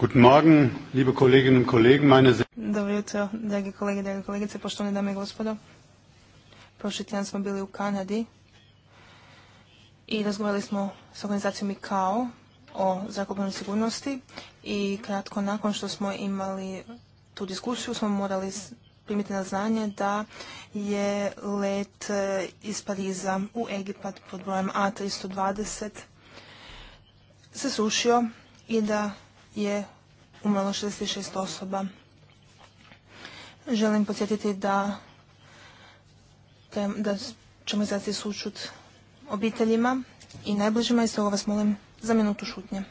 Guten Morgen, liebe Kolleginnen Dobro jutro, dragi kolege, dragi kolegice, poštovane dame i gospodo. Prošli tjedan smo bili u Kanadi i razgovarali smo s organizacijom ICAO o zrakoplovnoj sigurnosti i kratko nakon što smo imali tu diskusiju smo morali primiti na znanje da je let e, iz Pariza u Egipat pod brojem A320 se sušio i da je umrlo 66 osoba. Želim podsjetiti da, da ćemo izraziti sučut obiteljima i najbližima i stoga vas molim za minutu šutnje.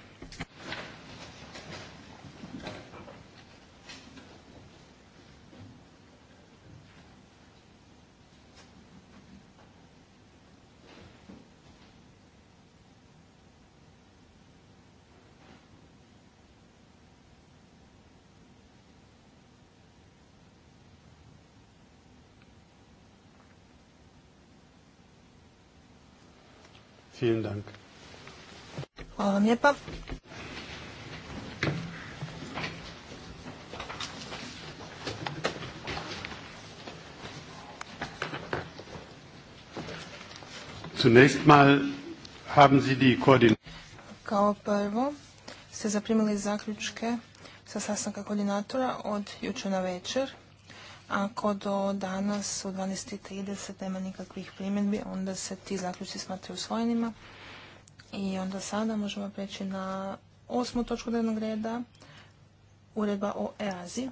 Vielen Dank. Hvala vam lijepa. Zunächst mal haben Sie die Kao prvo ste zaprimili zaključke sa sastanka koordinatora od jučer na večer. Ako do danas u 12.30 nema nikakvih primjedbi, onda se ti zaključci smatraju usvojenima. I onda sada možemo preći na osmu točku dnevnog reda, uredba o EAZI.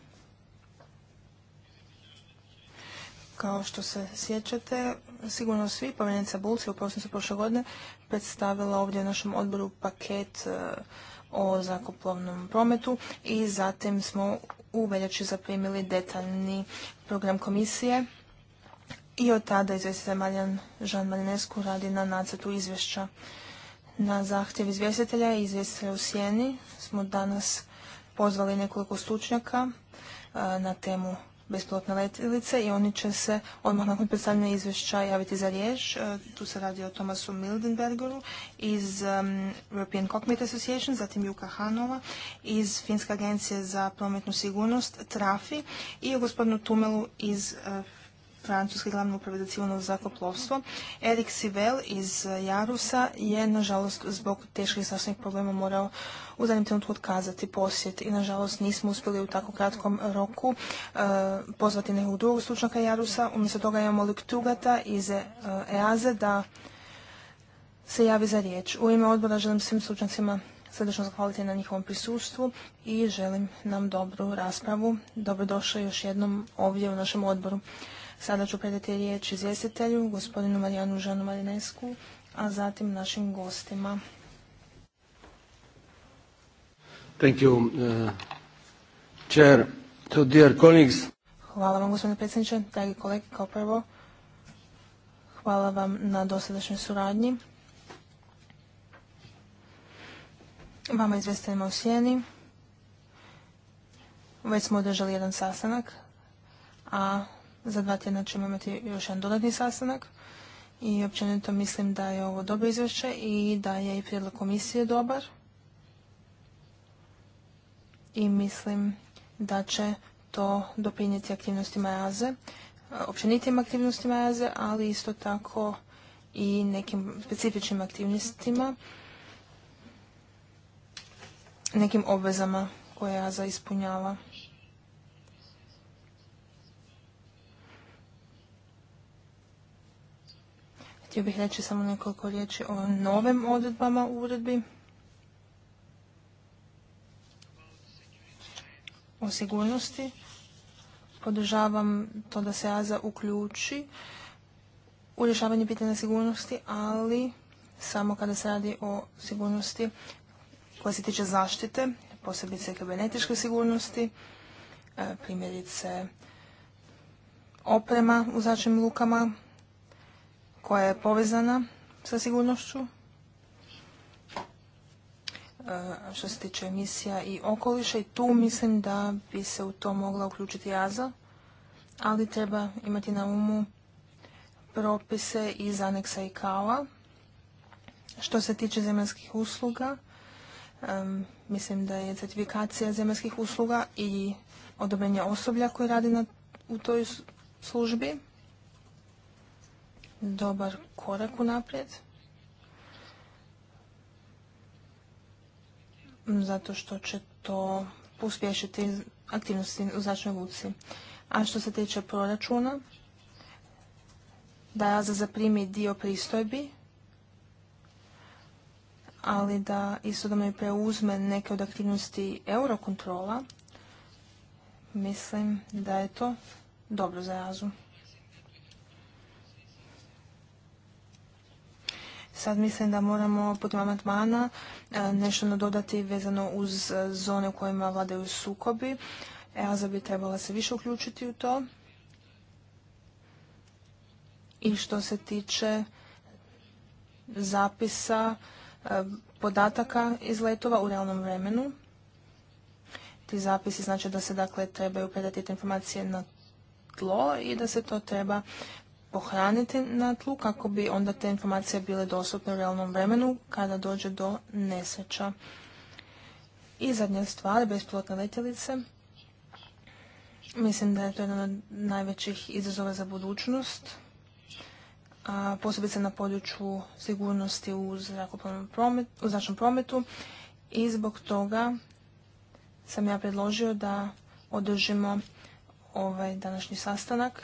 Kao što se sjećate, sigurno svi, povjerenica Bulci u prosincu prošle godine predstavila ovdje u našem odboru paket e, o zakoplovnom prometu i zatim smo u veljači zaprimili detaljni program komisije i od tada izvjestitelj Marjan Žan Marinescu radi na nacrtu izvješća. Na zahtjev izvjestitelja i izvjestitelja u Sjeni smo danas pozvali nekoliko stručnjaka na temu besplatne letilice i oni će se odmah nakon predstavljanja izvješća javiti za riječ. E, tu se radi o Tomasu Mildenbergeru iz European Cockpit Association, zatim Juka Hanova iz Finske agencije za prometnu sigurnost, TRAFI i o gospodinu Tumelu iz e, Francuske glavne uprave za civilno zakoplovstvo. Erik Sivel iz eh, Jarusa je, nažalost, zbog teških zdravstvenih problema morao u zadnjem trenutku otkazati posjet i, nažalost, nismo uspjeli u tako kratkom roku eh, pozvati nekog drugog stručnjaka Jarusa. Umjesto toga imamo Tugata iz EAZE eh, da se javi za riječ. U ime odbora želim svim stručnjacima srdečno zahvaliti na njihovom prisustvu i želim nam dobru raspravu. Dobrodošli još jednom ovdje u našem odboru. Sada ću predati riječ izvjestitelju, gospodinu Marijanu Žanu Marinesku, a zatim našim gostima. Uh, hvala vam, gospodine predsjedniče, dragi kolege, kao prvo. Hvala vam na dosadašnjoj suradnji. Vama izvjestiteljima u Sjeni. Već smo održali jedan sastanak, a za dva tjedna ćemo imati još jedan dodatni sastanak i općenito mislim da je ovo dobro izvješće i da je i prijedlog komisije dobar. I mislim da će to doprinijeti aktivnostima jaze, općenitim aktivnostima jaze, ali isto tako i nekim specifičnim aktivnostima, nekim obvezama koje jaza ispunjava. Htio bih reći samo nekoliko riječi o novim odredbama u uredbi. O sigurnosti. Podržavam to da se AZA uključi u rješavanje pitanja sigurnosti, ali samo kada se radi o sigurnosti koja se tiče zaštite, posebice kibernetičke sigurnosti, e, primjerice oprema u zračnim lukama koja je povezana sa sigurnošću e, što se tiče emisija i okoliša i tu mislim da bi se u to mogla uključiti jaza, ali treba imati na umu propise iz aneksa i kala. Što se tiče zemljskih usluga, mislim da je certifikacija zemaljskih usluga i odobrenje osoblja koje radi u toj službi dobar korak unaprijed. Zato što će to uspješiti aktivnosti u značnoj luci. A što se tiče proračuna, da za zaprimi dio pristojbi, ali da istodobno i preuzme neke od aktivnosti eurokontrola, mislim da je to dobro za jazu. Sad mislim da moramo putem amandmana e, nešto nadodati vezano uz e, zone u kojima vladaju sukobi. EASA bi trebala se više uključiti u to. I što se tiče zapisa e, podataka iz letova u realnom vremenu, ti zapisi znači da se dakle trebaju predati te informacije na tlo i da se to treba pohraniti na tlu kako bi onda te informacije bile dostupne u realnom vremenu kada dođe do nesreća. I zadnje stvari, bespilotne letjelice. Mislim da je to jedan od najvećih izazova za budućnost, a posebice na području sigurnosti u, promet, u zračnom prometu i zbog toga sam ja predložio da održimo ovaj današnji sastanak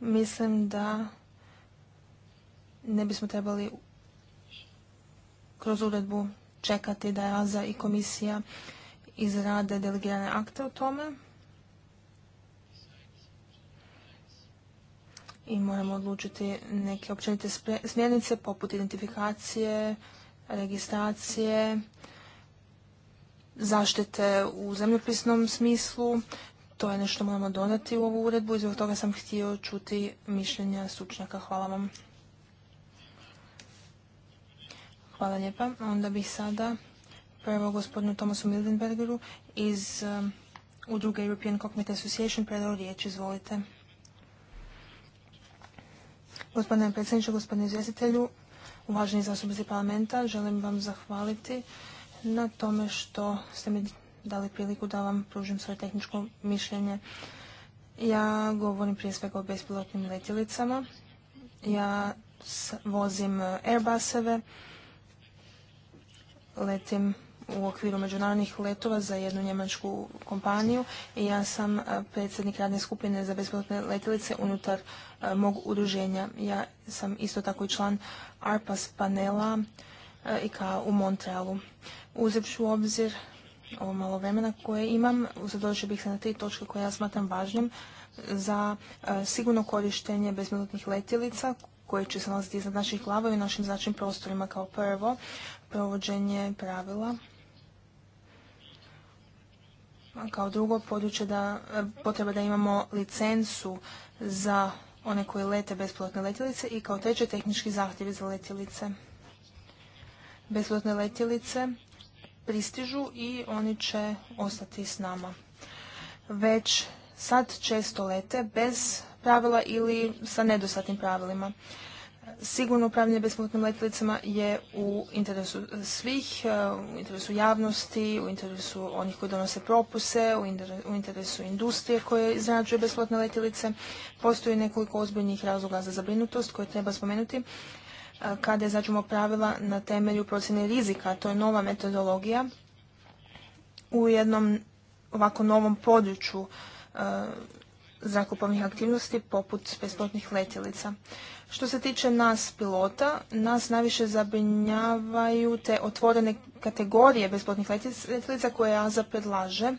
mislim da ne bismo trebali kroz uredbu čekati da Raza i komisija izrade delegirane akte o tome. I moramo odlučiti neke općenite smjernice poput identifikacije, registracije, zaštite u zemljopisnom smislu, to je nešto moramo donati u ovu uredbu i zbog toga sam htio čuti mišljenja stručnjaka. Hvala vam. Hvala lijepa. Onda bih sada prvo gospodinu Tomasu Mildenbergeru iz um, udruge European Cognitive Association predao riječ. Izvolite. Gospodine predsjedniče, gospodine izvjestitelju, uvaženi zastupnici parlamenta, želim vam zahvaliti na tome što ste mi dali priliku da vam pružim svoje tehničko mišljenje. Ja govorim prije svega o bespilotnim letjelicama. Ja vozim e, Airbuseve, letim u okviru međunarodnih letova za jednu njemačku kompaniju i ja sam e, predsjednik radne skupine za bespilotne letjelice unutar e, mog udruženja. Ja sam isto tako i član ARPAS panela i kao u Montrealu. Uzevši u obzir ovo malo vremena koje imam, zadržio bih se na tri točke koje ja smatram važnim za e, sigurno korištenje bezminutnih letjelica koje će se nalaziti iznad naših glava i našim značnim prostorima kao prvo, provođenje pravila kao drugo područje da e, potreba da imamo licencu za one koji lete besplatne letjelice i kao treće tehnički zahtjevi za letjelice. Besplatne letjelice pristižu i oni će ostati s nama. Već sad često lete bez pravila ili sa nedostatnim pravilima. Sigurno upravljanje besplatnim letjelicama je u interesu svih, e, u interesu javnosti, u interesu onih koji donose propuse, u interesu industrije koje izrađuje besplatne letjelice. Postoji nekoliko ozbiljnih razloga za zabrinutost koje treba spomenuti kada zađemo pravila na temelju procjene rizika. To je nova metodologija u jednom ovako novom području zrakoplovnih aktivnosti poput besplatnih letjelica. Što se tiče nas pilota, nas najviše zabrinjavaju te otvorene kategorije besplatnih letjelica koje AZA predlaže.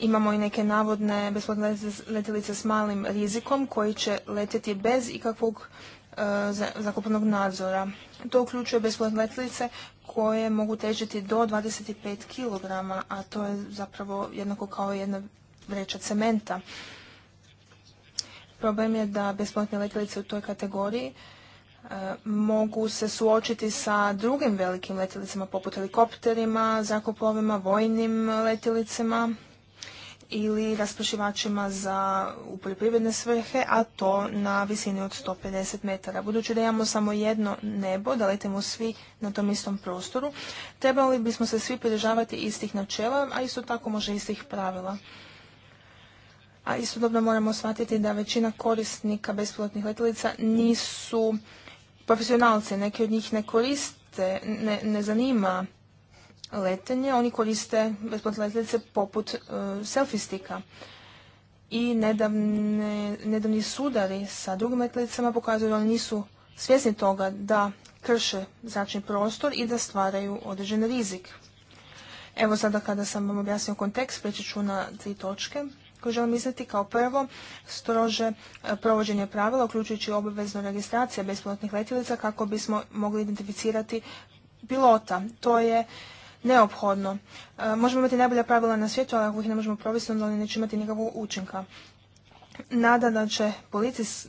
Imamo i neke navodne besplatne letjelice s malim rizikom koji će letjeti bez ikakvog E, zakupnog nadzora. To uključuje besplatne letlice koje mogu težiti do 25 kg, a to je zapravo jednako kao jedna vreća cementa. Problem je da besplatne letjelice u toj kategoriji e, mogu se suočiti sa drugim velikim letjelicama poput helikopterima, zakupovima, vojnim letjelicama ili rasprašivačima za u poljoprivredne svrhe, a to na visini od 150 metara. Budući da imamo samo jedno nebo, da letimo svi na tom istom prostoru, trebali bismo se svi pridržavati istih načela, a isto tako može istih pravila. A dobro moramo shvatiti da većina korisnika bespilotnih letjelica nisu profesionalci, neki od njih ne koriste, ne zanima letenje, oni koriste besplatne letjelice poput uh, selfie stika. I nedavni sudari sa drugim letjelicama pokazuju da oni nisu svjesni toga da krše zračni prostor i da stvaraju određen rizik. Evo sada kada sam vam objasnio kontekst, preći ću na tri točke koje želim misliti kao prvo strože e, provođenje pravila, uključujući obavezno registracija besplatnih letjelica kako bismo mogli identificirati pilota. To je neophodno. E, možemo imati najbolja pravila na svijetu, ali ako ih ne možemo provesti, onda oni neće imati nikakvog učinka. Nada da će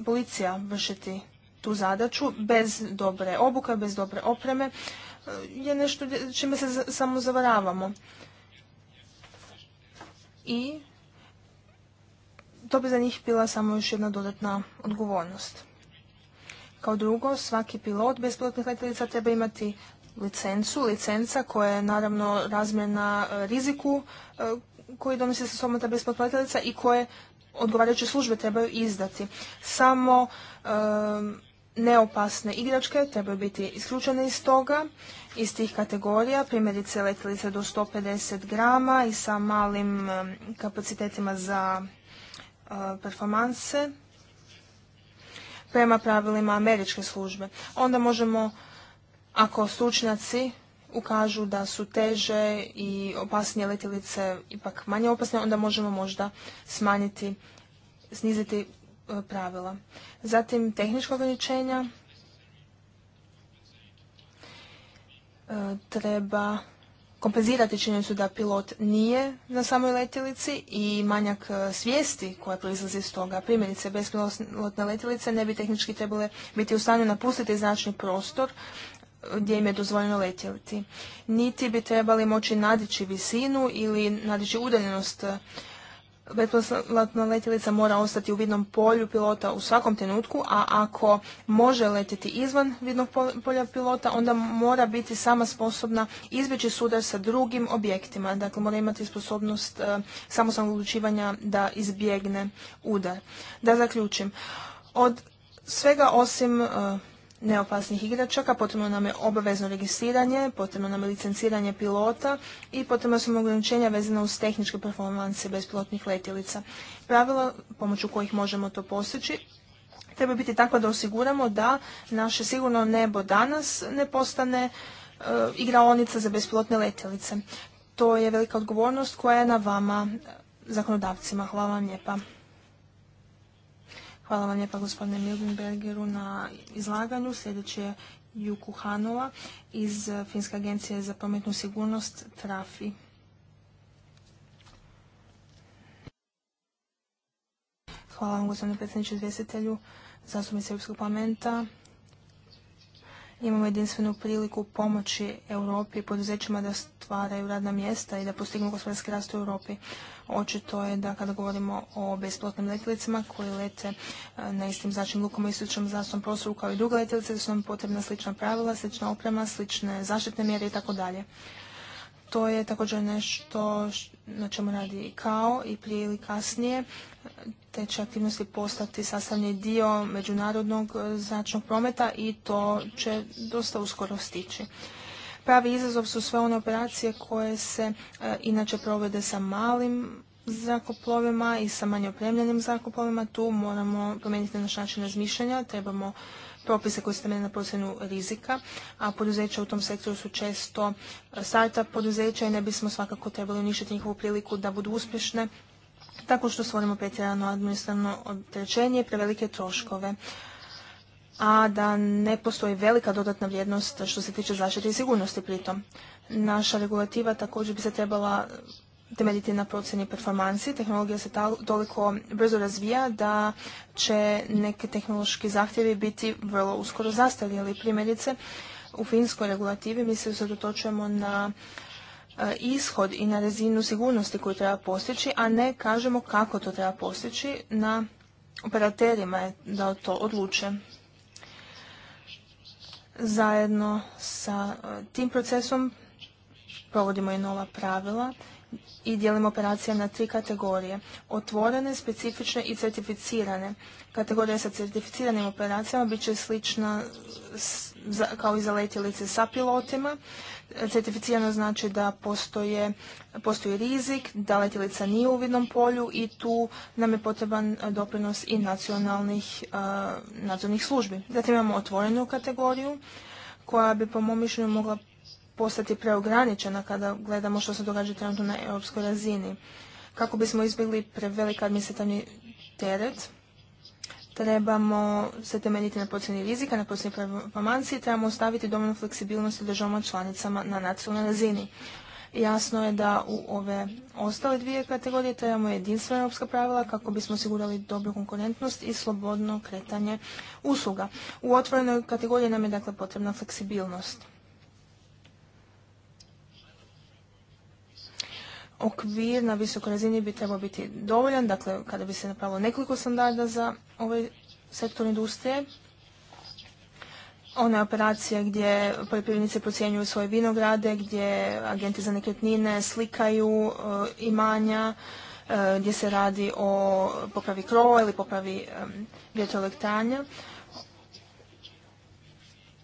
policija vršiti tu zadaću bez dobre obuke, bez dobre opreme, e, je nešto čime se samo zavaravamo. I to bi za njih bila samo još jedna dodatna odgovornost. Kao drugo, svaki pilot bespilotnih letjelica treba imati licencu, licenca koja je naravno razmjena e, riziku e, koji donosi sa sobom ta besplatna i koje odgovarajuće službe trebaju izdati. Samo e, neopasne igračke trebaju biti isključene iz toga, iz tih kategorija, primjerice letjelice do 150 grama i sa malim kapacitetima za performanse prema pravilima američke službe. Onda možemo ako stručnjaci ukažu da su teže i opasnije letjelice ipak manje opasne, onda možemo možda smanjiti, sniziti e, pravila. Zatim tehnička ograničenja. E, treba kompenzirati činjenicu da pilot nije na samoj letjelici i manjak e, svijesti koja proizlazi iz toga. Primjerice, bespilotne letjelice ne bi tehnički trebale biti u stanju napustiti značni prostor gdje im je dozvoljeno letjeliti. Niti bi trebali moći nadići visinu ili nadići udaljenost. Besplatna letjelica mora ostati u vidnom polju pilota u svakom trenutku, a ako može letjeti izvan vidnog polja pilota, onda mora biti sama sposobna izbjeći sudar sa drugim objektima. Dakle, mora imati sposobnost e, samostalnog odlučivanja da izbjegne udar. Da zaključim, od svega osim e, neopasnih igračaka, potrebno nam je obavezno registriranje, potrebno nam je licenciranje pilota i potrebno su ograničenja vezana uz tehničke performanse bespilotnih letjelica. Pravila pomoću kojih možemo to postići treba biti takva da osiguramo da naše sigurno nebo danas ne postane e, igraonica za bespilotne letjelice. To je velika odgovornost koja je na vama e, zakonodavcima. Hvala vam lijepa. Hvala vam lijepa gospodine Mildenbergeru na izlaganju. Sljedeći je Juku Hanova iz Finske agencije za prometnu sigurnost Trafi. Hvala vam gospodine predsjedniče izvjestitelju, zastupnici Europskog parlamenta, imamo jedinstvenu priliku pomoći Europi i poduzećima da stvaraju radna mjesta i da postignu gospodarski rast u Europi. Očito je da kada govorimo o besplatnim letjelicama koji lete e, na istim zračnim lukom i sličnom zračnom prostoru kao i druga letjelice, da su nam potrebna slična pravila, slična oprema, slične zaštitne mjere i tako dalje. To je također nešto na čemu radi i kao i prije ili kasnije te će aktivnosti postati sastavni dio međunarodnog e, zračnog prometa i to će dosta uskoro stići. Pravi izazov su sve one operacije koje se e, inače provode sa malim zrakoplovima i sa manje opremljenim zrakoplovima. Tu moramo promijeniti naš način razmišljanja, trebamo propise koji se temelje na procjenu rizika, a poduzeća u tom sektoru su često e, startup poduzeća i ne bismo svakako trebali uništiti njihovu priliku da budu uspješne tako što stvorimo pretjerano administrativno opterećenje i prevelike troškove a da ne postoji velika dodatna vrijednost što se tiče zaštite i sigurnosti pritom. Naša regulativa također bi se trebala temeljiti na procjeni performansi. Tehnologija se toliko brzo razvija da će neki tehnološki zahtjevi biti vrlo uskoro zastarjeli. Primjerice, u finskoj regulativi mi se usredotočujemo na e, ishod i na razinu sigurnosti koju treba postići, a ne kažemo kako to treba postići, na operaterima da to odluče. Zajedno sa e, tim procesom provodimo i nova pravila i dijelimo operacije na tri kategorije. Otvorene, specifične i certificirane. Kategorija sa certificiranim operacijama bit će slična kao i za letjelice sa pilotima. Certificirano znači da postoji rizik, da letjelica nije u vidnom polju i tu nam je potreban e, doprinos i nacionalnih e, nadzornih službi. Zatim imamo otvorenu kategoriju koja bi po mom mišljenju mogla postati preograničena kada gledamo što se događa trenutno na europskoj razini. Kako bismo izbjegli prevelik administrativni teret, trebamo se temeljiti na procjeni rizika, na procjeni performansi i trebamo ostaviti dovoljno fleksibilnosti državama članicama na nacionalnoj razini. Jasno je da u ove ostale dvije kategorije trebamo jedinstvena europska pravila kako bismo osigurali dobru konkurentnost i slobodno kretanje usluga. U otvorenoj kategoriji nam je dakle potrebna fleksibilnost. okvir na visokoj razini bi trebao biti dovoljan, dakle kada bi se napravilo nekoliko standarda za ovaj sektor industrije, one operacije gdje poljoprivrednici procjenjuju svoje vinograde, gdje agenti za nekretnine slikaju e, imanja, e, gdje se radi o popravi krova ili popravi e, vjetroelektranja,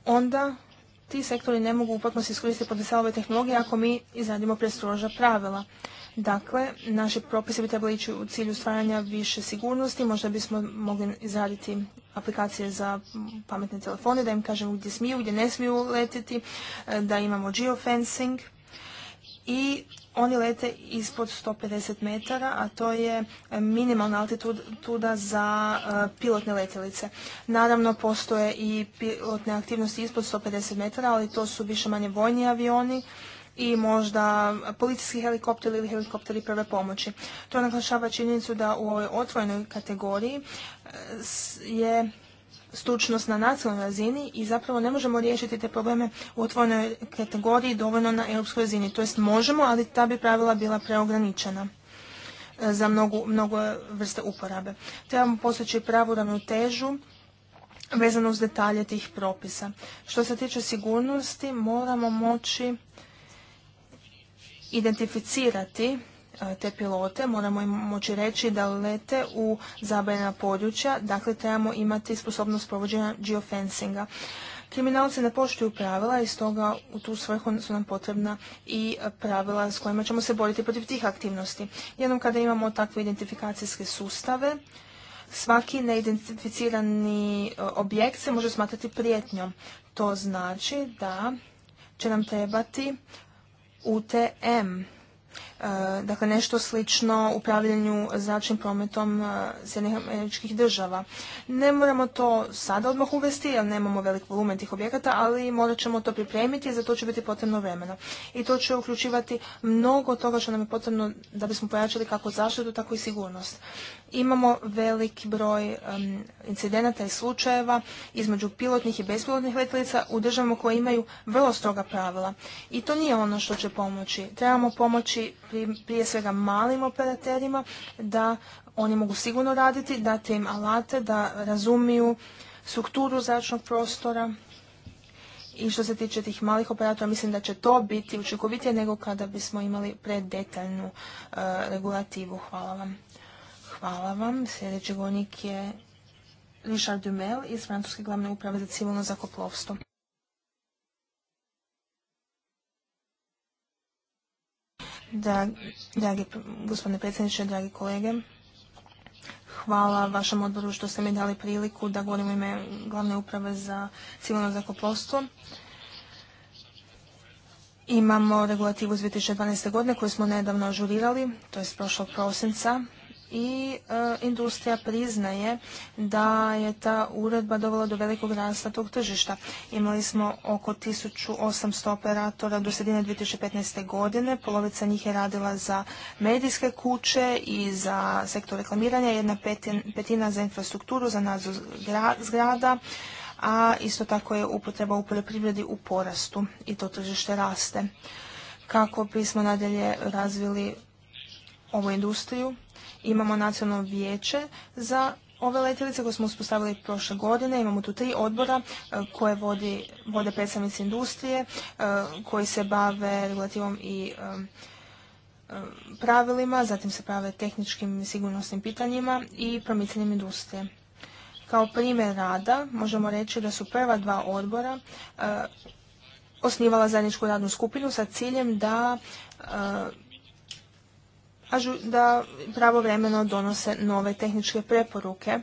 onda ti sektori ne mogu u potpunosti iskoristiti potencijal ove tehnologije ako mi izradimo prestroža pravila. Dakle, naše propisi bi trebali ići u cilju stvaranja više sigurnosti, možda bismo mogli izraditi aplikacije za pametne telefone, da im kažemo gdje smiju, gdje ne smiju letiti, e, da imamo geofencing i oni lete ispod 150 metara, a to je e, minimalna altituda za e, pilotne letjelice. Naravno, postoje i pilotne aktivnosti ispod 150 metara, ali to su više manje vojni avioni i možda policijski helikopteri ili helikopteri prve pomoći. To naglašava činjenicu da u ovoj otvorenoj kategoriji e, je stručnost na nacionalnoj razini i zapravo ne možemo riješiti te probleme u otvorenoj kategoriji dovoljno na europskoj razini. To jest možemo, ali ta bi pravila bila preograničena e, za mnogo, mnogo vrste uporabe. Trebamo postići pravu ravnotežu vezano uz detalje tih propisa. Što se tiče sigurnosti, moramo moći identificirati E, te pilote, moramo im moći reći da lete u zabranjena područja, dakle trebamo imati sposobnost provođenja geofencinga. Kriminalci ne poštuju pravila i stoga u tu svrhu su nam potrebna i pravila s kojima ćemo se boriti protiv tih aktivnosti. Jednom kada imamo takve identifikacijske sustave, svaki neidentificirani e, objekt se može smatrati prijetnjom. To znači da će nam trebati UTM, E, dakle nešto slično upravljanju zračnim prometom e, Sjednih američkih država. Ne moramo to sada odmah uvesti jer nemamo velik volumen tih objekata, ali morat ćemo to pripremiti i za to će biti potrebno vremena. I to će uključivati mnogo toga što nam je potrebno da bismo pojačali kako zaštitu, tako i sigurnost imamo velik broj incidenata i slučajeva između pilotnih i bespilotnih letelica u državama koje imaju vrlo stroga pravila. I to nije ono što će pomoći. Trebamo pomoći prije svega malim operaterima da oni mogu sigurno raditi, dati im alate, da razumiju strukturu zračnog prostora, i što se tiče tih malih operatora, mislim da će to biti učinkovitije nego kada bismo imali predetaljnu eh, regulativu. Hvala vam. Hvala vam. Sljedeći govornik je Richard Dumel iz Francuske glavne uprave za civilno zakoplovstvo. Dragi, gospodine predsjedniče, dragi kolege, hvala vašem odboru što ste mi dali priliku da govorim ime glavne uprave za civilno zakoplovstvo. Imamo regulativu iz 2012. godine koju smo nedavno ažurirali, to je prošlog prosinca, i e, industrija priznaje da je ta uredba dovela do velikog rasta tog tržišta. Imali smo oko 1800 operatora do sredine 2015. godine, polovica njih je radila za medijske kuće i za sektor reklamiranja, jedna petina za infrastrukturu, za nadzor zgrada, a isto tako je upotreba u poljoprivredi u porastu i to tržište raste. Kako bismo nadalje razvili ovu industriju, Imamo nacionalno vijeće za ove letjelice koje smo uspostavili prošle godine. Imamo tu tri odbora e, koje vodi, vode predstavnici industrije, e, koji se bave regulativom i e, pravilima, zatim se bave tehničkim i sigurnosnim pitanjima i promicanjem industrije. Kao primjer rada možemo reći da su prva dva odbora osnivala zajedničku radnu skupinu sa ciljem da da pravovremeno donose nove tehničke preporuke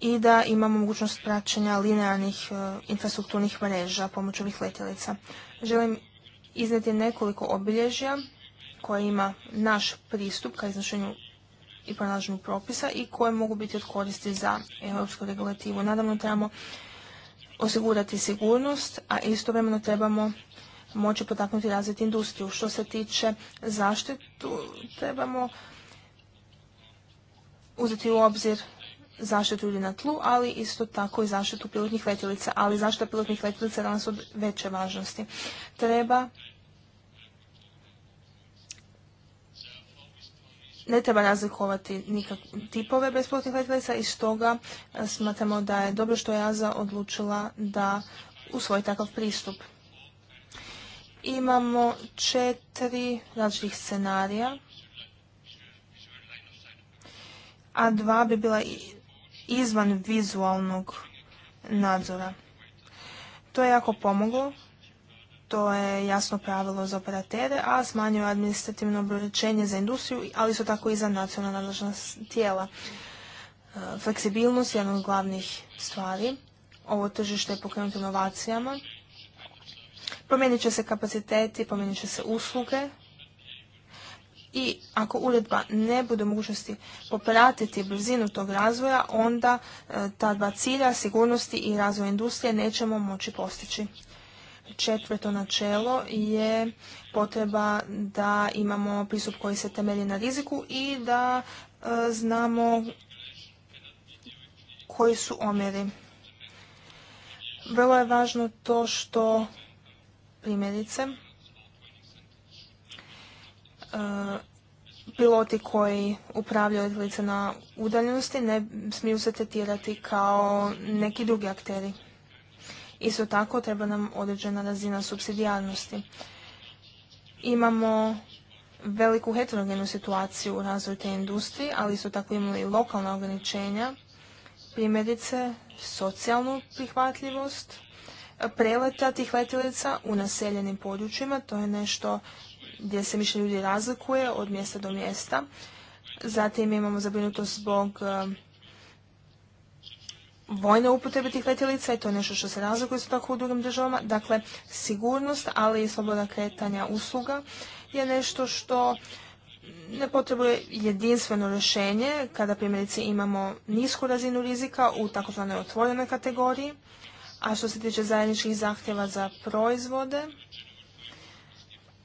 i da imamo mogućnost praćenja linearnih e, infrastrukturnih mreža pomoću ovih letjelica. Želim izneti nekoliko obilježja koje ima naš pristup ka iznošenju i pronalaženju propisa i koje mogu biti od koristi za europsku regulativu. Nadamno trebamo osigurati sigurnost, a istovremeno trebamo moći potaknuti razviti industriju. Što se tiče zaštitu, trebamo uzeti u obzir zaštitu ljudi na tlu, ali isto tako i zaštitu pilotnih letjelica. Ali zaštita pilotnih letjelica je danas od veće važnosti. Treba ne treba razlikovati nikak tipove pilotnih letjelica i stoga e, smatramo da je dobro što je Jaza odlučila da usvoji takav pristup imamo četiri različitih scenarija, a dva bi bila izvan vizualnog nadzora. To je jako pomoglo, to je jasno pravilo za operatere, a smanjuje administrativno obrećenje za industriju, ali su tako i za nacionalna nadležna tijela. E, fleksibilnost je jedna od glavnih stvari. Ovo tržište je pokrenuto inovacijama Promijenit će se kapaciteti, promijenit će se usluge i ako uredba ne bude mogućnosti popratiti brzinu tog razvoja, onda e, ta dva cilja, sigurnosti i razvoj industrije, nećemo moći postići. Četvrto načelo je potreba da imamo pristup koji se temelji na riziku i da e, znamo koji su omjeri. Vrlo je važno to što Primjerice, e, piloti koji upravljaju letjelice na udaljenosti ne smiju se tretirati kao neki drugi akteri. Isto tako treba nam određena razina subsidijarnosti. Imamo veliku heterogenu situaciju u razvoju te industrije, ali isto tako imamo i lokalna ograničenja, primjerice socijalnu prihvatljivost, preleta tih letjelica u naseljenim područjima. To je nešto gdje se više ljudi razlikuje od mjesta do mjesta. Zatim imamo zabrinutost zbog um, vojne upotrebe tih letjelica i to je nešto što se razlikuje isto tako u drugim državama. Dakle, sigurnost, ali i sloboda kretanja usluga je nešto što ne potrebuje jedinstveno rješenje kada primjerice imamo nisku razinu rizika u takozvanoj otvorenoj kategoriji a što se tiče zajedničkih zahtjeva za proizvode,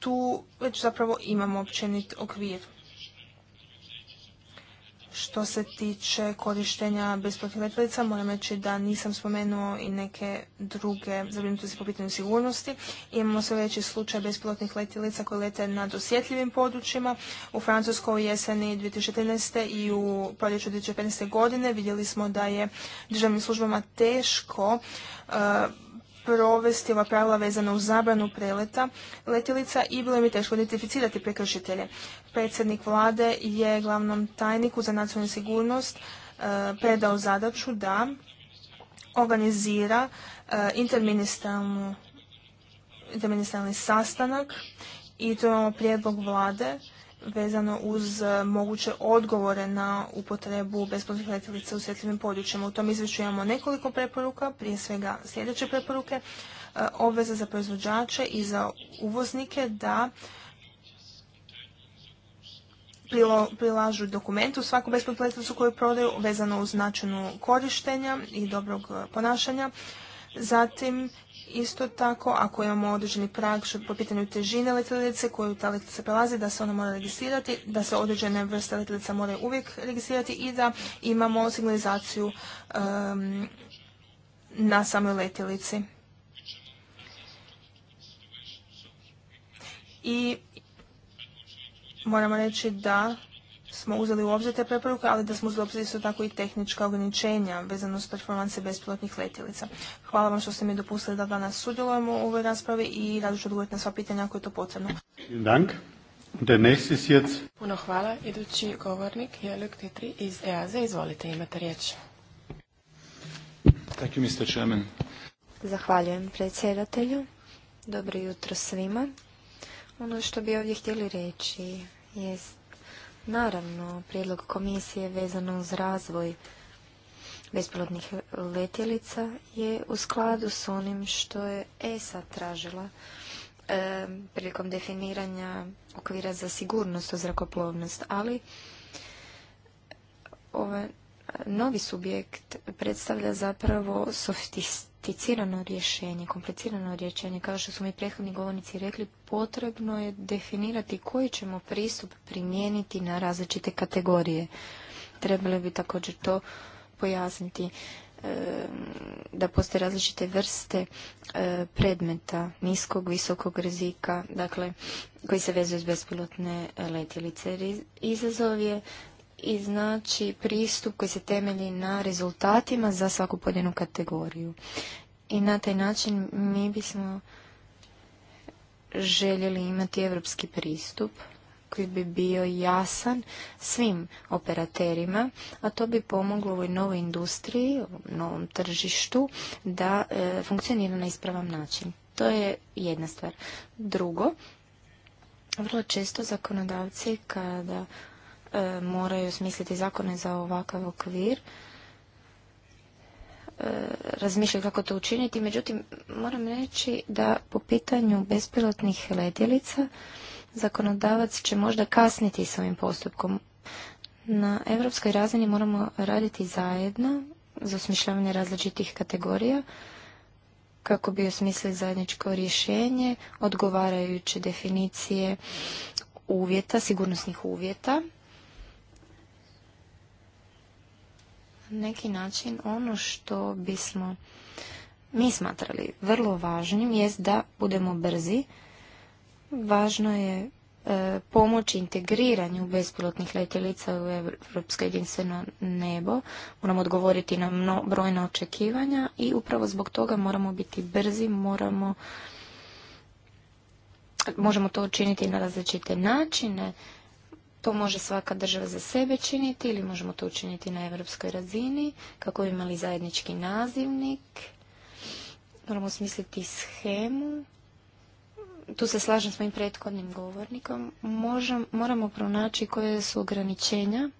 tu već zapravo imamo općenit okvir. Što se tiče korištenja besplatnih letjelica, moram reći da nisam spomenuo i neke druge zabrinutosti po pitanju sigurnosti. Imamo sve veći slučaj besplatnih letjelica koji lete na osjetljivim područjima. U Francuskoj u jeseni 2014. i u proljeću 2015. godine vidjeli smo da je državnim službama teško eh, provesti ova pravila vezana uz zabranu preleta letjelica i bilo mi teško identificirati prekršitelje. Predsjednik vlade je glavnom tajniku za nacionalnu sigurnost e, predao zadaću da organizira e, interministralni sastanak i to ono prijedlog vlade vezano uz e, moguće odgovore na upotrebu besplatnih letjelica u svjetljivim područjima. U tom izvješću imamo nekoliko preporuka, prije svega sljedeće preporuke, e, obveze za proizvođače i za uvoznike da prilažu dokumentu svaku besplatnu letjelicu koju prodaju vezano uz načinu korištenja i dobrog e, ponašanja. Zatim Isto tako, ako imamo određeni prag po pitanju težine letjelice koju ta letjelica prelazi, da se ona mora registrirati, da se određene vrste letjelica moraju uvijek registrirati i da imamo signalizaciju na samoj letjelici. I moramo reći da smo uzeli u obzir te preporuke, ali da smo uzeli u obzir isto tako i tehnička ograničenja vezano s performanse bespilotnih letjelica. Hvala vam što ste mi dopustili da danas sudjelujemo u ovoj raspravi i rado ću odgovoriti na sva pitanja ako je to potrebno. Dank. Puno hvala. Idući govornik je Luk Titri iz EAZE. Izvolite, imate riječ. Zahvaljujem predsjedatelju. Dobro jutro svima. Ono što bi ovdje htjeli reći jest Naravno, prijedlog komisije vezano uz razvoj bespilotnih letjelica je u skladu s onim što je ESA tražila e, prilikom definiranja okvira za sigurnost o zrakoplovnost, ali ovaj novi subjekt predstavlja zapravo softist. Komplicirano rješenje, komplicirano rješenje. Kao što su mi prethodni govornici rekli, potrebno je definirati koji ćemo pristup primijeniti na različite kategorije. Trebalo bi također to pojasniti e, da postoje različite vrste e, predmeta niskog, visokog rizika, dakle, koji se vezuju s bespilotne letjelice. Izazov je i znači pristup koji se temelji na rezultatima za svaku pojedinu kategoriju. I na taj način mi bismo željeli imati evropski pristup koji bi bio jasan svim operaterima, a to bi pomoglo ovoj novoj industriji, novom tržištu da e, funkcionira na ispravan način. To je jedna stvar. Drugo, vrlo često zakonodavci kada E, moraju smisliti zakone za ovakav okvir, e, razmišljaju kako to učiniti. Međutim, moram reći da po pitanju bespilotnih letjelica zakonodavac će možda kasniti s ovim postupkom. Na evropskoj razini moramo raditi zajedno za osmišljavanje različitih kategorija kako bi osmislili zajedničko rješenje, odgovarajuće definicije uvjeta, sigurnosnih uvjeta neki način ono što bismo mi smatrali vrlo važnim jest da budemo brzi. Važno je e, pomoći integriranju bespilotnih letjelica u Europsko jedinstveno nebo. Moramo odgovoriti na mno, brojna očekivanja i upravo zbog toga moramo biti brzi, moramo možemo to učiniti na različite načine to može svaka država za sebe činiti ili možemo to učiniti na europskoj razini kako bi imali zajednički nazivnik. Moramo smisliti schemu. Tu se slažem s mojim prethodnim govornikom. moramo pronaći koje su ograničenja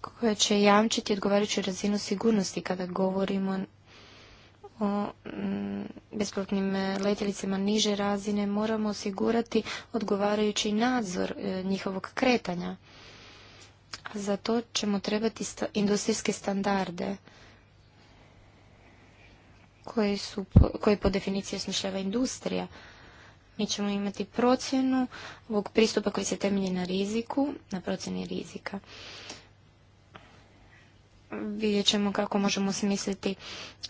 koje će jamčiti odgovarajuću razinu sigurnosti kada govorimo o mm, besplatnim e, letjelicama niže razine, moramo osigurati odgovarajući nadzor e, njihovog kretanja. Za to ćemo trebati industrijske standarde koje su, po definiciji osmišljava industrija. Mi ćemo imati procjenu ovog pristupa koji se temelji na riziku, na procjeni rizika vidjet ćemo kako možemo smisliti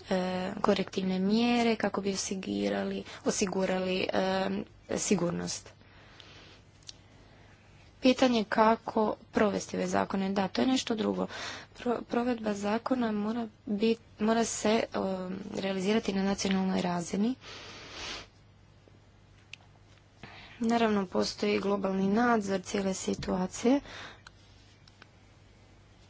e, korektivne mjere kako bi osigurali, osigurali e, sigurnost. Pitanje kako provesti ove zakone. Da, to je nešto drugo. provedba zakona mora, se e, realizirati na nacionalnoj razini. Naravno, postoji globalni nadzor cijele situacije,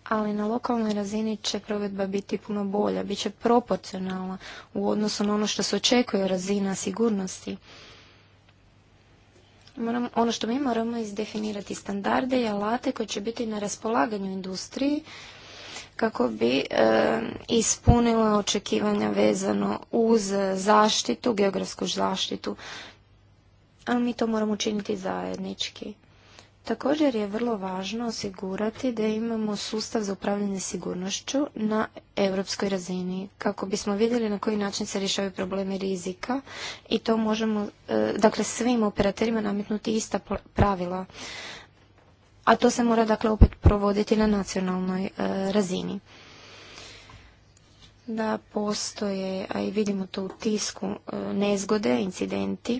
ali na lokalnoj razini će provedba biti puno bolja, bit će proporcionalna u odnosu na ono što se očekuje razina sigurnosti. ono što mi moramo izdefinirati standarde i alate koji će biti na raspolaganju industriji kako bi ispunila očekivanja vezano uz zaštitu, geografsku zaštitu. Ali mi to moramo učiniti zajednički. Također je vrlo važno osigurati da imamo sustav za upravljanje sigurnošću na europskoj razini kako bismo vidjeli na koji način se rješavaju problemi rizika i to možemo e, dakle svim operaterima nametnuti ista pravila. A to se mora dakle opet provoditi na nacionalnoj e, razini da postoje, a i vidimo to u tisku, e, nezgode, incidenti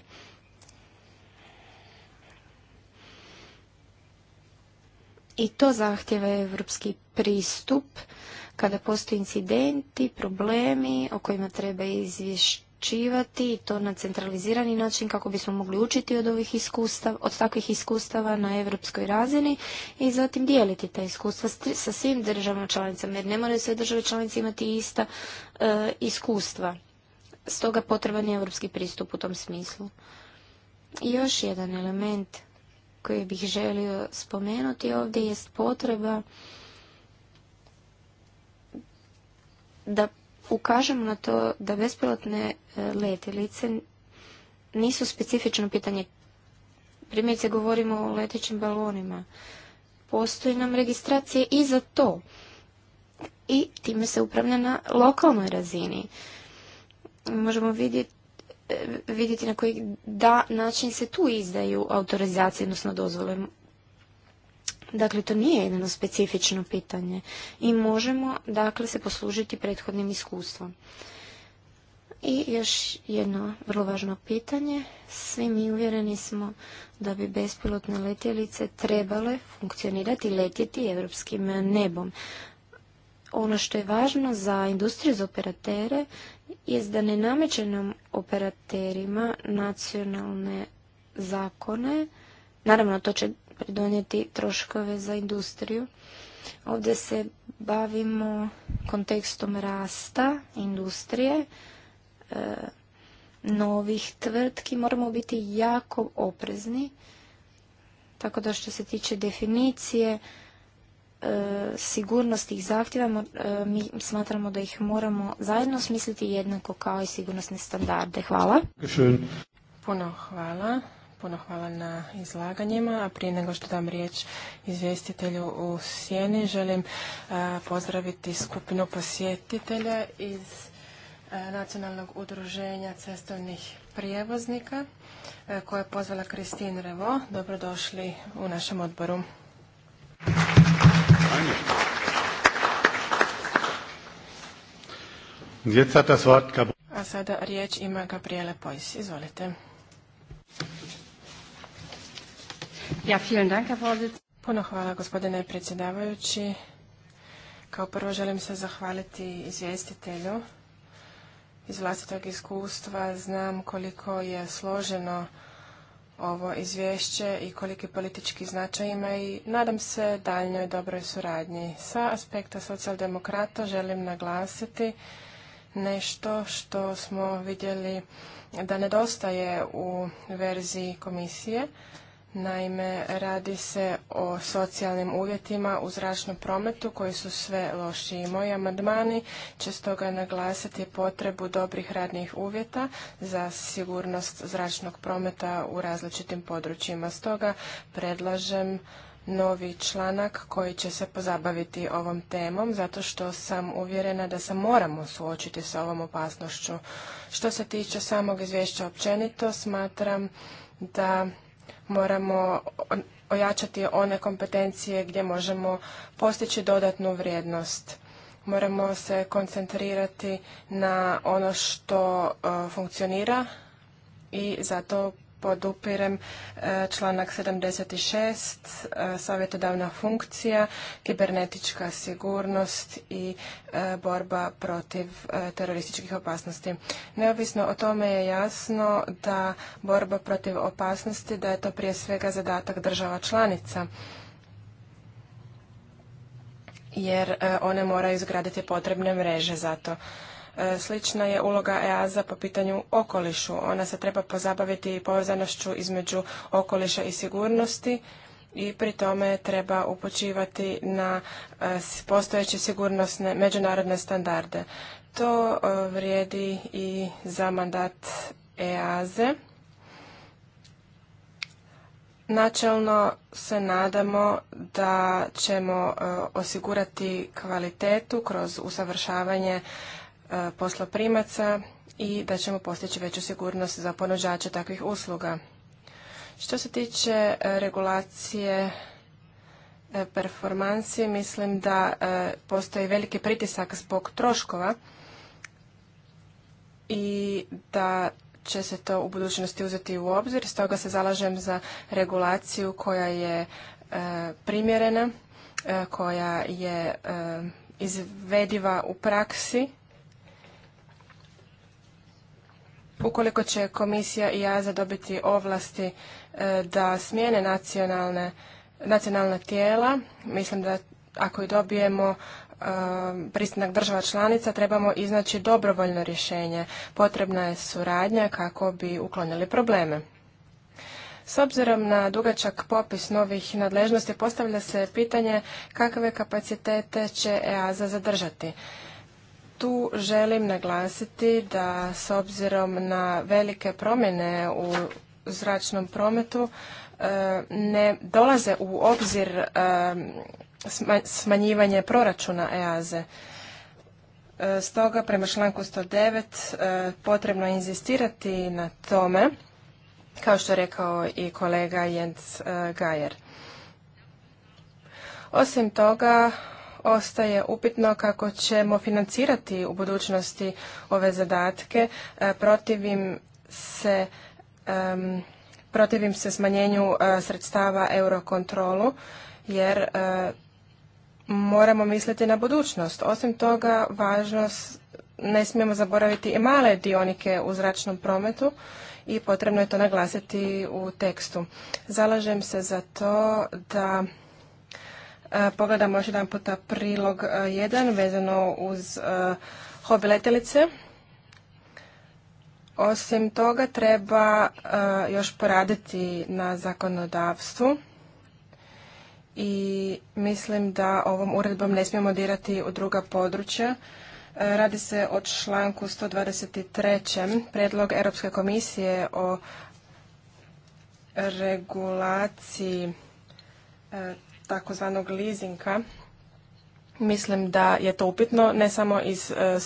I to zahtjeva evropski pristup kada postoje incidenti, problemi o kojima treba izvješćivati i to na centralizirani način kako bismo mogli učiti od ovih iskustava, od takvih iskustava na europskoj razini i zatim dijeliti ta iskustva sa svim državama članicama jer ne moraju sve države članice imati ista e, iskustva. Stoga potreban je europski pristup u tom smislu. I još jedan element koje bih želio spomenuti ovdje jest potreba da ukažemo na to da bespilotne e, letjelice nisu specifično pitanje. Primjerice govorimo o letećim balonima. Postoji nam registracije i za to. I time se upravlja na lokalnoj razini. Možemo vidjeti E, vidjeti na koji da način se tu izdaju autorizacije, odnosno dozvole. Dakle, to nije jedno specifično pitanje i možemo, dakle, se poslužiti prethodnim iskustvom. I još jedno vrlo važno pitanje. Svi mi uvjereni smo da bi bespilotne letjelice trebale funkcionirati i letjeti evropskim nebom. Ono što je važno za industriju, za operatere, jest da ne nam operaterima nacionalne zakone, naravno to će pridonijeti troškove za industriju, ovdje se bavimo kontekstom rasta industrije, e, novih tvrtki, moramo biti jako oprezni, tako da što se tiče definicije, E, sigurnosti i zahtjeva e, mi smatramo da ih moramo zajedno smisliti jednako kao i sigurnosne standarde. Hvala. Puno hvala. Puno hvala na izlaganjima, a prije nego što dam riječ izvjestitelju u Sjeni, želim e, pozdraviti skupinu posjetitelja iz Nacionalnog udruženja cestovnih prijevoznika koje koja je pozvala Kristin Revo. Dobrodošli u našem odboru. A sada riječ ima Gabriele Pojs. Izvolite. Ja, vielen Dank, Puno hvala, gospodine predsjedavajući. Kao prvo želim se zahvaliti izvjestitelju. Iz vlastitog iskustva znam koliko je složeno ovo izvješće i koliki politički značaj ima i nadam se daljnjoj dobroj suradnji. Sa aspekta socijaldemokrata želim naglasiti nešto što smo vidjeli da nedostaje u verziji komisije, Naime, radi se o socijalnim uvjetima u zračnom prometu koji su sve lošiji. Moji amandmani će stoga naglasiti potrebu dobrih radnih uvjeta za sigurnost zračnog prometa u različitim područjima. Stoga predlažem novi članak koji će se pozabaviti ovom temom, zato što sam uvjerena da se moramo suočiti sa ovom opasnošću. Što se tiče samog izvješća općenito, smatram da moramo ojačati one kompetencije gdje možemo postići dodatnu vrijednost. Moramo se koncentrirati na ono što e, funkcionira i zato podupirem e, članak 76, e, savjetodavna funkcija, kibernetička sigurnost i e, borba protiv terorističkih opasnosti. Neovisno o tome je jasno da borba protiv opasnosti, da je to prije svega zadatak država članica jer one moraju izgraditi potrebne mreže za to. E, slična je uloga EASA po pitanju okolišu. Ona se treba pozabaviti povezanošću između okoliša i sigurnosti i pri tome treba upočivati na e, postojeće sigurnosne međunarodne standarde. To e, vrijedi i za mandat Ease. Načelno se nadamo da ćemo osigurati kvalitetu kroz usavršavanje E, posloprimaca i da ćemo postići veću sigurnost za ponuđače takvih usluga. Što se tiče e, regulacije e, performansi, mislim da postoji veliki pritisak zbog troškova i da će se to u budućnosti uzeti u obzir. Stoga se zalažem za regulaciju koja je primjerena, koja je izvediva u praksi ukoliko će komisija i ja dobiti ovlasti e, da smijene nacionalne, nacionalna tijela, mislim da ako i dobijemo e, pristanak država članica trebamo iznaći dobrovoljno rješenje. Potrebna je suradnja kako bi uklonili probleme. S obzirom na dugačak popis novih nadležnosti postavlja se pitanje kakve kapacitete će EASA zadržati tu želim naglasiti da s obzirom na velike promjene u zračnom prometu e, ne dolaze u obzir e, smanjivanje proračuna EAZE. E, stoga prema članku 109 potrebno je inzistirati na tome, kao što je rekao i kolega Jens Gajer. Osim toga, ostaje upitno kako ćemo financirati u budućnosti ove zadatke. E, protivim se protivim se smanjenju e, sredstava eurokontrolu jer e, moramo misliti na budućnost. Osim toga, važnost ne smijemo zaboraviti i male dionike u zračnom prometu i potrebno je to naglasiti u tekstu. Zalažem se za to da E, pogledamo još jedan puta prilog 1 e, vezano uz e, hobi letelice. Osim toga treba još poraditi na zakonodavstvu i mislim da ovom uredbom ne smijemo dirati u druga područja. Radi se o članku 123. predlog Europske komisije o regulaciji takozvanog leasinga, Mislim da je to upitno, ne samo iz e,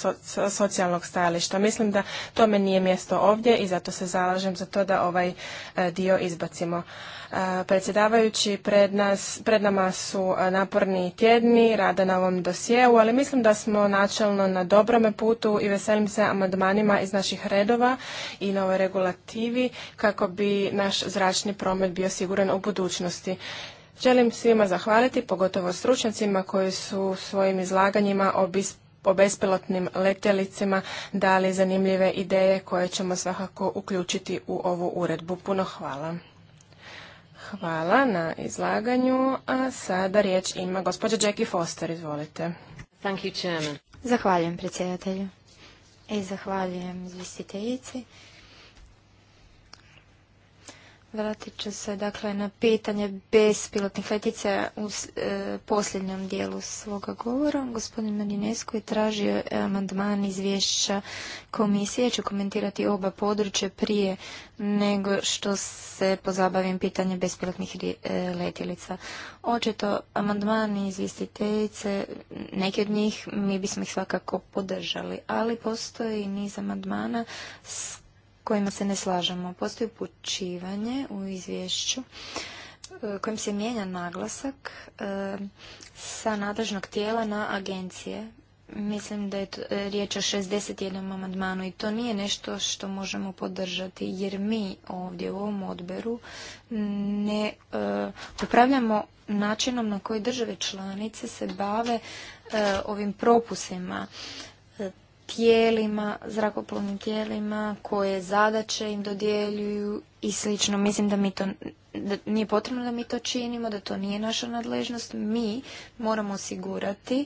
socijalnog stajališta. Mislim da tome nije mjesto ovdje i zato se zalažem za to da ovaj e, dio izbacimo. E, predsjedavajući, pred, nas, pred nama su naporni tjedni rada na ovom dosjeu, ali mislim da smo načelno na dobrome putu i veselim se amandmanima iz naših redova i na ovoj regulativi kako bi naš zračni promet bio siguran u budućnosti. Želim svima zahvaliti, pogotovo stručnjacima koji su svojim izlaganjima o bespilotnim letjelicama dali zanimljive ideje koje ćemo svakako uključiti u ovu uredbu. Puno hvala. Hvala na izlaganju, a sada riječ ima gospođa Jackie Foster, izvolite. Thank you, Zahvaljujem predsjedatelju i zahvaljujem izvjestiteljici. Vratit ću se dakle na pitanje bespilotnih letica u e, posljednjem dijelu svoga govora. Gospodin Marinesko je tražio amandman izvješća komisije. Ću komentirati oba područja prije nego što se pozabavim pitanje bespilotnih e, letjelica. Očito amandmani izvjestiteljice, neki od njih mi bismo ih svakako podržali, ali postoji niz amandmana s kojima se ne slažemo. Postoji upućivanje u izvješću e, kojim se mijenja naglasak e, sa nadležnog tijela na agencije. Mislim da je e, riječ o 61. amandmanu i to nije nešto što možemo podržati jer mi ovdje u ovom odberu ne upravljamo načinom na koji države članice se bave ovim propusima tijelima, zrakoplovnim tijelima, koje zadaće im dodjeljuju i slično. Mislim da mi to da nije potrebno da mi to činimo, da to nije naša nadležnost. Mi moramo osigurati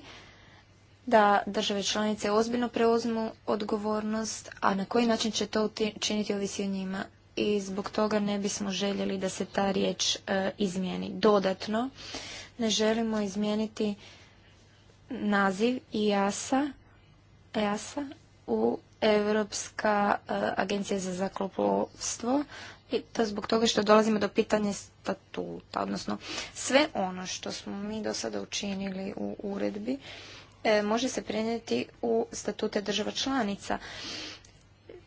da države članice ozbiljno preuzmu odgovornost, a na koji način će to činiti ovisi o njima. I zbog toga ne bismo željeli da se ta riječ e, izmijeni. Dodatno, ne želimo izmijeniti naziv IASA EASA u Europska e, agencija za zrakoplovstvo i to zbog toga što dolazimo do pitanja statuta, odnosno sve ono što smo mi do sada učinili u uredbi e, može se prenijeti u statute država članica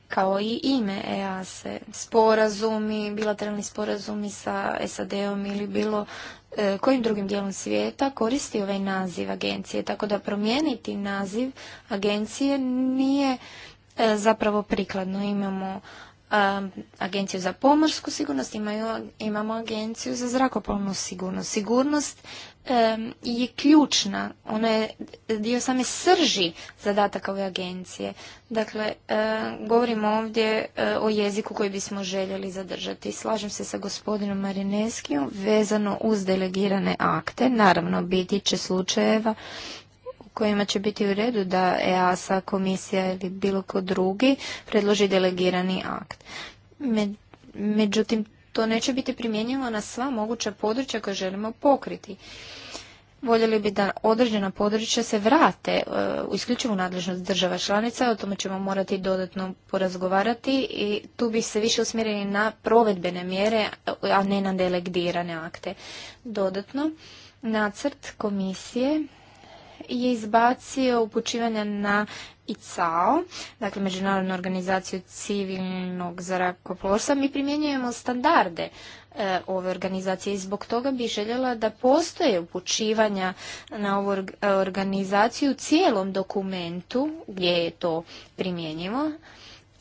kao i ime EASE, sporazumi, bilateralni sporazumi sa SAD-om ili bilo E, kojim drugim dijelom svijeta koristi ovaj naziv agencije. Tako da promijeniti naziv agencije nije e, zapravo prikladno. Imamo e, agenciju za pomorsku sigurnost, imamo agenciju za zrakoplovnu sigurnost. Sigurnost je ključna. Ona je dio same srži zadataka ove agencije. Dakle, govorimo ovdje e, o jeziku koji bismo željeli zadržati. Slažem se sa gospodinom Marineskijom vezano uz delegirane akte. Naravno, biti će slučajeva u kojima će biti u redu da EASA, komisija ili bilo ko drugi predloži delegirani akt. Međutim, to neće biti primjenjivo na sva moguća područja koja želimo pokriti. Voljeli bi da određena područja se vrate e, u isključivu nadležnost država članica, o tome ćemo morati dodatno porazgovarati i tu bi se više usmjerili na provedbene mjere, a ne na delegirane akte. Dodatno, nacrt komisije je izbacio upućivanja na ICAO, dakle Međunarodnu organizaciju civilnog zrakoplovstva, mi primjenjujemo standarde e, ove organizacije i zbog toga bi željela da postoje upućivanja na ovu e, organizaciju u cijelom dokumentu gdje je to primjenjivo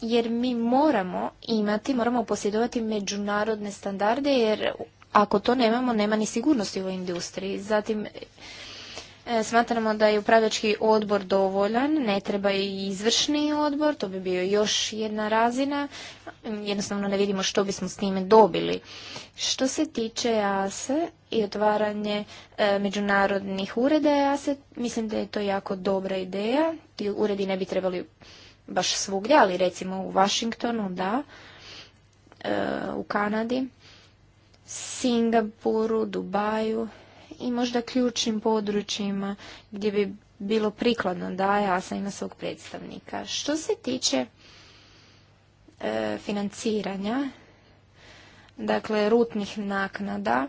jer mi moramo imati, moramo posjedovati međunarodne standarde jer ako to nemamo, nema ni sigurnosti u ovoj industriji. Zatim, E, smatramo da je upravljački odbor dovoljan, ne treba i izvršni odbor, to bi bio još jedna razina. Jednostavno ne vidimo što bismo s time dobili. Što se tiče ASE i otvaranje e, međunarodnih ureda ASE, mislim da je to jako dobra ideja. Ti uredi ne bi trebali baš svugdje, ali recimo u Washingtonu, da, e, u Kanadi, Singapuru, Dubaju, i možda ključnim područjima gdje bi bilo prikladno da EASA ima svog predstavnika. Što se tiče e, financiranja, dakle rutnih naknada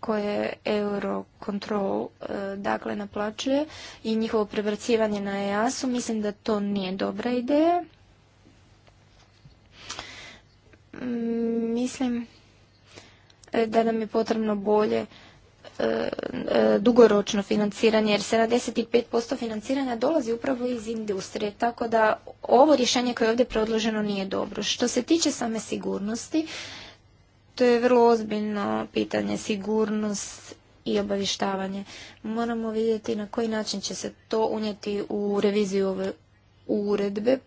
koje Eurocontrol e, dakle naplaćuje i njihovo prebacivanje na EASu, mislim da to nije dobra ideja. Mm, mislim E, da nam je potrebno bolje e, e, dugoročno financiranje jer 75% financiranja dolazi upravo iz industrije tako da ovo rješenje koje je ovdje predloženo nije dobro. Što se tiče same sigurnosti to je vrlo ozbiljno pitanje sigurnost i obavještavanje. Moramo vidjeti na koji način će se to unijeti u reviziju ove uredbe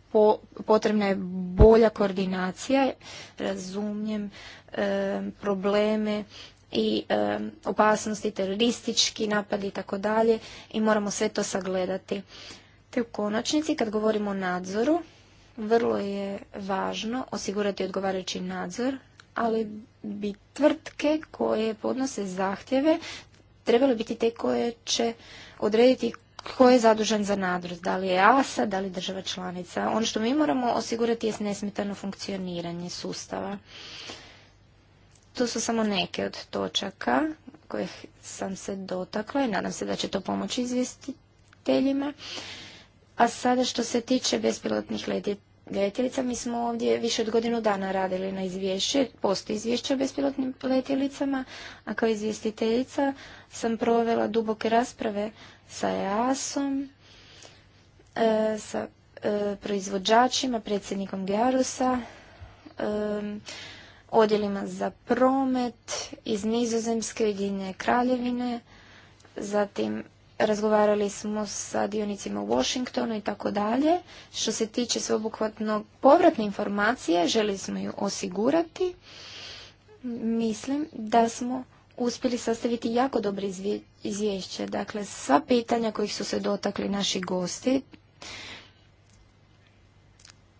potrebna je bolja koordinacija, razumijem e, probleme i e, opasnosti, teroristički napadi i tako dalje i moramo sve to sagledati. Te u konačnici kad govorimo o nadzoru, vrlo je važno osigurati odgovarajući nadzor, ali bi tvrtke koje podnose zahtjeve trebale biti te koje će odrediti tko je zadužen za nadzor, da li je ASA, da li država članica. Ono što mi moramo osigurati je nesmetano funkcioniranje sustava. To su samo neke od točaka koje sam se dotakla i nadam se da će to pomoći izvjestiteljima. A sada što se tiče bespilotnih letjelica, mi smo ovdje više od godinu dana radili na izvješće, postoji izvješće o bespilotnim letjelicama, a kao izvjestiteljica sam provela duboke rasprave sa eas om e, sa e, proizvođačima, predsjednikom Gearusa, e, odjelima za promet iz Nizozemske jedinje kraljevine, zatim razgovarali smo sa dionicima u Washingtonu i tako dalje. Što se tiče sveobuhvatnog povratne informacije, želi smo ju osigurati. Mislim da smo uspjeli sastaviti jako dobro izvješće. Dakle, sva pitanja kojih su se dotakli naši gosti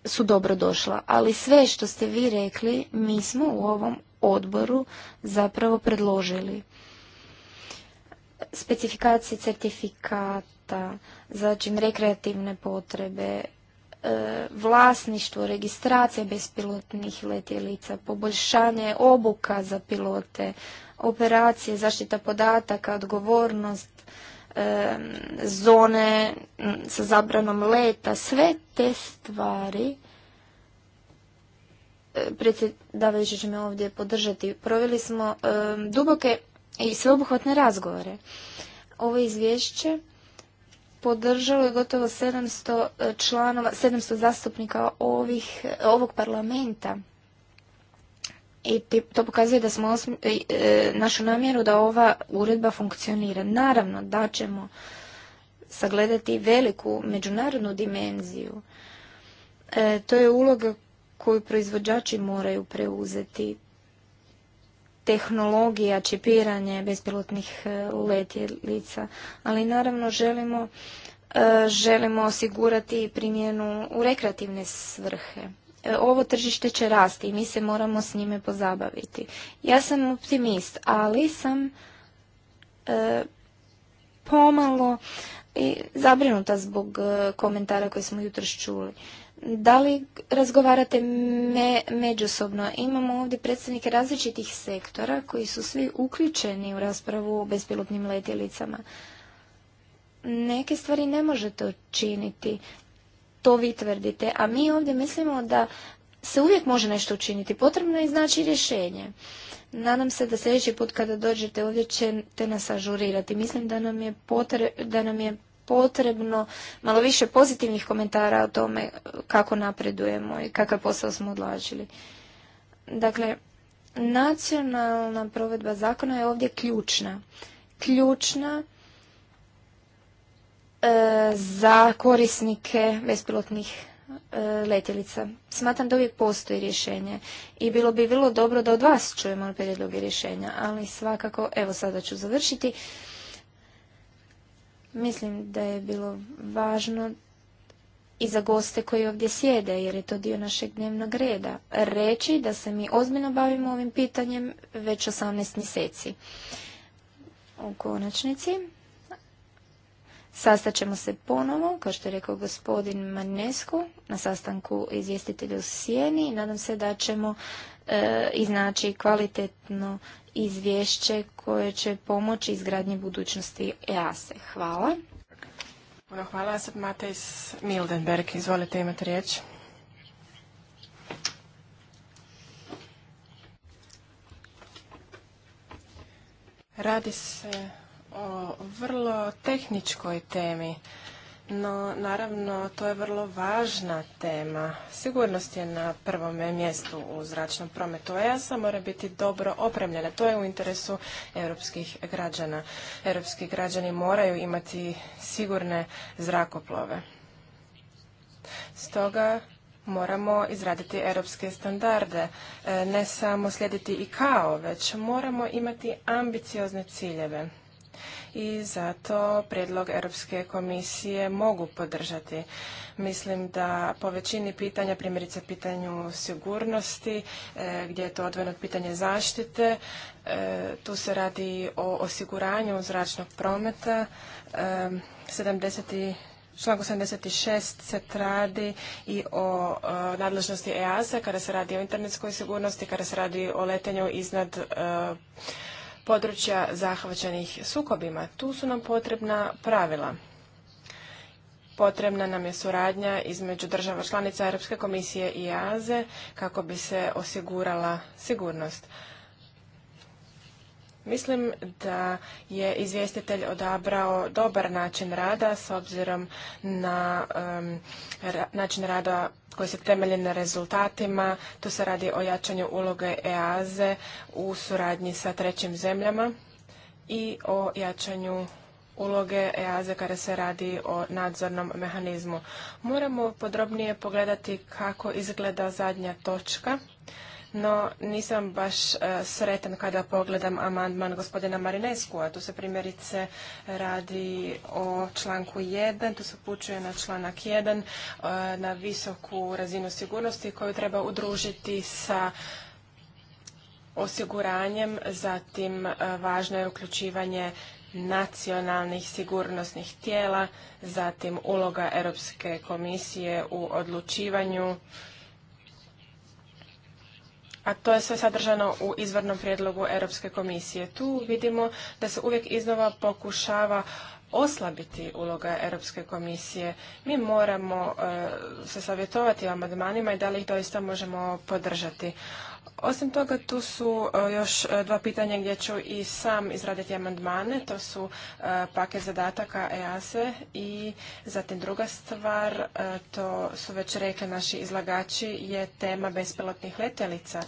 su dobro došla. Ali sve što ste vi rekli, mi smo u ovom odboru zapravo predložili. Specifikacije certifikata, zatim rekreativne potrebe, E, vlasništvo, registracija bespilotnih letjelica, poboljšanje obuka za pilote, operacije, zaštita podataka, odgovornost, e, zone sa zabranom leta, sve te stvari e, predsjedavajući će me ovdje podržati. Proveli smo duboke i sveobuhvatne razgovore. Ovo izvješće podržalo je gotovo 700 e, članova, 700 zastupnika ovih, e, ovog parlamenta. I to pokazuje da smo e, našu namjeru da ova uredba funkcionira. Naravno da ćemo sagledati veliku međunarodnu dimenziju. to je uloga koju proizvođači moraju preuzeti tehnologija čipiranje bespilotnih e, letjelica, ali naravno želimo e, želimo osigurati primjenu u rekreativne svrhe. E, ovo tržište će rasti i mi se moramo s njime pozabaviti. Ja sam optimist, ali sam pomalo i zabrinuta zbog komentara koje smo jutros čuli. Da li razgovarate me, međusobno? Imamo ovdje predstavnike različitih sektora koji su svi uključeni u raspravu o bespilotnim letjelicama. Neke stvari ne možete učiniti, to vi tvrdite, a mi ovdje mislimo da se uvijek može nešto učiniti. Potrebno je znači rješenje. Nadam se da sljedeći put kada dođete ovdje ćete nas ažurirati. Mislim da nam je, potre, da nam je potrebno malo više pozitivnih komentara o tome kako napredujemo i kakav posao smo odlažili. Dakle, nacionalna provedba zakona je ovdje ključna. Ključna e, za korisnike bespilotnih e, letjelica. Smatram da uvijek postoji rješenje i bilo bi vrlo dobro da od vas čujemo prijedloge rješenja, ali svakako, evo sada ću završiti. Mislim da je bilo važno i za goste koji ovdje sjede, jer je to dio našeg dnevnog reda, reći da se mi ozbiljno bavimo ovim pitanjem već 18 mjeseci. U konačnici, sastaćemo se ponovo, kao što je rekao gospodin Manesku, na sastanku izvjestitelja u Sijeni i nadam se da ćemo E, i znači kvalitetno izvješće koje će pomoći izgradnji budućnosti EASE. Hvala. Hvala. Sad Matej Mildenberg. Izvolite imate riječ. Radi se o vrlo tehničkoj temi. No, naravno, to je vrlo važna tema. Sigurnost je na prvom mjestu u zračnom prometu, a mora biti dobro opremljena. To je u interesu europskih građana. Europski građani moraju imati sigurne zrakoplove. Stoga moramo izraditi europske standarde, e, ne samo slijediti i kao, već moramo imati ambiciozne ciljeve i zato prijedlog Europske komisije mogu podržati. Mislim da po većini pitanja, primjerice pitanju sigurnosti, e, gdje je to odvojeno od pitanje zaštite, e, tu se radi o osiguranju zračnog prometa, 70 članku 76 se radi i o e, nadležnosti EASA kada se radi o internetskoj sigurnosti, kada se radi o letenju iznad područja zahvaćenih sukobima. Tu su nam potrebna pravila. Potrebna nam je suradnja između država članica Europske komisije i AZE kako bi se osigurala sigurnost. Mislim da je izvjestitelj odabrao dobar način rada s obzirom na način rada koji se temelji na rezultatima. Tu se radi o jačanju uloge EAZE u suradnji sa trećim zemljama i o jačanju uloge EAZE kada se radi o nadzornom mehanizmu. Moramo podrobnije pogledati kako izgleda zadnja točka no nisam baš e, sretan kada pogledam amandman gospodina Marinesku, a tu se primjerice radi o članku 1, tu se upućuje na članak 1, e, na visoku razinu sigurnosti koju treba udružiti sa osiguranjem, zatim e, važno je uključivanje nacionalnih sigurnosnih tijela, zatim uloga Europske komisije u odlučivanju a to je sve sadržano u izvornom prijedlogu Europske komisije. Tu vidimo da se uvijek iznova pokušava oslabiti uloga Europske komisije. Mi moramo e, se savjetovati o amandmanima i da li ih doista možemo podržati. Osim toga, tu su e, još e, dva pitanja gdje ću i sam izraditi amandmane. To su e, paket zadataka EASE i zatim druga stvar, to su već rekli naši izlagači, je tema bespilotnih letelica.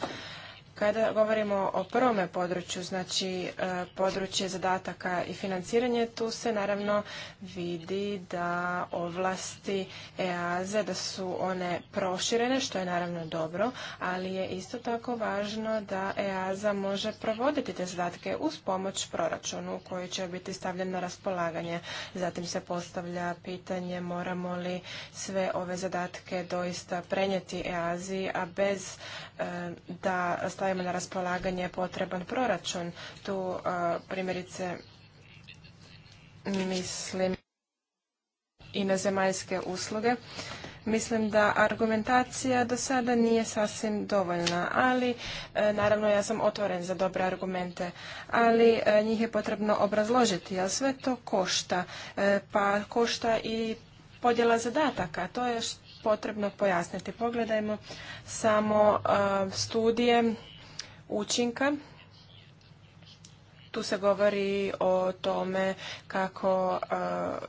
Kada govorimo o prvome području, znači e, područje zadataka i financiranje, tu se naravno vidi da ovlasti EAZ, da su one proširene, što je naravno dobro, ali je isto tako važno da EAZA može provoditi te zadatke uz pomoć proračunu koji će biti stavljen na raspolaganje. Zatim se postavlja pitanje moramo li sve ove zadatke doista prenijeti EAZI, a bez e, da stavimo na raspolaganje potreban proračun. Tu e, primjerice mislim i na zemaljske usluge. Mislim da argumentacija do sada nije sasvim dovoljna, ali e, naravno ja sam otvoren za dobre argumente, ali e, njih je potrebno obrazložiti, jer sve to košta, pa košta i podjela zadataka, to je potrebno pojasniti. Pogledajmo samo studije učinka. Tu se govori o tome kako eh,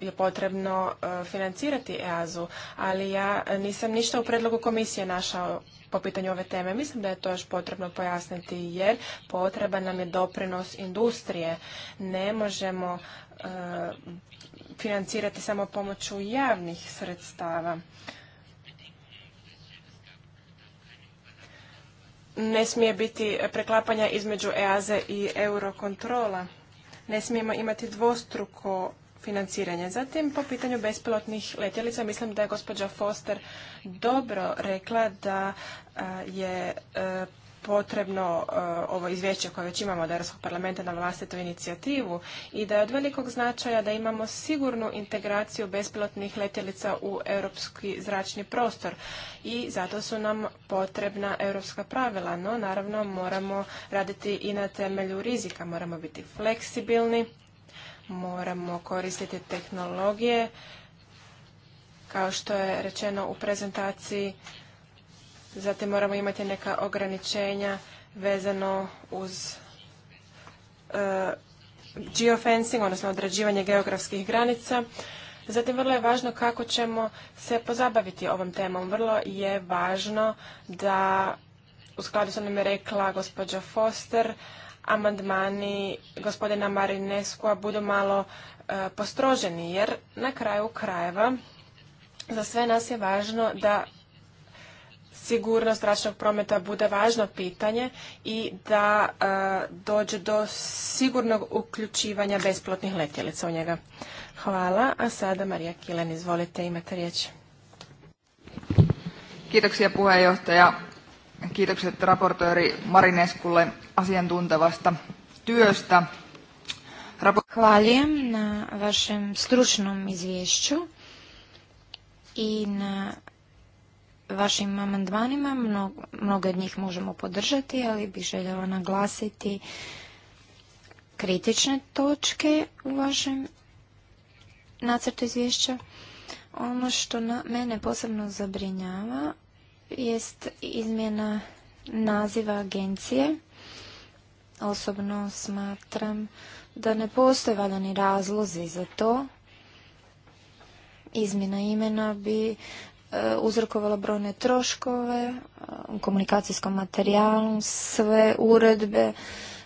je potrebno eh, financirati EAZU, ali ja nisam ništa u predlogu komisije našao po pitanju ove teme. Mislim da je to još potrebno pojasniti jer potreban nam je doprinos industrije. Ne možemo eh, financirati samo pomoću javnih sredstava. ne smije biti preklapanja između EAZE i eurokontrola. Ne smijemo imati dvostruko financiranje. Zatim, po pitanju bespilotnih letjelica, mislim da je gospođa Foster dobro rekla da je e, potrebno e, ovo izvješće koje već imamo od Europskog parlamenta na vlastitu inicijativu i da je od velikog značaja da imamo sigurnu integraciju bespilotnih letjelica u europski zračni prostor i zato su nam potrebna europska pravila, no naravno moramo raditi i na temelju rizika, moramo biti fleksibilni, moramo koristiti tehnologije, kao što je rečeno u prezentaciji Zatim moramo imati neka ograničenja vezano uz e, geofencing, odnosno određivanje geografskih granica. Zatim vrlo je važno kako ćemo se pozabaviti ovom temom. Vrlo je važno da u skladu sa nam je rekla gospođa Foster, amandmani gospodina Marineskova budu malo e, postroženi, jer na kraju krajeva za sve nas je važno da sigurnost zračnog prometa bude važno pitanje i da e, dođe do sigurnog uključivanja besplatnih letjelica u njega. Hvala, a sada Marija Kilen, izvolite, imate riječ. Kiitoksia puheenjohtaja. Kiitokset raportööri Marineskulle asiantuntevasta työstä. Hvaljujem na vašem stručnom izvješću i na vašim amandmanima. mnogo mnoge od njih možemo podržati, ali bih željela naglasiti kritične točke u vašem nacrtu izvješća. Ono što mene posebno zabrinjava jest izmjena naziva agencije. Osobno smatram da ne postoje valjani razlozi za to. Izmjena imena bi E, uzrokovalo brojne troškove e, u komunikacijskom materijalu, sve uredbe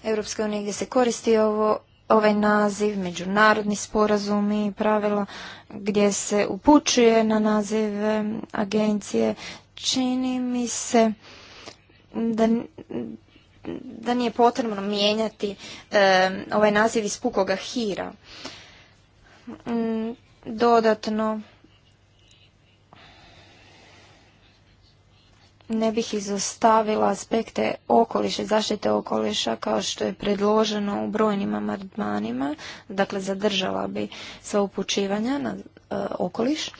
Europske unije gdje se koristi ovo, ovaj naziv, međunarodni sporazumi i pravila gdje se upućuje na nazive agencije. Čini mi se da, da nije potrebno mijenjati e, ovaj naziv iz pukoga hira. Mm, dodatno ne bih izostavila aspekte okoliša, zaštite okoliša kao što je predloženo u brojnim amandmanima, dakle zadržala bi sva upućivanja na e, okoliš.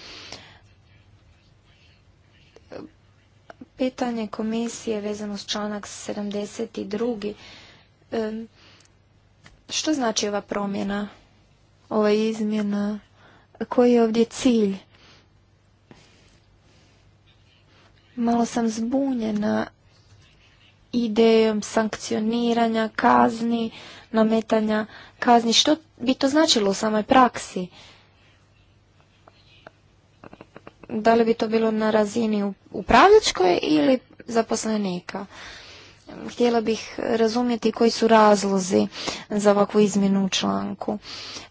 Pitanje komisije vezano s članak 72. E, što znači ova promjena, ova izmjena, koji je ovdje cilj? Malo sam zbunjena idejom sankcioniranja, kazni, nametanja kazni. Što bi to značilo u samoj praksi? Da li bi to bilo na razini upravljačkoj ili zaposlenika? htjela bih razumjeti koji su razlozi za ovakvu izmjenu u članku.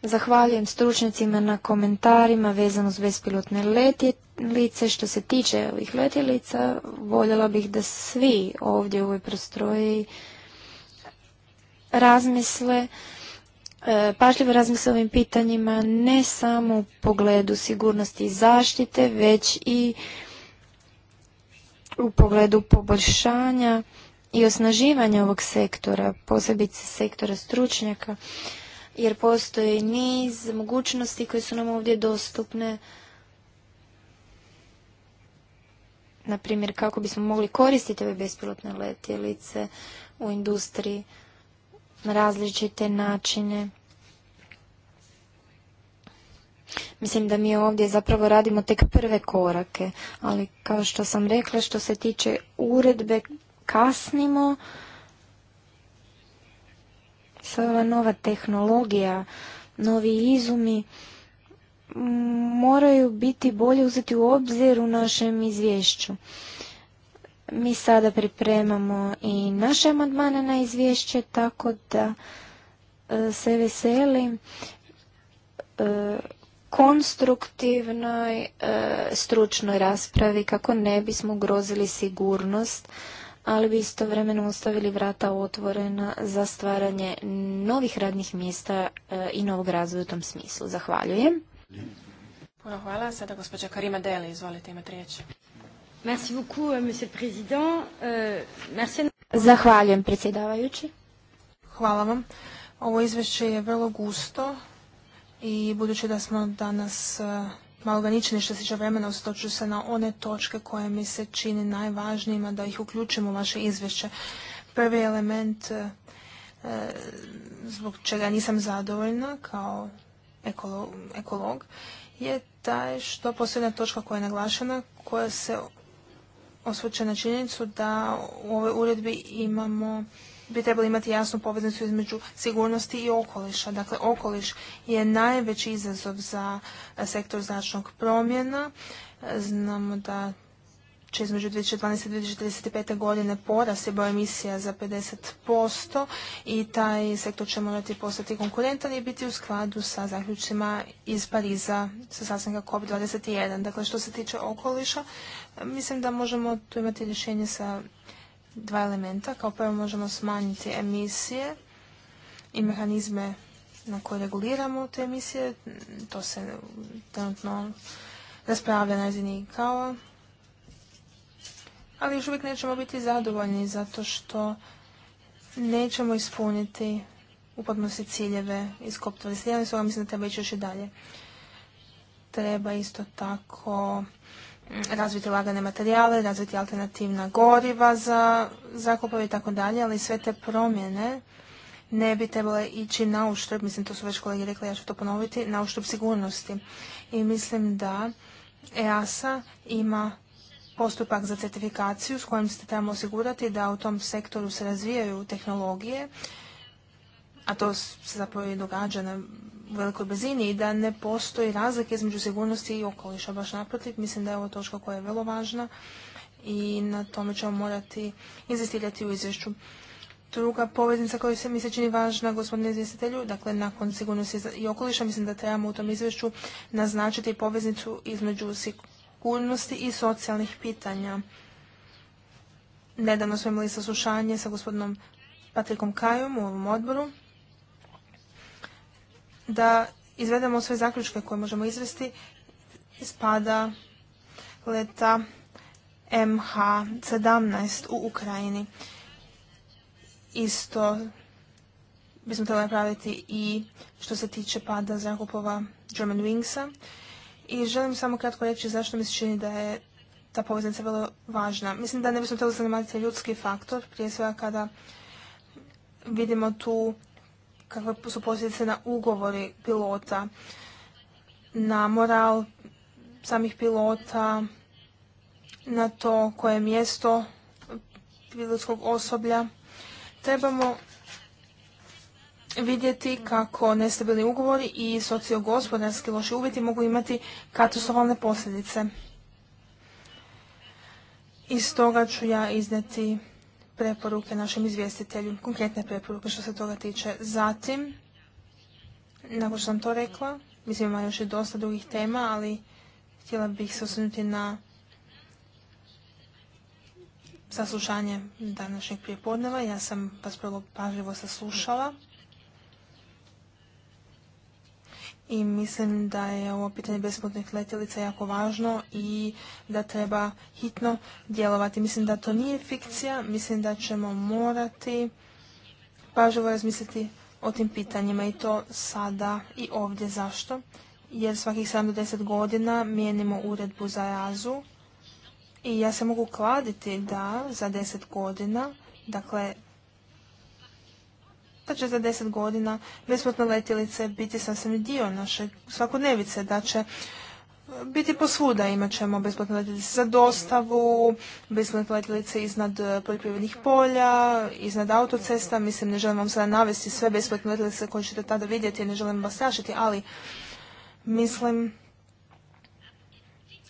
Zahvaljujem stručnicima na komentarima vezano s bespilotne letjelice. Što se tiče ovih letjelica, voljela bih da svi ovdje u ovoj prostroji razmisle e, pažljivo razmisle ovim pitanjima ne samo u pogledu sigurnosti i zaštite, već i u pogledu poboljšanja i osnaživanje ovog sektora, posebice sektora stručnjaka, jer postoji niz mogućnosti koje su nam ovdje dostupne. Na primjer, kako bismo mogli koristiti ove bespilotne letjelice u industriji na različite načine. Mislim da mi ovdje zapravo radimo tek prve korake, ali kao što sam rekla, što se tiče uredbe, kasnimo. Sva ova nova tehnologija, novi izumi mm, moraju biti bolje uzeti u obzir u našem izvješću. Mi sada pripremamo i naše amandmane na izvješće, tako da e, se veseli e, konstruktivnoj e, stručnoj raspravi kako ne bismo grozili sigurnost ali bi istovremeno ostavili vrata otvorena za stvaranje novih radnih mjesta e, i novog razvoja u tom smislu. Zahvaljujem. Puno hvala. Sada gospođa Karima Deli, izvolite, imate riječ. Merci beaucoup, euh, monsieur le président. Euh, merci... Zahvaljujem, predsjedavajući. Hvala vam. Ovo izvješće je vrlo gusto i budući da smo danas malo ograničeni što se tiče vremena, ostoču se na one točke koje mi se čini najvažnijima da ih uključimo u vaše izvješće. Prvi element e, e, zbog čega nisam zadovoljna kao ekolog je taj što posljedna točka koja je naglašena, koja se osvrće na činjenicu da u ovoj uredbi imamo bi trebali imati jasnu poveznicu između sigurnosti i okoliša. Dakle, okoliš je najveći izazov za eh, sektor značnog promjena. Eh, znamo da će između 2012. i 2035. godine porasti broj emisija za 50% i taj sektor će morati postati konkurentan i biti u skladu sa zaključcima iz Pariza sa sastanka COP21. Dakle, što se tiče okoliša, eh, mislim da možemo tu imati rješenje sa dva elementa. Kao prvo možemo smanjiti emisije i mehanizme na koje reguliramo te emisije. To se trenutno raspravlja na razini kao ali još uvijek nećemo biti zadovoljni zato što nećemo ispuniti upadno se ciljeve iz COP21, mislim da treba ići još i dalje. Treba isto tako Mm, razviti lagane materijale, razviti alternativna goriva za zakupove i tako dalje, ali sve te promjene ne bi trebale ići na uštrb, mislim to su već kolege rekli, ja ću to ponoviti, na uštrb sigurnosti. I mislim da EASA ima postupak za certifikaciju s kojim se trebamo osigurati da u tom sektoru se razvijaju tehnologije, a to se zapravo i događa na velikoj brzini i da ne postoji razlike između sigurnosti i okoliša. Baš naprotiv, mislim da je ovo točka koja je vrlo važna i na tome ćemo morati inzistirati u izvješću. Druga poveznica koja se mi se čini važna, gospodine izvjestitelju, dakle nakon sigurnosti i okoliša, mislim da trebamo u tom izvješću naznačiti poveznicu između sigurnosti i socijalnih pitanja. Nedavno smo imali saslušanje sa gospodinom Patrikom Kajom u ovom odboru da izvedemo sve zaključke koje možemo izvesti iz pada leta MH17 u Ukrajini. Isto bismo trebali napraviti i što se tiče pada zrakoplova German Wingsa. I želim samo kratko reći zašto mi se čini da je ta poveznica vrlo važna. Mislim da ne bismo trebali zanimati ljudski faktor, prije svega kada vidimo tu kakve su posljedice na ugovori pilota, na moral samih pilota, na to koje je mjesto pilotskog osoblja. Trebamo vidjeti kako nestabilni ugovori i sociogospodarski loši uvjeti mogu imati katastrofalne posljedice. I stoga ću ja izneti preporuke našem izvjestitelju, konkretne preporuke što se toga tiče. Zatim, nakon što sam to rekla, mislim ima još i dosta drugih tema, ali htjela bih se osvrnuti na saslušanje današnjeg prijepodneva. Ja sam vas prvo pažljivo saslušala. i mislim da je ovo pitanje besplatnih letjelica jako važno i da treba hitno djelovati. Mislim da to nije fikcija, mislim da ćemo morati pažljivo razmisliti o tim pitanjima i to sada i ovdje. Zašto? Jer svakih 7 do 10 godina mijenimo uredbu za razu e i ja se mogu kladiti da za 10 godina, dakle da će za deset godina besplatne letjelice biti sasvim dio naše svakodnevice, da će e, biti posvuda, imat ćemo besplatne letjelice za dostavu, besplatne letjelice iznad e, poljoprivrednih polja, iznad autocesta, mislim ne želim vam sada navesti sve besplatne letjelice koje ćete tada vidjeti, ne želim vas strašiti, ali mislim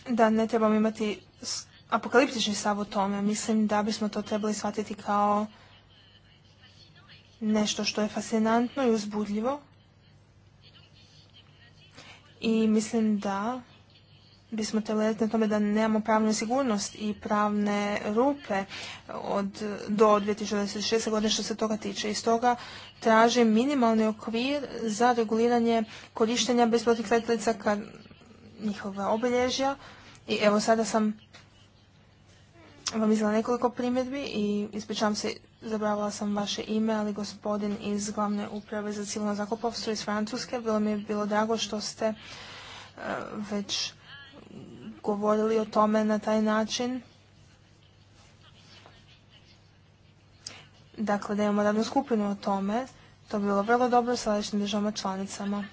da ne trebamo imati apokaliptični stav o tome. Mislim da bismo to trebali shvatiti kao nešto što je fascinantno i uzbudljivo. I mislim da bismo trebali na tome da nemamo pravnu sigurnost i pravne rupe od, do 2026. godine što se toga tiče. I stoga tražim minimalni okvir za reguliranje korištenja besplatnih letelica kad njihova obilježja. I evo sada sam vam izdala nekoliko primjedbi i ispričavam se, zaboravila sam vaše ime, ali gospodin iz glavne uprave za civilno zakupovstvo iz Francuske, bilo mi je bilo drago što ste e, već govorili o tome na taj način. Dakle, da imamo radnu skupinu o tome, to bi bilo vrlo dobro sa različitim državama članicama.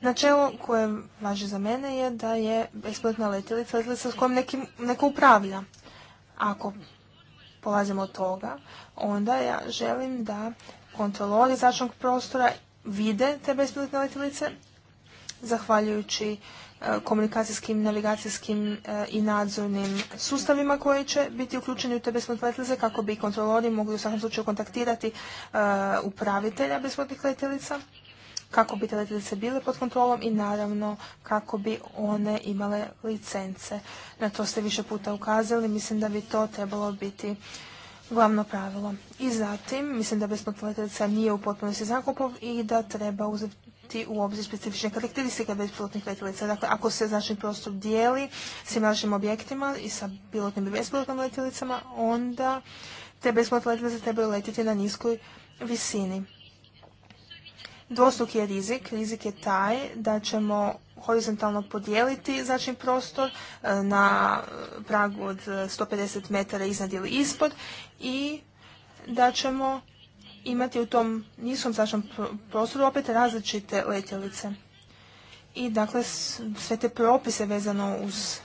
Načelo koje važi za mene je da je besplatna letjelica letjelica s kojom neko upravlja. Ako polazimo od toga, onda ja želim da kontrolori zračnog prostora vide te besplatne letjelice zahvaljujući e, komunikacijskim, navigacijskim e, i nadzornim sustavima koji će biti uključeni u te besplatne letjelice kako bi kontrolori mogli u svakom slučaju kontaktirati e, upravitelja besplatnih letjelica kako bi te letjelice bile pod kontrolom i naravno kako bi one imale licence. Na to ste više puta ukazali, mislim da bi to trebalo biti glavno pravilo. I zatim, mislim da besplatna letjelica nije u potpunosti zakupov i da treba uzeti u obzir specifične karakteristike bespilotnih letjelica. Dakle, ako se značni prostor dijeli svim našim objektima i sa pilotnim i bespilotnim letjelicama, onda te besplatne letjelice trebaju letjeti na niskoj visini. Dvostruki je rizik. Rizik je taj da ćemo horizontalno podijeliti znači prostor e, na pragu od 150 e, metara iznad ili ispod i da ćemo imati u tom niskom zračnom prostoru opet različite letjelice. I dakle sve te propise vezano uz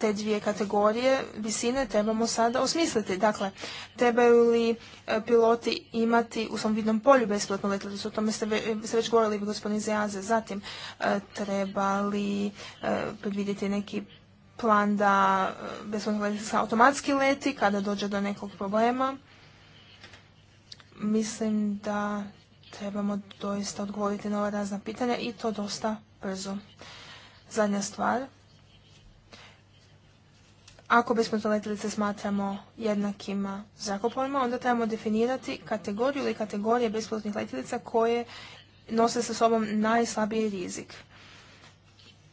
te dvije kategorije visine trebamo sada osmisliti. Dakle, trebaju li e, piloti imati u svom vidnom polju besplatnu letjelicu? O tome ste, već govorili bi gospodin Zatim, e, treba li e, predvidjeti neki plan da besplatno sa automatski leti kada dođe do nekog problema? Mislim da trebamo doista odgovoriti na ova razna pitanja i to dosta brzo. Zadnja stvar, ako bismo to smatramo jednakima zrakoplovima, onda trebamo definirati kategoriju ili kategorije bespilotnih letjelica koje nose sa sobom najslabiji rizik.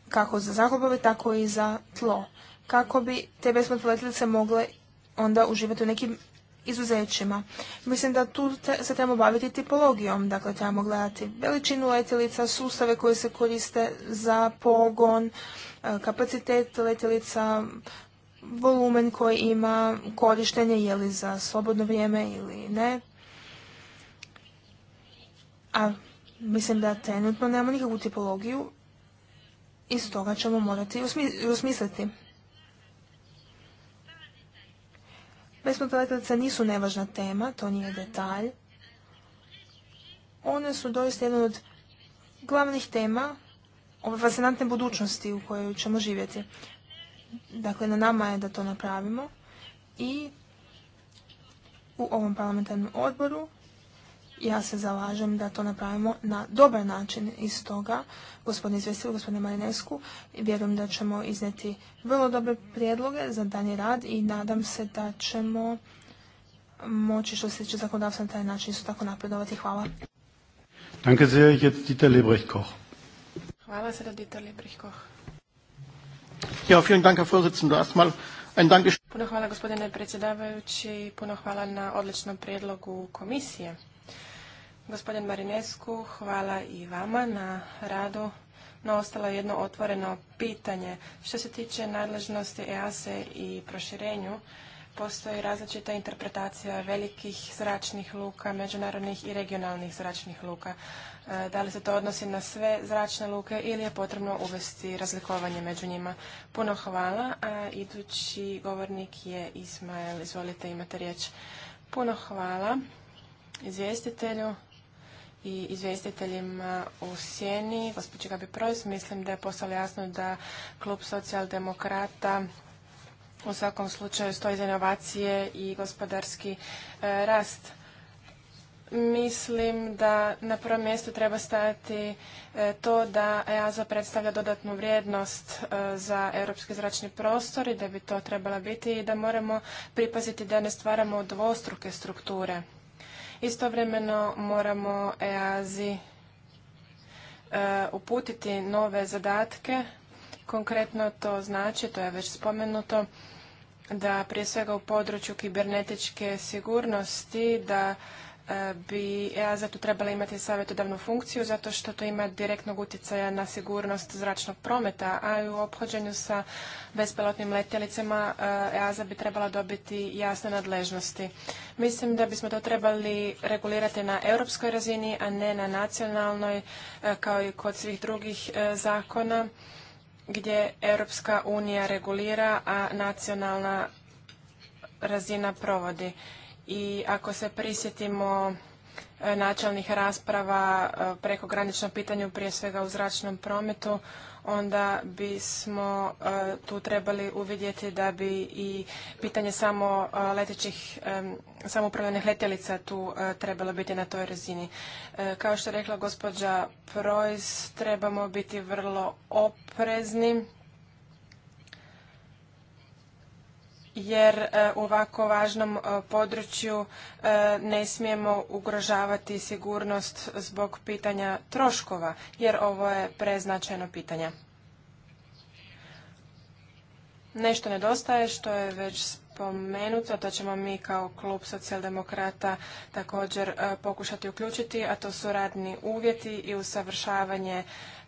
Kako za zrakoplove, tako i za tlo. Kako bi te bespilotne letjelice mogle onda uživati u nekim izuzećima. Mislim da tu se trebamo baviti tipologijom, dakle trebamo gledati veličinu letjelica, sustave koje se koriste za pogon, eh, kapacitet letjelica, volumen koji ima korištenje, je li za slobodno vrijeme ili ne. A mislim da trenutno nemamo nikakvu tipologiju i stoga ćemo morati usmisliti. Besmota letalica nisu nevažna tema, to nije detalj. One su doista jedna od glavnih tema ove fascinantne budućnosti u kojoj ćemo živjeti. Dakle, na nama je da to napravimo i u ovom parlamentarnom odboru ja se zalažem da to napravimo na dobar način iz toga, gospodine izvjestitelju, gospodine Marinesku, vjerujem da ćemo izneti vrlo dobre prijedloge za danji rad i nadam se da ćemo moći što se tiče zakonodavstva na taj način isto tako napredovati. Hvala. Danke sehr, jetzt Dieter Lebrecht Koch. Hvala, Dieter Lebrecht Koch. Ja, Puno hvala gospodine predsjedavajući, puno hvala na odličnom prijedlogu komisije. Gospodin Marinescu, hvala i vama na radu. No, ostalo je jedno otvoreno pitanje. Što se tiče nadležnosti EASE e i proširenju, postoji različita interpretacija velikih zračnih luka, međunarodnih i regionalnih zračnih luka. E, da li se to odnosi na sve zračne luke ili je potrebno uvesti razlikovanje među njima? Puno hvala. A idući govornik je Ismael. Izvolite, imate riječ. Puno hvala izvjestitelju i izvjestiteljima u Sjeni, gospođi Gabi Projs. Mislim da je postalo jasno da klub socijaldemokrata u svakom slučaju stoji za inovacije i gospodarski e, rast. Mislim da na prvom mjestu treba stajati e, to da EASA predstavlja dodatnu vrijednost e, za europski zračni prostor i da bi to trebala biti i da moramo pripaziti da ne stvaramo dvostruke strukture. Istovremeno moramo EAZi uputiti nove zadatke. Konkretno to znači, to je već spomenuto, da prije svega u području kibernetičke sigurnosti da e, bi EASA tu trebala imati savjetodavnu funkciju zato što to ima direktnog utjecaja na sigurnost zračnog prometa, a i u obhođenju sa bespilotnim letjelicama e, EASA bi trebala dobiti jasne nadležnosti. Mislim da bismo to trebali regulirati na europskoj razini, a ne na nacionalnoj, e, kao i kod svih drugih zakona gdje Europska unija regulira, a nacionalna razina provodi. I ako se prisjetimo e, načelnih rasprava e, preko graničnog pitanju, prije svega u zračnom prometu, onda bismo e, tu trebali uvidjeti da bi i pitanje samo e, letećih, e, samoupravljenih letjelica tu trebalo biti na toj razini. Kao što je rekla gospođa Projs, trebamo biti vrlo oprezni jer e, u ovako važnom e, području e, ne smijemo ugrožavati sigurnost zbog pitanja troškova, jer ovo je preznačajno pitanje. Nešto nedostaje što je već spomenuto, to ćemo mi kao klub socijaldemokrata također pokušati uključiti, a to su radni uvjeti i usavršavanje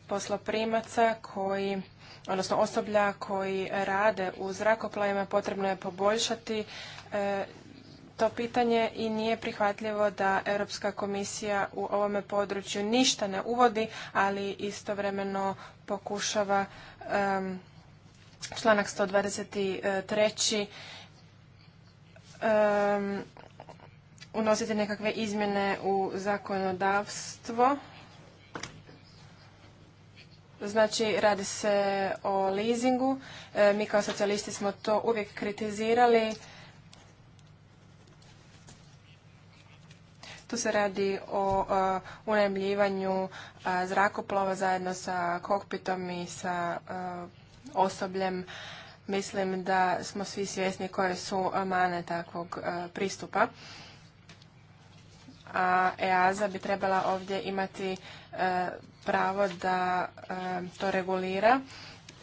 posloprimaca koji odnosno osoblja koji rade u zrakoplovima potrebno je poboljšati e, to pitanje i nije prihvatljivo da Europska komisija u ovome području ništa ne uvodi, ali istovremeno pokušava članak 123. tri unositi nekakve izmjene u zakonodavstvo Znači, radi se o leasingu. E, mi kao socijalisti smo to uvijek kritizirali. Tu se radi o e, unajemljivanju unajmljivanju e, zrakoplova zajedno sa kokpitom i sa osobljem. Mislim da smo svi svjesni koje su mane takvog pristupa a EASA bi trebala ovdje imati e, pravo da e, to regulira.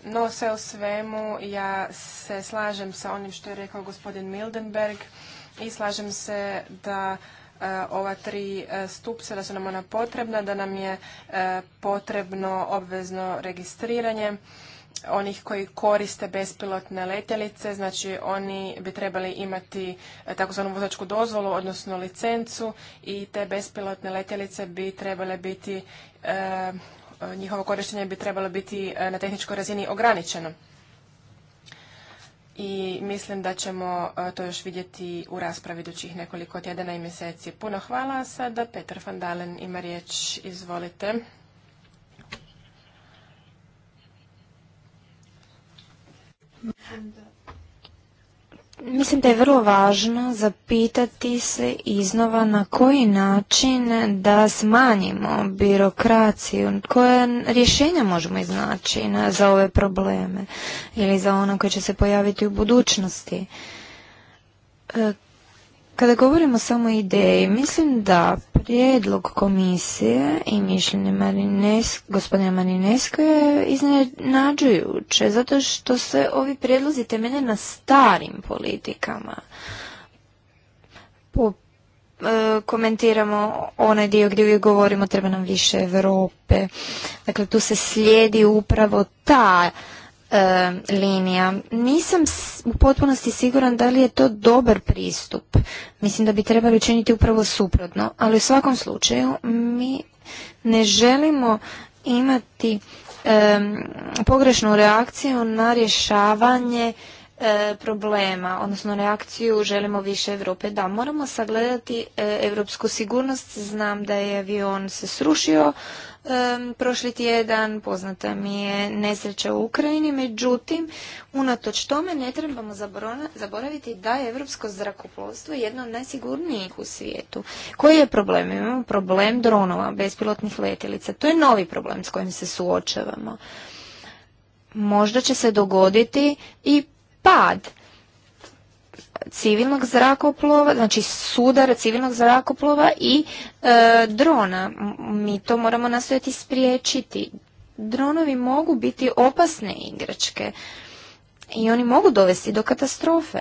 No sve u svemu ja se slažem sa onim što je rekao gospodin Mildenberg i slažem se da e, ova tri stupca, da su nam ona potrebna, da nam je potrebno obvezno registriranje onih koji koriste bespilotne letjelice, znači oni bi trebali imati e, takozvanu vozačku dozvolu, odnosno licencu i te bespilotne letjelice bi trebale biti, e, njihovo korištenje bi trebalo biti e, na tehničkoj razini ograničeno. I mislim da ćemo to još vidjeti u raspravi idućih nekoliko tjedana i mjeseci. Puno hvala. Sada Petar Fandalen ima riječ. Izvolite. Mislim da je vrlo važno zapitati se iznova na koji način da smanjimo birokraciju, koje rješenja možemo iznaći za ove probleme ili za ono koje će se pojaviti u budućnosti. E, kada govorimo samo o ideji, mislim da prijedlog komisije i mišljenje gospodina Marinesko je iznenađujuće, zato što se ovi prijedlozi temelje na starim politikama. E, komentiramo onaj dio gdje uvijek govorimo treba nam više Europe. Dakle, tu se slijedi upravo ta E, linija. Nisam u potpunosti siguran da li je to dobar pristup. Mislim da bi trebali učiniti upravo suprotno, ali u svakom slučaju mi ne želimo imati pogrešnu reakciju na rješavanje E, problema, odnosno reakciju želimo više Europe. Da, moramo sagledati e, evropsku europsku sigurnost. Znam da je avion se srušio e, prošli tjedan, poznata mi je nesreća u Ukrajini, međutim, unatoč tome ne trebamo zaboraviti da je europsko zrakoplovstvo jedno od najsigurnijih u svijetu. Koji je problem? Imamo problem dronova, bespilotnih letjelica. To je novi problem s kojim se suočavamo možda će se dogoditi i pad civilnog zrakoplova, znači sudar civilnog zrakoplova i e, drona. Mi to moramo nastojati spriječiti. Dronovi mogu biti opasne igračke i oni mogu dovesti do katastrofe.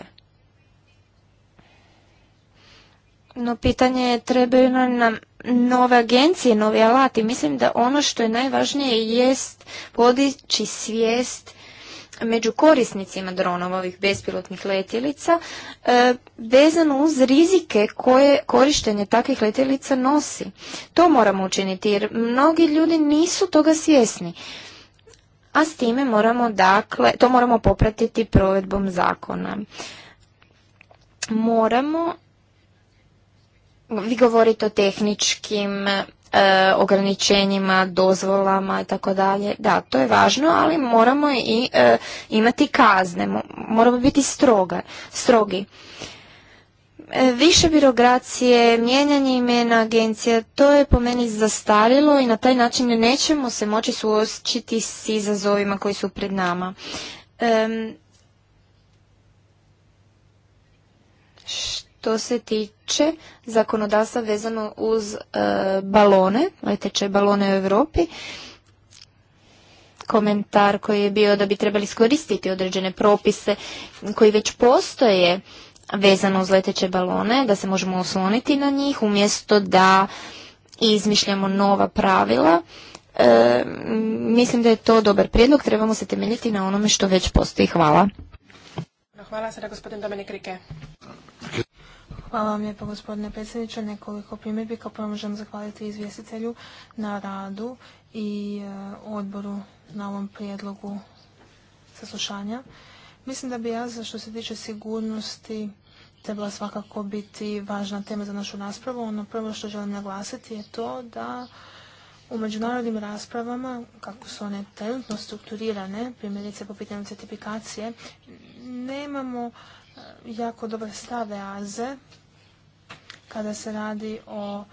No pitanje je trebaju nam nove agencije, novi alati. Mislim da ono što je najvažnije jest podići svijest među korisnicima dronova ovih bespilotnih letjelica e, vezano uz rizike koje korištenje takvih letjelica nosi. To moramo učiniti jer mnogi ljudi nisu toga svjesni. A s time moramo dakle, to moramo popratiti provedbom zakona. Moramo vi govorite o tehničkim e, ograničenjima, dozvolama i tako dalje. Da, to je važno, ali moramo i e, imati kazne, moramo biti stroga, strogi. E, više birokracije, mijenjanje imena agencija, to je po meni zastarilo i na taj način nećemo se moći suočiti s izazovima koji su pred nama što se tiče zakonodavstva vezano uz e, balone, leteće ovaj balone u Europi. Komentar koji je bio da bi trebali iskoristiti određene propise koji već postoje vezano uz leteće balone, da se možemo osloniti na njih umjesto da izmišljamo nova pravila. E, mislim da je to dobar prijedlog, trebamo se temeljiti na onome što već postoji. Hvala. Hvala sada gospodin Rike. Hvala vam lijepo gospodine predsjedniče. Nekoliko primjedbi kao prvo možemo zahvaliti izvjestitelju na radu i e, odboru na ovom prijedlogu saslušanja. Mislim da bi ja za što se tiče sigurnosti trebala svakako biti važna tema za našu raspravu. Ono prvo što želim naglasiti je to da u međunarodnim raspravama, kako su one trenutno strukturirane, primjerice po pitanju certifikacije, nemamo jako dobro stave aze kada se radi o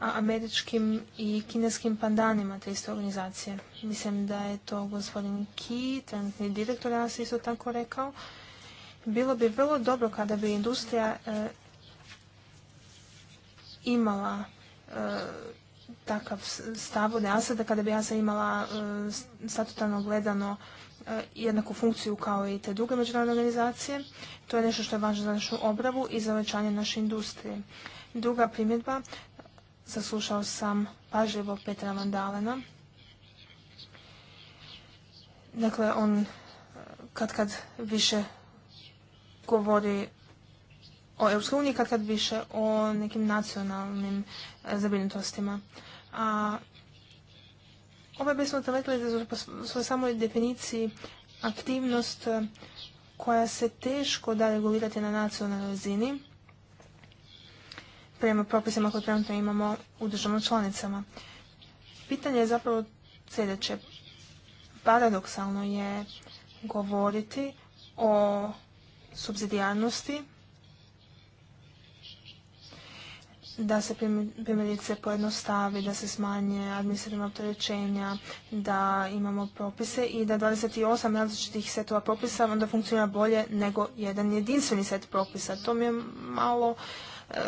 američkim i kineskim pandanima te iste organizacije. Mislim da je to gospodin Ki, trenutni direktor ASE isto tako rekao. Bilo bi vrlo dobro kada bi industrija e, imala e, takav stav od Asada kada bi Asad imala e, statutarno gledano e, jednaku funkciju kao i te druge međunarodne organizacije. To je nešto što je važno za našu obravu i za uvećanje naše industrije. Druga primjedba, zaslušao sam pažljivo Petra Vandalena. Dakle, on e, kad kad više govori o EU kad kad više o nekim nacionalnim e, zabrinutostima. A ovaj bismo trametili da po svojoj samoj definiciji aktivnost e, koja se teško da regulirati na nacionalnoj razini prema propisima koje trenutno imamo u državnom članicama. Pitanje je zapravo sljedeće. Paradoksalno je govoriti o subsidijarnosti da se primjerice pojednostavi, da se smanje administrativne opterećenja, da imamo propise i da 28 različitih setova propisa onda funkcionira bolje nego jedan jedinstveni set propisa. To mi je malo e,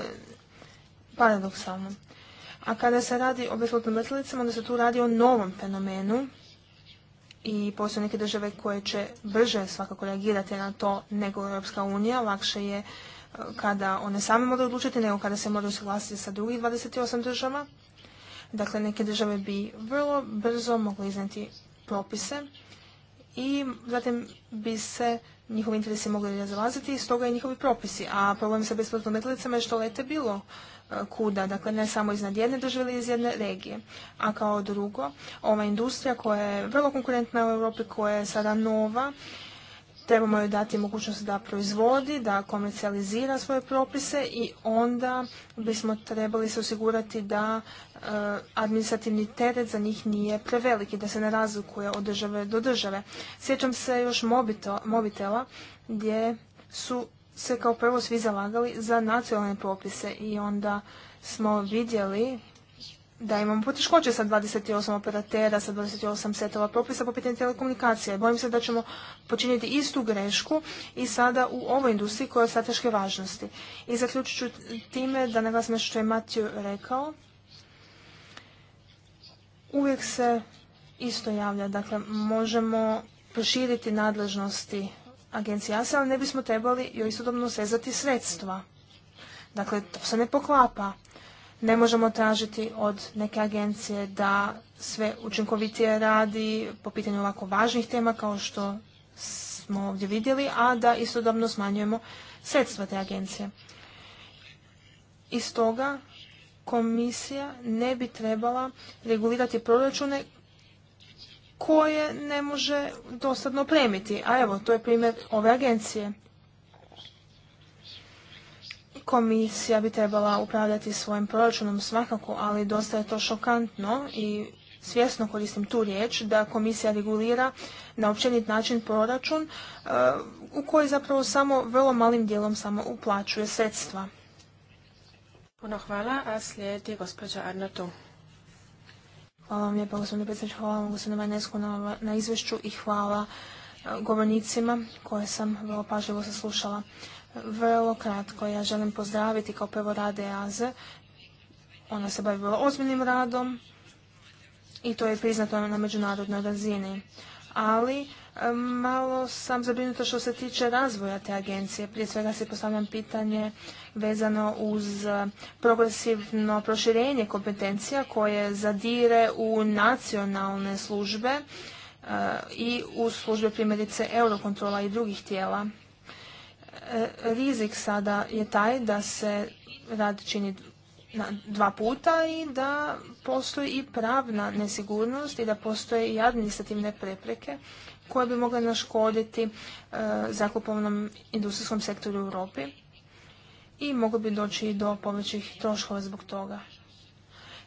paradoksalno. A kada se radi o besplatnim letelicama, onda se tu radi o novom fenomenu i postoje neke države koje će brže svakako reagirati na to nego Europska unija. Lakše je kada one same moraju odlučiti, nego kada se moraju usuglasiti sa drugih 28 država. Dakle, neke države bi vrlo brzo mogle iznijeti propise i zatim bi se njihovi interesi mogli razlaziti i stoga i njihovi propisi. A problem sa besplatnom letjelicama je što lete bilo e, kuda, dakle ne samo iznad jedne države ili iz jedne regije. A kao drugo, ova industrija koja je vrlo konkurentna u Europi, koja je sada nova trebamo joj dati mogućnost da proizvodi, da komercijalizira svoje propise i onda bismo trebali se osigurati da eh, administrativni teret za njih nije preveliki, da se ne razlikuje od države do države. Sjećam se još mobitela gdje su se kao prvo svi zalagali za nacionalne propise i onda smo vidjeli da imamo poteškoće sa 28 operatera, sa 28 setova propisa po pitanju telekomunikacije. Bojim se da ćemo počiniti istu grešku i sada u ovoj industriji koja je od strateške važnosti. I zaključit ću time da naglasim nešto što je Matiju rekao. Uvijek se isto javlja, dakle možemo proširiti nadležnosti agencije ASA, ali ne bismo trebali joj istodobno sezati sredstva. Dakle, to se ne poklapa ne možemo tražiti od neke agencije da sve učinkovitije radi po pitanju ovako važnih tema kao što smo ovdje vidjeli, a da istodobno smanjujemo sredstva te agencije. I stoga komisija ne bi trebala regulirati proračune koje ne može dosadno premiti. A evo, to je primjer ove agencije. Komisija bi trebala upravljati svojim proračunom svakako, ali dosta je to šokantno i svjesno koristim tu riječ, da komisija regulira na općenit način proračun e, u koji zapravo samo vrlo malim dijelom samo uplaćuje sredstva. Puno hvala, a slijedi gospođa Arnatu. Hvala vam lijepa, gospodine predsjedniče, hvala vam gospodine Vanesku, na, na izvješću i hvala e, govornicima koje sam vrlo pažljivo saslušala. Vrlo kratko, ja želim pozdraviti kao prvo rade Aze. Ona se bavila ozbiljnim radom i to je priznato na međunarodnoj razini. Ali malo sam zabrinuta što se tiče razvoja te agencije. Prije svega se postavljam pitanje vezano uz progresivno proširenje kompetencija koje zadire u nacionalne službe eh, i u službe primjerice Eurokontrola i drugih tijela. E, rizik sada je taj da se rad čini dva puta i da postoji i pravna nesigurnost i da postoje i administrativne prepreke koje bi mogle naškoditi e, zakupovnom industrijskom sektoru u Europi i mogu bi doći i do povećih troškova zbog toga.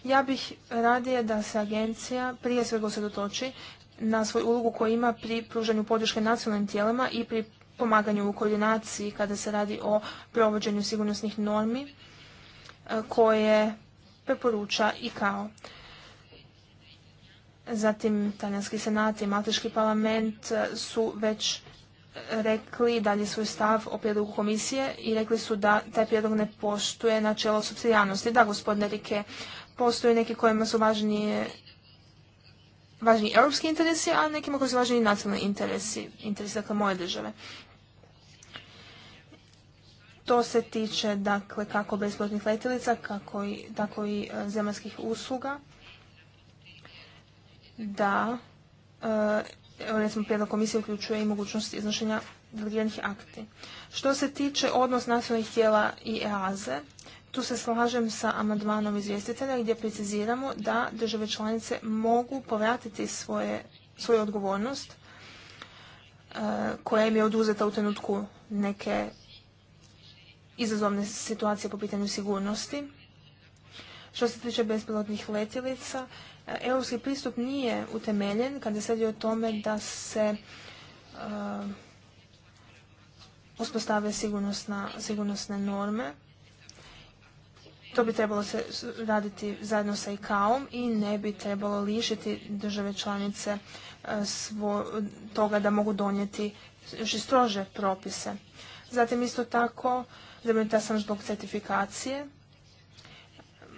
Ja bih radije da se agencija prije svega usredotoči na svoju ulogu koju ima pri pružanju podrške nacionalnim tijelima i pri pomaganju u koordinaciji kada se radi o provođenju sigurnosnih normi e, koje preporuča i kao. Zatim, Talijanski senat i Malteški parlament e, su već rekli dalje svoj stav o prijedlogu komisije i rekli su da taj prijedlog ne poštuje načelo subsidijalnosti, Da, gospodine Rike, postoje neki kojima su važnije važni europski interesi, a nekima koji su važni nacionalni interesi, interesi dakle moje države. To se tiče dakle kako besplatnih letilica, kako i, tako i e, zemaljskih usluga. Da, e, evo recimo prijedlog komisije uključuje i mogućnost iznošenja delegiranih akti. Što se tiče odnos nacionalnih tijela i EAZE, tu se slažem sa amandmanom izvjestitelja gdje preciziramo da države članice mogu povratiti svoje, svoju odgovornost e, koja im je oduzeta u trenutku neke izazovne situacije po pitanju sigurnosti. Što se tiče bespilotnih letjelica, e, europski pristup nije utemeljen kada se radi o tome da se e, uspostave sigurnosne norme to bi trebalo se raditi zajedno sa ICAO-om i ne bi trebalo lišiti države članice e, toga da mogu donijeti još i strože propise. Zatim isto tako, zabrinuta sam zbog certifikacije.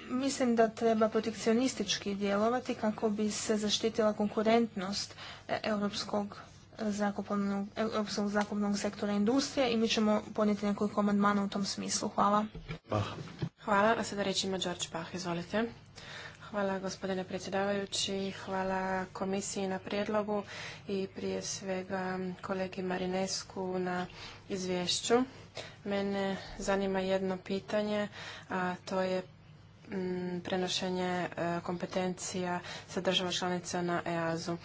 Mislim da treba protekcionistički djelovati kako bi se zaštitila konkurentnost e, europskog zrakoplovnog, e, europskog zrakoplovnog sektora industrije i mi ćemo ponijeti nekoliko amandmana u tom smislu. Hvala. Pa, Hvala, a sada reći ima izvolite. Hvala gospodine predsjedavajući, hvala komisiji na prijedlogu i prije svega kolegi Marinesku na izvješću. Mene zanima jedno pitanje, a to je mm, prenošenje e, kompetencija sa država članica na EAZu.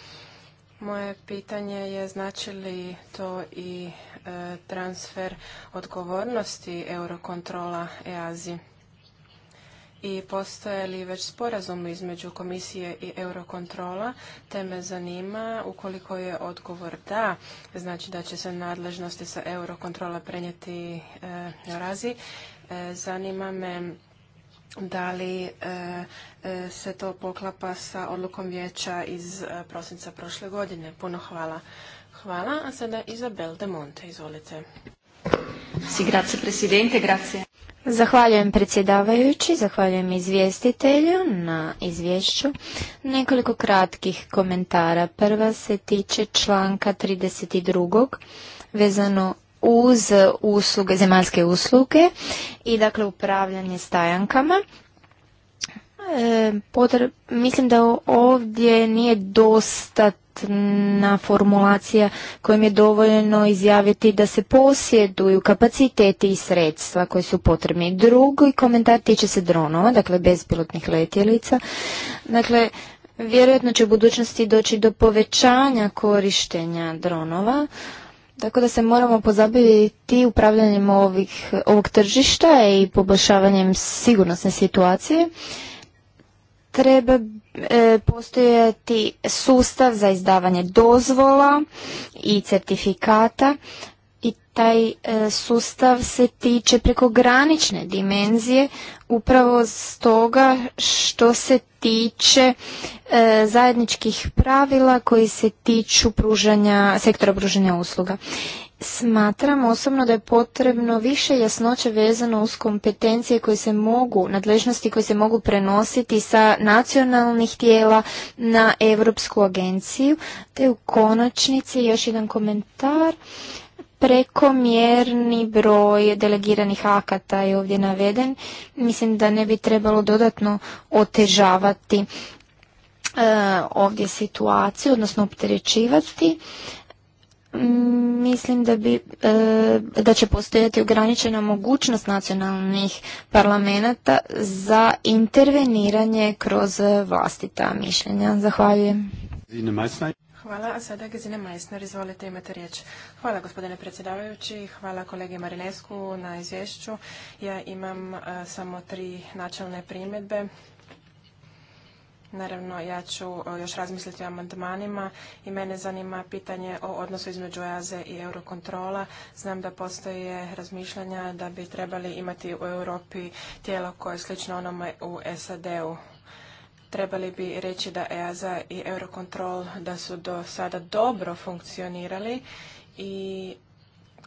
Moje pitanje je znači li to i e, transfer odgovornosti eurokontrola EAZi? i postoje li već sporazum između komisije i eurokontrola, te me zanima ukoliko je odgovor da, znači da će se nadležnosti sa eurokontrola prenijeti e, na razi, e, zanima me da li e, se to poklapa sa odlukom vijeća iz prosinca prošle godine. Puno hvala. Hvala, a sada Izabel de Monte, izvolite. Si, grazie Presidente, grazie. Zahvaljujem predsjedavajući, zahvaljujem izvjestitelju na izvješću. Nekoliko kratkih komentara. Prva se tiče članka 32. vezano uz usluge, zemaljske usluge i dakle upravljanje stajankama. E, mislim da ovdje nije dosta na formulacija kojim je dovoljno izjaviti da se posjeduju kapaciteti i sredstva koje su potrebni. Drugi komentar tiče se dronova, dakle bespilotnih letjelica. Dakle, vjerojatno će u budućnosti doći do povećanja korištenja dronova. Tako da se moramo pozabaviti upravljanjem ovih, ovog tržišta i poboljšavanjem sigurnosne situacije treba e, postojati sustav za izdavanje dozvola i certifikata i taj e, sustav se tiče granične dimenzije upravo stoga što se tiče e, zajedničkih pravila koji se tiču pružanja sektora pružanja usluga Smatram osobno da je potrebno više jasnoće vezano uz kompetencije koje se mogu, nadležnosti koje se mogu prenositi sa nacionalnih tijela na Europsku agenciju, te u konačnici još jedan komentar. Prekomjerni broj delegiranih akata je ovdje naveden. Mislim da ne bi trebalo dodatno otežavati e, ovdje situaciju, odnosno opterećivati mislim da, bi, e, da će postojati ograničena mogućnost nacionalnih parlamenta za interveniranje kroz vlastita mišljenja. Zahvaljujem. Hvala, a sada Gazine Majsner, izvolite, imate riječ. Hvala gospodine predsjedavajući, hvala kolegi Marinesku na izvješću. Ja imam e, samo tri načelne primjedbe. Naravno, ja ću e, još razmisliti o amandmanima i mene zanima pitanje o odnosu između EAZE i eurokontrola. Znam da postoje razmišljanja da bi trebali imati u Europi tijelo koje je slično onome u SAD-u. Trebali bi reći da EAZA i Eurokontrol da su do sada dobro funkcionirali i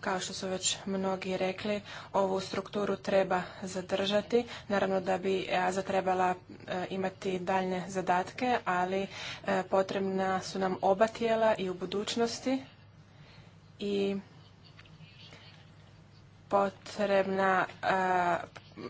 kao što su već mnogi rekli, ovu strukturu treba zadržati. Naravno da bi EASA trebala e, imati daljne zadatke, ali e, potrebna su nam oba tijela i u budućnosti i potrebna e,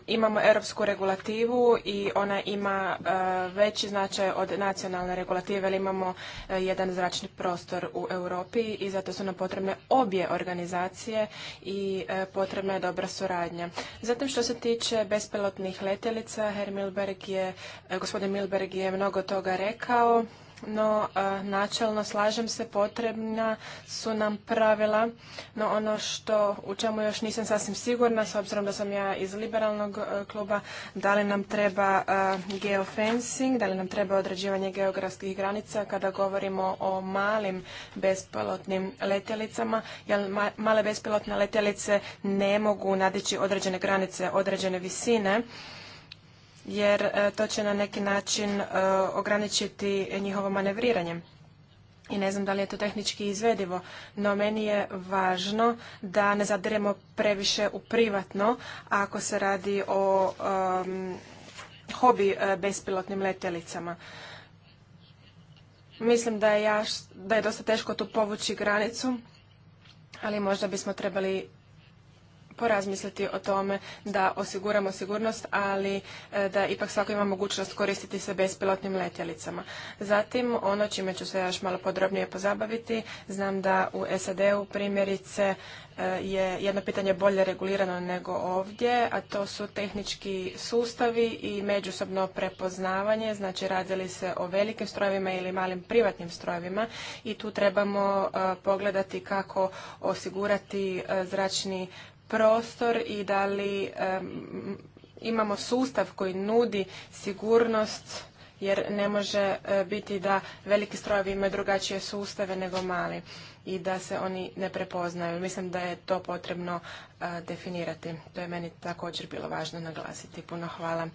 imamo europsku regulativu i ona ima e, veći značaj od nacionalne regulative, ali imamo e, jedan zračni prostor u Europi i zato su nam potrebne obje organizacije i e, potrebna je dobra suradnja. Zatim što se tiče bespilotnih letjelica, Milberg je, gospodin Milberg je mnogo toga rekao no e, načelno slažem se, potrebna su nam pravila, no ono što u čemu još nisam sasvim sigurna, s obzirom da sam ja iz liberalnog e, kluba, da li nam treba e, geofencing, da li nam treba određivanje geografskih granica kada govorimo o malim bespilotnim letjelicama, jer male bespilotne letjelice ne mogu nadići određene granice, određene visine, jer e, to će na neki način e, ograničiti njihovo manevriranje. I ne znam da li je to tehnički izvedivo, no meni je važno da ne zadiremo previše u privatno ako se radi o hobi e, bespilotnim letjelicama. Mislim da je, da je dosta teško tu povući granicu, ali možda bismo trebali porazmisliti o tome da osiguramo sigurnost, ali e, da ipak svako ima mogućnost koristiti se bespilotnim letjelicama. Zatim, ono čime ću se još malo podrobnije pozabaviti, znam da u SAD-u primjerice e, je jedno pitanje bolje regulirano nego ovdje, a to su tehnički sustavi i međusobno prepoznavanje, znači radili se o velikim strojevima ili malim privatnim strojevima i tu trebamo e, pogledati kako osigurati zračni prostor i da li imamo sustav koji nudi sigurnost jer ne može e, biti da veliki strojevi imaju drugačije sustave nego mali i da se oni ne prepoznaju. Mislim da je to potrebno e, definirati. To je meni također bilo važno naglasiti. Puno hvala.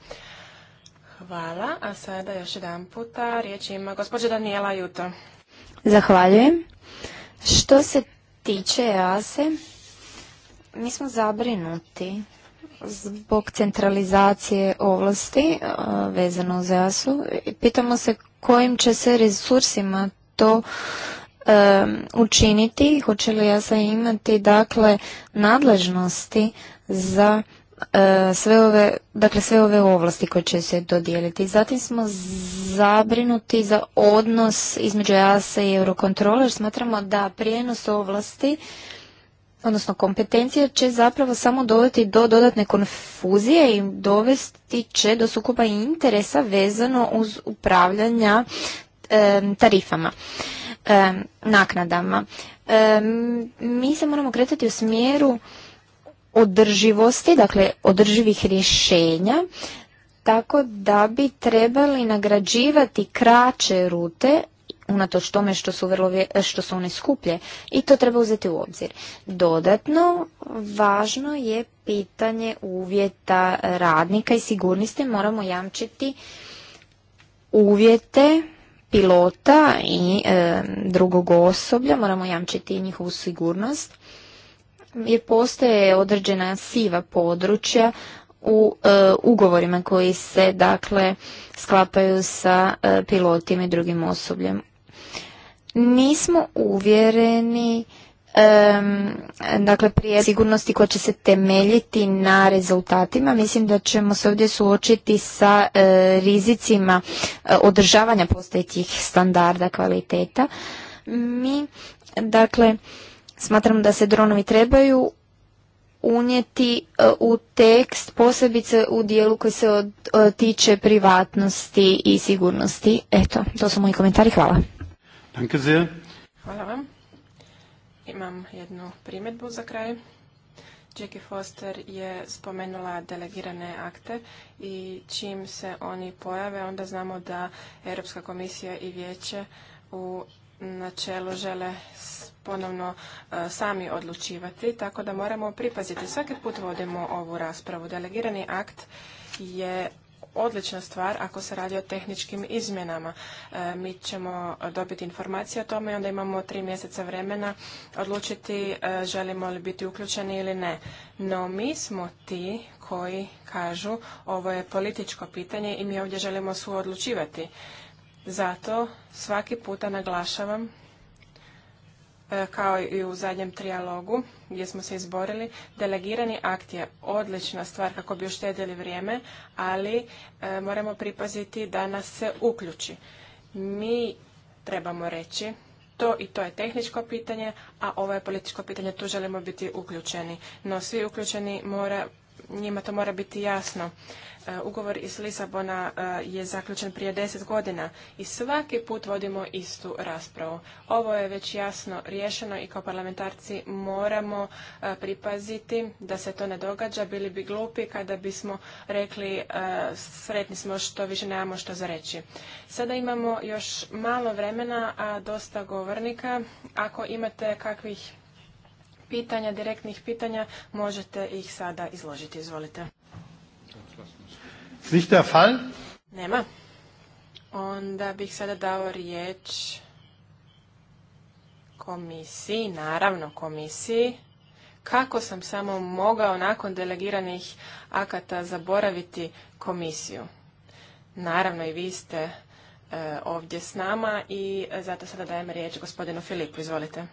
Hvala. A sada još jedan puta riječ ima gospođa Daniela Juto. Zahvaljujem. Što se tiče EASE, mi smo zabrinuti zbog centralizacije ovlasti vezano za u Pitamo se kojim će se resursima to učiniti, hoće li Jasa imati dakle nadležnosti za e, sve ove, dakle sve ove ovlasti koje će se dodijeliti. Zatim smo zabrinuti za odnos između EASA i Eurokontrola smatramo da prijenos ovlasti odnosno kompetencije će zapravo samo dovesti do dodatne konfuzije i dovesti će do sukoba interesa vezano uz upravljanja tarifama, naknadama. mi se moramo kretati u smjeru održivosti, dakle održivih rješenja, tako da bi trebali nagrađivati kraće rute, unatoč tome što su, vrlo, e, što su one skuplje i to treba uzeti u obzir. Dodatno, važno je pitanje uvjeta radnika i sigurnosti. Moramo jamčiti uvjete pilota i e, drugog osoblja, moramo jamčiti i njihovu sigurnost. Jer postoje određena siva područja u e, ugovorima koji se dakle sklapaju sa pilotima i drugim osobljem nismo uvjereni dakle prije sigurnosti koja će se temeljiti na rezultatima mislim da ćemo se ovdje suočiti sa e, rizicima e, održavanja postojećih standarda kvaliteta mi dakle smatram da se dronovi trebaju unijeti e, u tekst posebice u dijelu koji se od, tiče privatnosti i sigurnosti eto to su moji komentari hvala Danke sehr. Hvala vam. Imam jednu primjedbu za kraj. Jackie Foster je spomenula delegirane akte i čim se oni pojave, onda znamo da Europska komisija i vijeće u načelu žele ponovno e, sami odlučivati, tako da moramo pripaziti. Svaki put vodimo ovu raspravu. Delegirani akt je odlična stvar ako se radi o tehničkim izmjenama. E, mi ćemo dobiti informacije o tome i onda imamo tri mjeseca vremena odlučiti e, želimo li biti uključeni ili ne. No mi smo ti koji kažu ovo je političko pitanje i mi ovdje želimo suodlučivati. Zato svaki puta naglašavam E, kao i u zadnjem trijalogu gdje smo se izborili, delegirani akt je odlična stvar kako bi uštedili vrijeme, ali e, moramo pripaziti da nas se uključi. Mi trebamo reći to i to je tehničko pitanje, a ovo je političko pitanje, tu želimo biti uključeni. No svi uključeni mora, njima to mora biti jasno. E, ugovor iz Lisabona e, je zaključen prije deset godina i svaki put vodimo istu raspravu. Ovo je već jasno riješeno i kao parlamentarci moramo e, pripaziti da se to ne događa. Bili bi glupi kada bismo rekli sretni smo što više nemamo što za reći. Sada imamo još malo vremena, a dosta govornika. Ako imate kakvih pitanja, direktnih pitanja, možete ih sada izložiti. Izvolite. Nema. Onda bih sada dao riječ komisiji, naravno komisiji. Kako sam samo mogao nakon delegiranih akata zaboraviti komisiju? Naravno i vi ste e, ovdje s nama i e, zato sada dajem riječ gospodinu Filipu. Izvolite.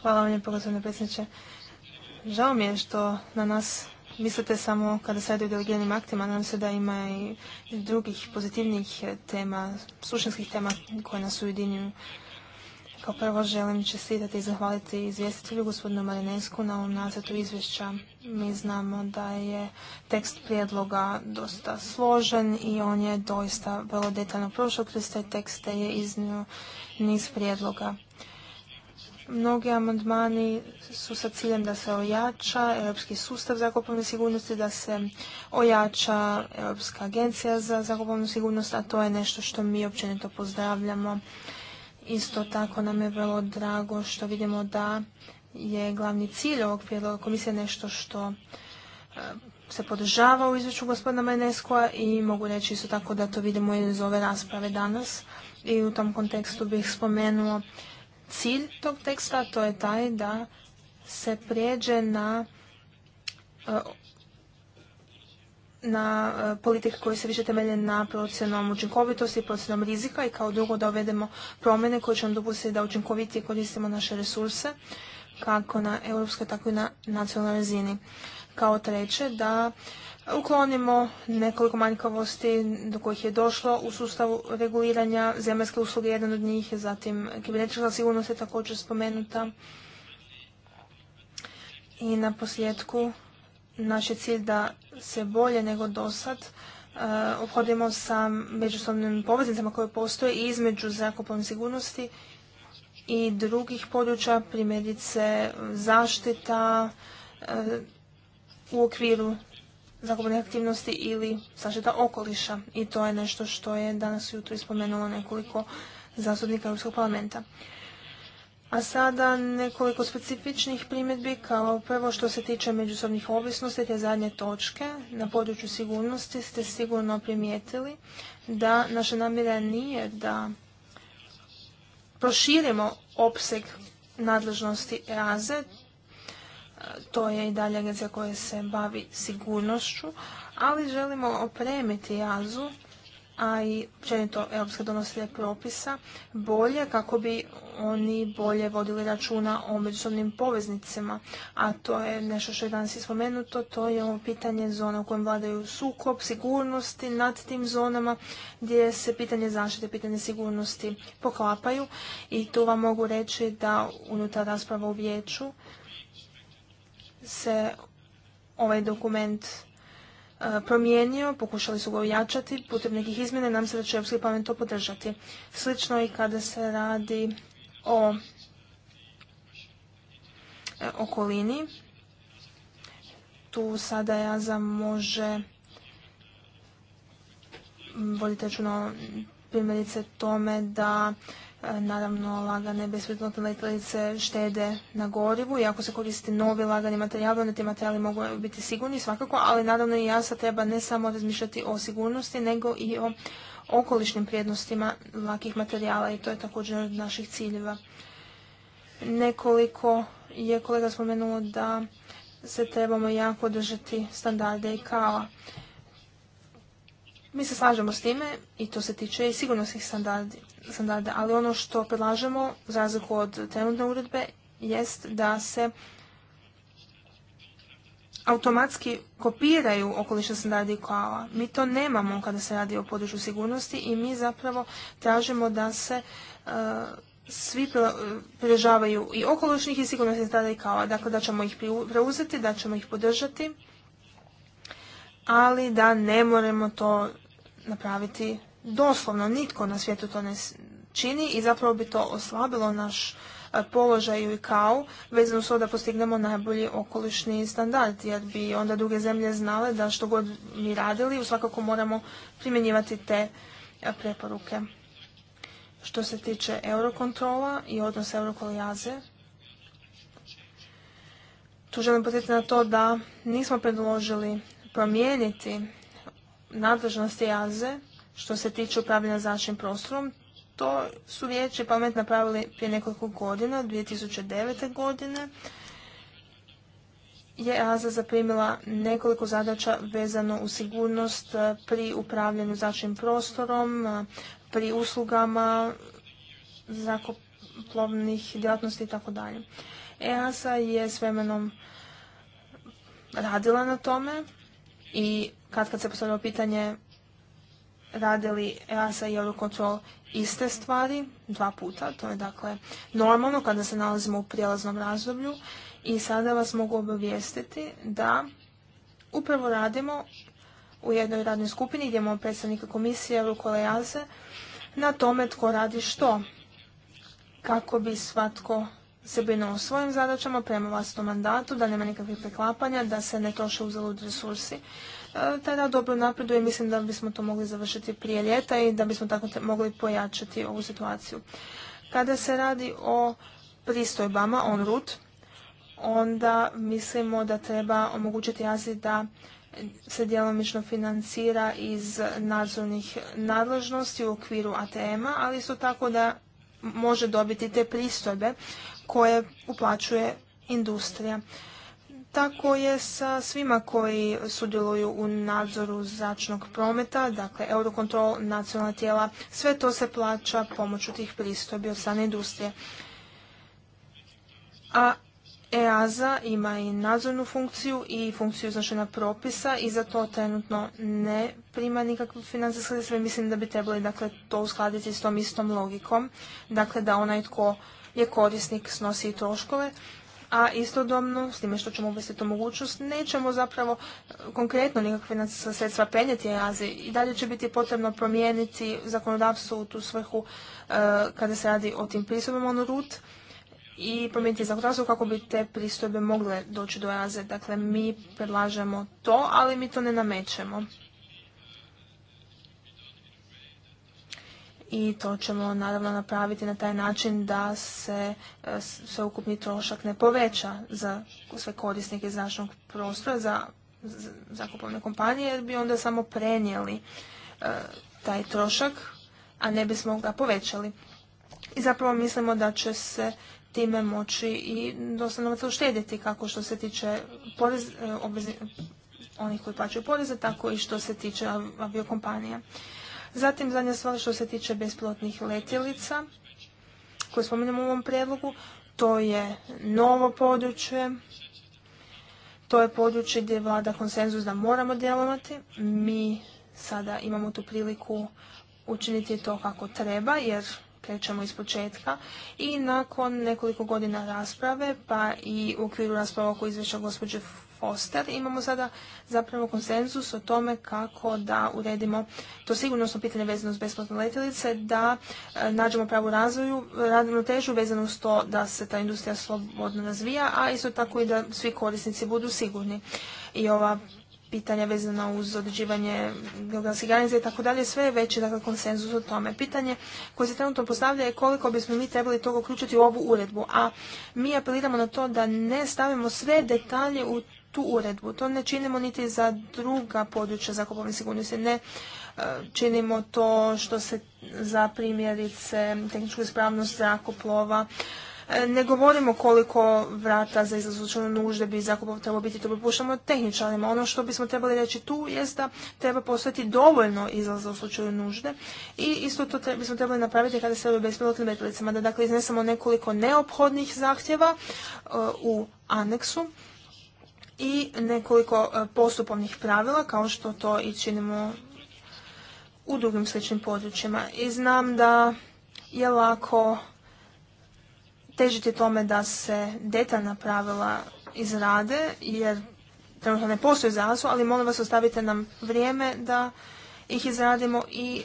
Hvala vam lijepo, gospodine predsjedniče. Žao mi je što na nas mislite samo kada se radi o delegijanim aktima, nadam se da ima i drugih pozitivnih tema, suštinskih tema koje nas ujedinjuju. Kao prvo želim čestitati i zahvaliti izvjestitelju gospodinu Marinesku na ovom nacrtu izvješća. Mi znamo da je tekst prijedloga dosta složen i on je doista vrlo detaljno prošao kroz te tekste je iznio niz prijedloga. Mnogi amandmani su sa ciljem da se ojača europski sustav zakupovne sigurnosti, da se ojača Europska agencija za zakupovnu sigurnost, a to je nešto što mi općenito pozdravljamo. Isto tako nam je vrlo drago što vidimo da je glavni cilj ovog prijedloga komisije nešto što e, se podržava u izvješću gospodina Meneskoa i mogu reći isto tako da to vidimo iz ove rasprave danas. I u tom kontekstu bih spomenuo cilj tog teksta, to je taj da se prijeđe na e, na e, politike koje se više temelje na procjenom učinkovitosti i procjenom rizika i kao drugo da uvedemo promjene koje će nam dopustiti da učinkovitije koristimo naše resurse kako na europskoj tako i na nacionalnoj razini. Kao treće da uklonimo nekoliko manjkavosti do kojih je došlo u sustavu reguliranja zemljske usluge, jedan od njih je zatim kibernetička sigurnost je također spomenuta. I na posljedku naš je cilj da se bolje nego dosad sad e, obhodimo sa međusobnim poveznicama koje postoje između zrakoplovne sigurnosti i drugih područja, primjerice zaštita e, u okviru zagovorne aktivnosti ili zaštita okoliša. I to je nešto što je danas jutro ispomenulo nekoliko zastupnika Europskog parlamenta. A sada nekoliko specifičnih primjedbi kao prvo što se tiče međusobnih ovisnosti te zadnje točke na području sigurnosti ste sigurno primijetili da naša namjera nije da proširimo opseg nadležnosti EAZE, to je i dalje agencija koja se bavi sigurnošću, ali želimo opremiti jazu a i općenito europske donositelje propisa bolje kako bi oni bolje vodili računa o međusobnim poveznicama. A to je nešto što je danas i spomenuto, to je ovo pitanje zona u kojem vladaju sukob, sigurnosti nad tim zonama gdje se pitanje zaštite, pitanje sigurnosti poklapaju. I tu vam mogu reći da unutar rasprava u vijeću se ovaj dokument e, promijenio, pokušali su ga ojačati putem nekih izmjena nam se da će Europski parlament to podržati. Slično i kada se radi o e, okolini. Tu sada za može voditi računa primjerice tome da Naravno, lagane bespilotne letjelice štede na gorivu i ako se koriste novi lagani materijali, onda ti materijali mogu biti sigurni svakako, ali naravno i jasa treba ne samo razmišljati o sigurnosti, nego i o okolišnim prijednostima lakih materijala i to je također od naših ciljeva. Nekoliko je kolega spomenulo da se trebamo jako držati standarde i kava. Mi se slažemo s time i to se tiče i sigurnosnih standarda, ali ono što predlažemo, za razliku od trenutne uredbe, jest da se automatski kopiraju okolišni standardi kao Mi to nemamo kada se radi o području sigurnosti i mi zapravo tražimo da se eh, svi prežavaju i okolišnih i sigurnosnih standarda kao Dakle, da ćemo ih preuzeti, da ćemo ih podržati, ali da ne moramo to napraviti doslovno. Nitko na svijetu to ne čini i zapravo bi to oslabilo naš e, položaj u ICAO vezano s da postignemo najbolji okolišni standard, jer bi onda druge zemlje znale da što god mi radili, svakako moramo primjenjivati te e, preporuke. Što se tiče eurokontrola i odnosa eurokolijaze, tu želim potjeti na to da nismo predložili promijeniti nadležnosti aze što se tiče upravljanja zračnim prostorom, to su vijeće pamet napravili prije nekoliko godina, 2009. godine, je EASA e zaprimila nekoliko zadaća vezano u sigurnost e, pri upravljanju zračnim prostorom, e, pri uslugama zrakoplovnih djelatnosti itd. EASA je s vremenom radila na tome i kad kad se postavljamo pitanje rade li EASA i Eurocontrol iste stvari dva puta. To je dakle normalno kada se nalazimo u prijelaznom razdoblju i sada vas mogu obavijestiti da upravo radimo u jednoj radnoj skupini gdje imamo predstavnika komisije Eurocontrol EASA na tome tko radi što kako bi svatko se brinuo o svojim zadaćama prema vlastnom mandatu, da nema nikakvih preklapanja, da se ne troše uzalud resursi E, taj rad dobro napreduje i mislim da bismo to mogli završiti prije ljeta i da bismo tako mogli pojačati ovu situaciju. Kada se radi o pristojbama on route, onda mislimo da treba omogućiti jazi da se djelomično financira iz nadzornih nadležnosti u okviru ATM-a, ali isto tako da može dobiti te pristojbe koje uplaćuje industrija tako je sa svima koji sudjeluju u nadzoru zračnog prometa, dakle Eurocontrol, nacionalna tijela, sve to se plaća pomoću tih pristojbi od strane industrije. A EASA ima i nadzornu funkciju i funkciju iznošenja propisa i za to trenutno ne prima nikakve financijske sredstva mislim da bi trebali dakle, to uskladiti s tom istom logikom, dakle da onaj tko je korisnik snosi i troškove, a istodobno, s time što ćemo uvesti tu mogućnost, nećemo zapravo e, konkretno nikakve sredstva penjeti razi I dalje će biti potrebno promijeniti zakonodavstvo u tu svrhu e, kada se radi o tim pristupima on rut i promijeniti zakonodavstvo kako bi te pristojbe mogle doći do Aze. Dakle, mi predlažemo to, ali mi to ne namećemo. i to ćemo naravno napraviti na taj način da se e, sveukupni trošak ne poveća za sve korisnike zračnog prostora, za zakupovne kompanije, jer bi onda samo prenijeli e, taj trošak, a ne bismo ga povećali. I zapravo mislimo da će se time moći i dosta novaca uštedjeti, kako što se tiče e, onih koji plaćaju poreze, tako i što se tiče aviokompanija. Zatim zadnja stvar što se tiče besplatnih letjelica koje spominjamo u ovom prijedlogu, to je novo područje, to je područje gdje vlada konsenzus da moramo djelovati. Mi sada imamo tu priliku učiniti to kako treba jer krećemo iz početka i nakon nekoliko godina rasprave pa i u okviru rasprava oko izvješća gospođe ostar, Imamo sada zapravo konsenzus o tome kako da uredimo to sigurnosno pitanje vezano s besplatne letjelice, da e, nađemo pravu razvoju, radnu težu vezano s to da se ta industrija slobodno razvija, a isto tako i da svi korisnici budu sigurni. I ova pitanja vezana uz određivanje geografskih granica i tako dalje, sve je veći dakle, konsenzus o tome. Pitanje koje se trenutno postavlja je koliko bismo mi trebali toga uključiti u ovu uredbu, a mi apeliramo na to da ne stavimo sve detalje u tu uredbu. To ne činimo niti za druga područja zakupovne sigurnosti. Ne e, činimo to što se za primjerice tehničku ispravnost zrakoplova e, ne govorimo koliko vrata za slučaju nužde bi zakupov trebalo biti, to prepuštamo tehničarima. Ono što bismo trebali reći tu jest da treba postojati dovoljno izlaza u slučaju nužde i isto to bismo trebali napraviti kada se radi o bespilotnim da dakle iznesemo nekoliko neophodnih zahtjeva e, u aneksu i nekoliko e, postupovnih pravila kao što to i činimo u drugim sličnim područjima. I znam da je lako težiti tome da se detaljna pravila izrade jer trenutno ne postoji zasu ali molim vas ostavite nam vrijeme da ih izradimo i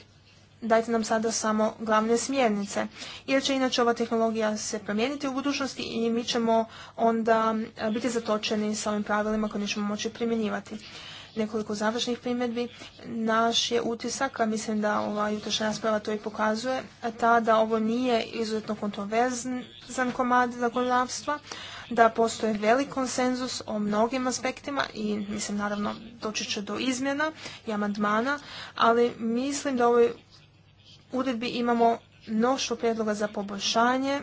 dajte nam sada samo glavne smjernice. Jer će inače ova tehnologija se promijeniti u budućnosti i mi ćemo onda e, biti zatočeni sa ovim pravilima koje nećemo moći primjenjivati. Nekoliko završnih primjedbi. Naš je utisak, a mislim da ova jutrošnja rasprava to i pokazuje, ta da ovo nije izuzetno kontroverzan komad zakonodavstva, da postoji velik konsenzus o mnogim aspektima i mislim naravno doći će do izmjena i amandmana, ali mislim da ovaj uredbi imamo mnoštvo prijedloga za poboljšanje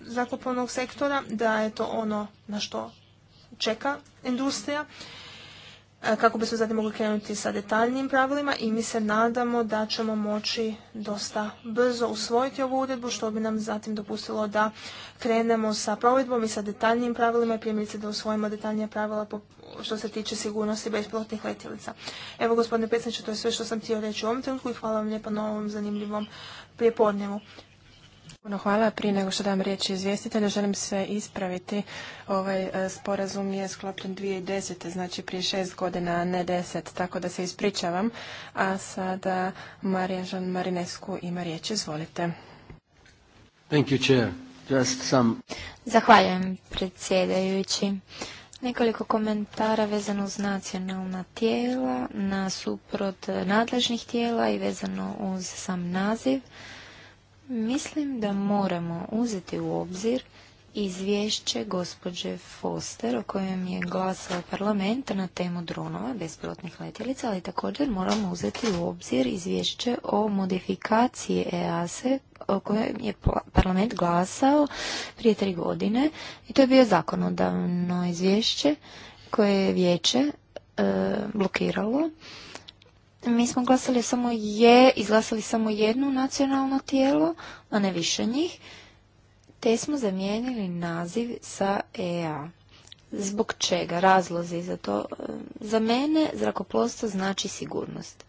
zakupovnog sektora, da je to ono na što čeka industrija E, kako bismo zatim mogli krenuti sa detaljnim pravilima i mi se nadamo da ćemo moći dosta brzo usvojiti ovu uredbu što bi nam zatim dopustilo da krenemo sa provedbom i sa detaljnim pravilima i primjerice da usvojimo detaljnija pravila što se tiče sigurnosti bespilotnih letjelica. Evo gospodine predsjedniče, to je sve što sam htio reći u ovom trenutku i hvala vam lijepa na ovom zanimljivom prijepodnevu. Puno hvala. Prije nego što dam riječ izvjestitelju, želim se ispraviti. Ovaj e, sporazum je sklopljen 2010. znači prije šest godina, a ne deset, tako da se ispričavam. A sada Marija Žan Marinesku ima riječ. Izvolite. Zahvaljujem, predsjedajući. Nekoliko komentara vezano uz nacionalna tijela, na suprot nadležnih tijela i vezano uz sam naziv. Mislim da moramo uzeti u obzir izvješće gospođe Foster o kojem je glasao parlament na temu dronova, bespilotnih letjelica, ali također moramo uzeti u obzir izvješće o modifikaciji EASE o kojem je parlament glasao prije tri godine i to je bio zakonodavno izvješće koje je vijeće e, blokiralo mi smo glasali samo je, izglasali samo jedno nacionalno tijelo, a ne više njih, te smo zamijenili naziv sa EA. Zbog čega? Razlozi za to. E, za mene zrakoplovstvo znači sigurnost.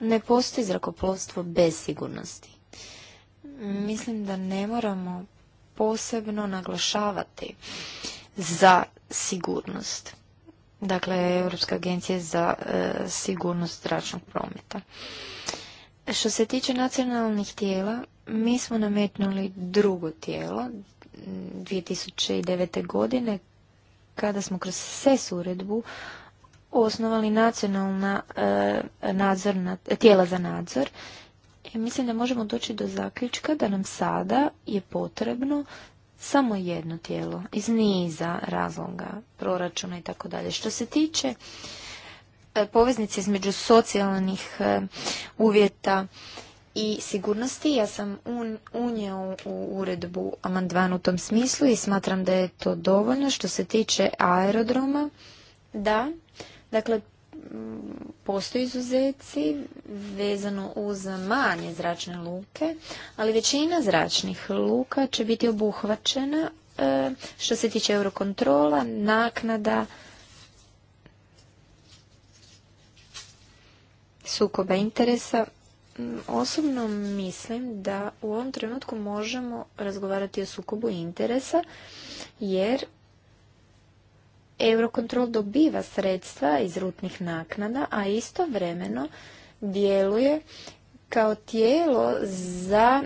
Ne postoji zrakoplovstvo bez sigurnosti. Mislim da ne moramo posebno naglašavati za sigurnost dakle Europska agencija za e, sigurnost zračnog prometa. Što se tiče nacionalnih tijela, mi smo nametnuli drugo tijelo 2009. godine kada smo kroz SES e uredbu osnovali nacionalna e, nadzorna, tijela za nadzor. I mislim da možemo doći do zaključka da nam sada je potrebno samo jedno tijelo iz niza razloga, proračuna i tako dalje. Što se tiče e, poveznice između socijalnih e, uvjeta i sigurnosti, ja sam unio u uredbu amandman u tom smislu i smatram da je to dovoljno. Što se tiče aerodroma, da, dakle postoji izuzeci vezano uz manje zračne luke, ali većina zračnih luka će biti obuhvaćena e, što se tiče eurokontrola, naknada, sukoba interesa. Mm, osobno mislim da u ovom trenutku možemo razgovarati o sukobu interesa, jer eurocontrol dobiva sredstva iz rutnih naknada, a istovremeno djeluje kao tijelo za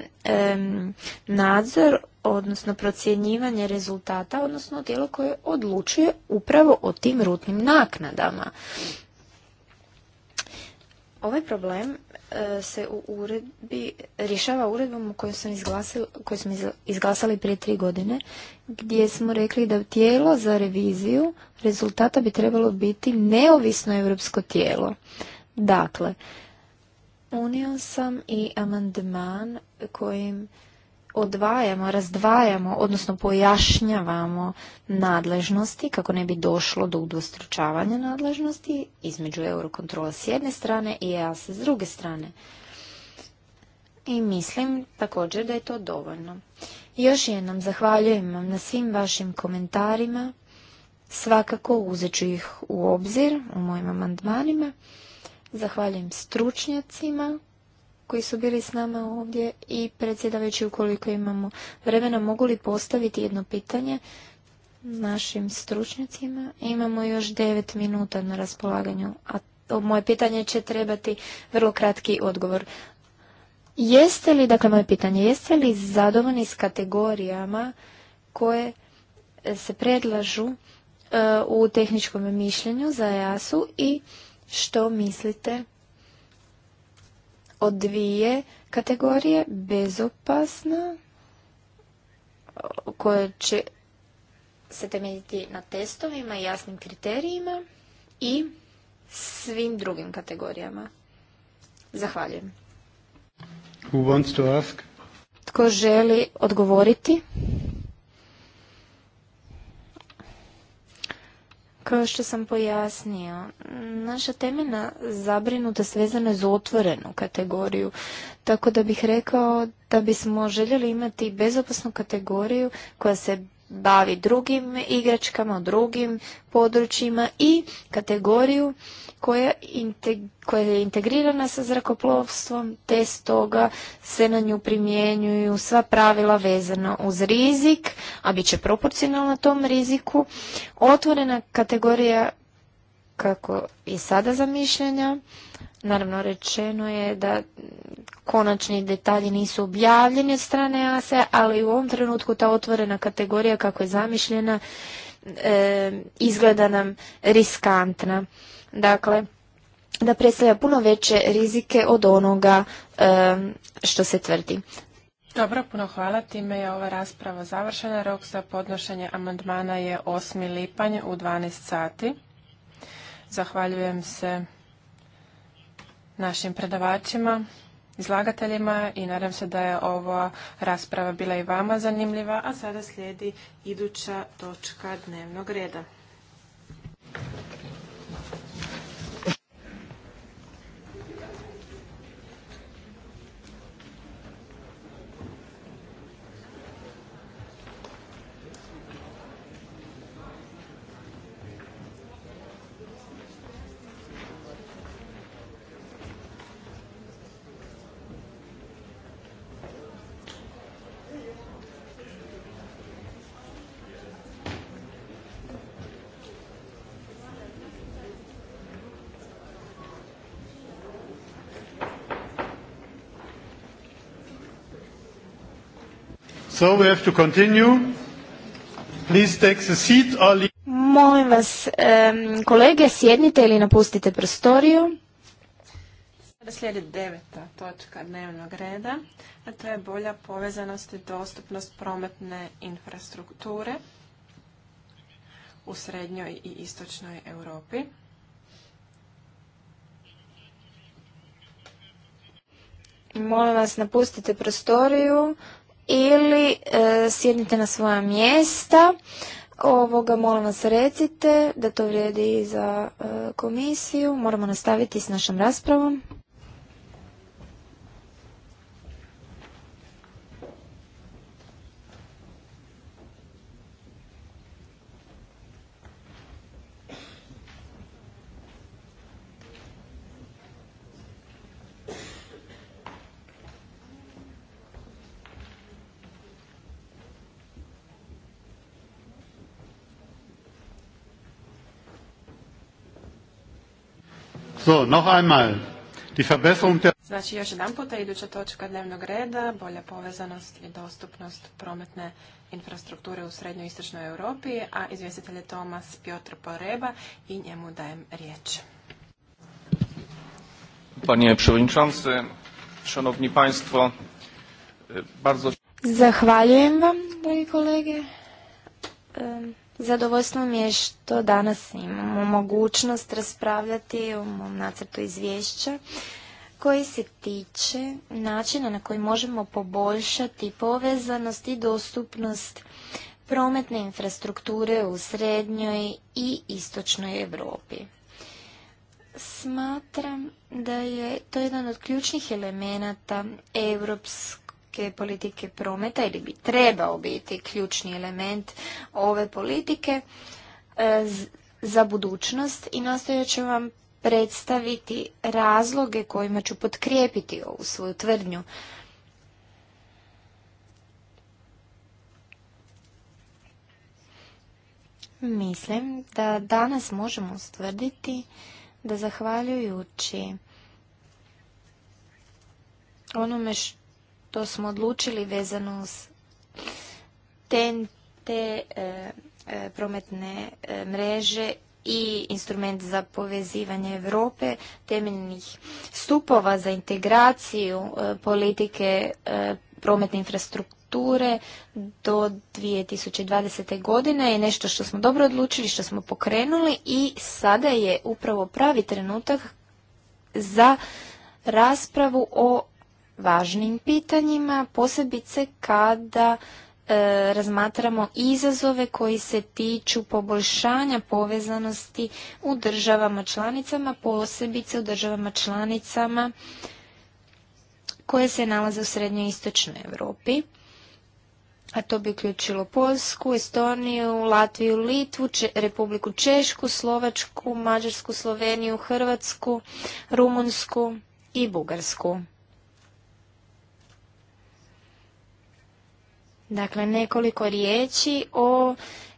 nadzor, odnosno procjenjivanje rezultata, odnosno tijelo koje odlučuje upravo o tim rutnim naknadama. Ovaj problem se u uredbi rješava uredbom koju smo izglasali, koju smo izglasali prije tri godine, gdje smo rekli da tijelo za reviziju rezultata bi trebalo biti neovisno europsko tijelo. Dakle, unio sam i amandman kojim odvajamo, razdvajamo, odnosno pojašnjavamo nadležnosti kako ne bi došlo do udvostručavanja nadležnosti između eurokontrola s jedne strane i EASA s druge strane. I mislim također da je to dovoljno. Još jednom zahvaljujem vam na svim vašim komentarima. Svakako uzet ću ih u obzir u mojim amandmanima. Zahvaljujem stručnjacima koji su bili s nama ovdje i predsjedavajući ukoliko imamo vremena mogu li postaviti jedno pitanje našim stručnjacima. Imamo još devet minuta na raspolaganju, a moje pitanje će trebati vrlo kratki odgovor. Jeste li, dakle moje pitanje, jeste li zadovoljni s kategorijama koje se predlažu e, u tehničkom mišljenju za jasu i što mislite od dvije kategorije, bezopasna, koja će se temeljiti na testovima i jasnim kriterijima i svim drugim kategorijama. Zahvaljujem. Tko želi odgovoriti? Kao što sam pojasnio, naša temeljna zabrinutost vezana je za otvorenu kategoriju, tako da bih rekao da bismo željeli imati bezopasnu kategoriju koja se bavi drugim igračkama, drugim područjima i kategoriju koja, koja je integrirana sa zrakoplovstvom, te stoga se na nju primjenjuju sva pravila vezana uz rizik, a bit će proporcionalna tom riziku. Otvorena kategorija kako i sada zamišljenja, naravno rečeno je da konačni detalji nisu objavljeni od strane ASE, ali u ovom trenutku ta otvorena kategorija kako je zamišljena e, izgleda nam riskantna. Dakle, da predstavlja puno veće rizike od onoga e, što se tvrdi. Dobro, puno hvala. Time je ova rasprava završena. Rok za podnošenje amandmana je 8. lipanj u 12 sati. Zahvaljujem se našim predavačima izlagateljima i nadam se da je ova rasprava bila i vama zanimljiva, a sada slijedi iduća točka dnevnog reda. So we have to continue. Please take the seat Molim vas, kolege, sjednite ili napustite prostoriju. Sada slijedi deveta točka dnevnog reda, a to je bolja povezanost i dostupnost prometne infrastrukture u srednjoj i istočnoj Europi. Molim vas, napustite prostoriju ili e, sjednite na svoja mjesta. Ovoga molim vas recite da to vrijedi i za e, komisiju. Moramo nastaviti s našom raspravom. So, noch einmal. Die Verbesserung der... Znači, još jedan puta iduća točka dnevnog reda, bolja povezanost i dostupnost prometne infrastrukture u srednjoj istočnoj Europi, a izvjestitelj je Tomas Piotr Poreba i njemu dajem riječ. Panie przewodniczący, szanowni państwo, e, bardzo... Zahvaljujem vam, dragi kolege. Zadovoljstvo mi je što danas imamo mogućnost raspravljati o mom nacrtu izvješća koji se tiče načina na koji možemo poboljšati povezanost i dostupnost prometne infrastrukture u srednjoj i istočnoj Europi. Smatram da je to jedan od ključnih elemenata Europskog politike, politike prometa ili bi trebao biti ključni element ove politike e, za budućnost i nastojat ću vam predstaviti razloge kojima ću potkrijepiti ovu svoju tvrdnju. Mislim da danas možemo stvrditi da zahvaljujući onome što to smo odlučili vezano uz te e, prometne e, mreže i instrument za povezivanje Europe, temeljnih stupova za integraciju e, politike prometne infrastrukture do 2020. godine je nešto što smo dobro odlučili, što smo pokrenuli i sada je upravo pravi trenutak za raspravu o važnim pitanjima, posebice kada e, razmatramo izazove koji se tiču poboljšanja povezanosti u državama članicama, posebice u državama članicama koje se nalaze u srednjoj istočnoj Europi. A to bi uključilo Poljsku, Estoniju, Latviju, Litvu, Republiku Češku, Slovačku, Mađarsku, Sloveniju, Hrvatsku, Rumunsku i Bugarsku. Dakle, nekoliko riječi o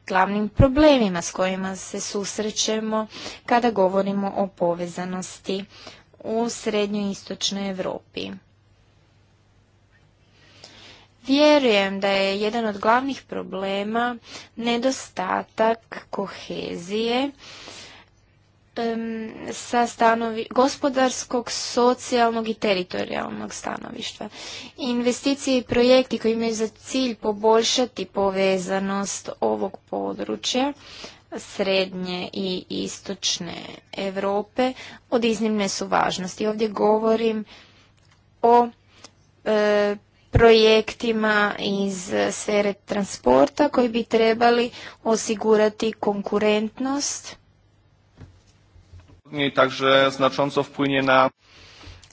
glavnim problemima s kojima se susrećemo kada govorimo o povezanosti u srednjoj istočnoj Europi. Vjerujem da je jedan od glavnih problema nedostatak kohezije sa stanovi, gospodarskog, socijalnog i teritorijalnog stanovištva. Investicije i projekti koji imaju za cilj poboljšati povezanost ovog područja srednje i istočne Europe od iznimne su važnosti. Ovdje govorim o e, projektima iz sfere transporta koji bi trebali osigurati konkurentnost i także znacząco wpłynie na...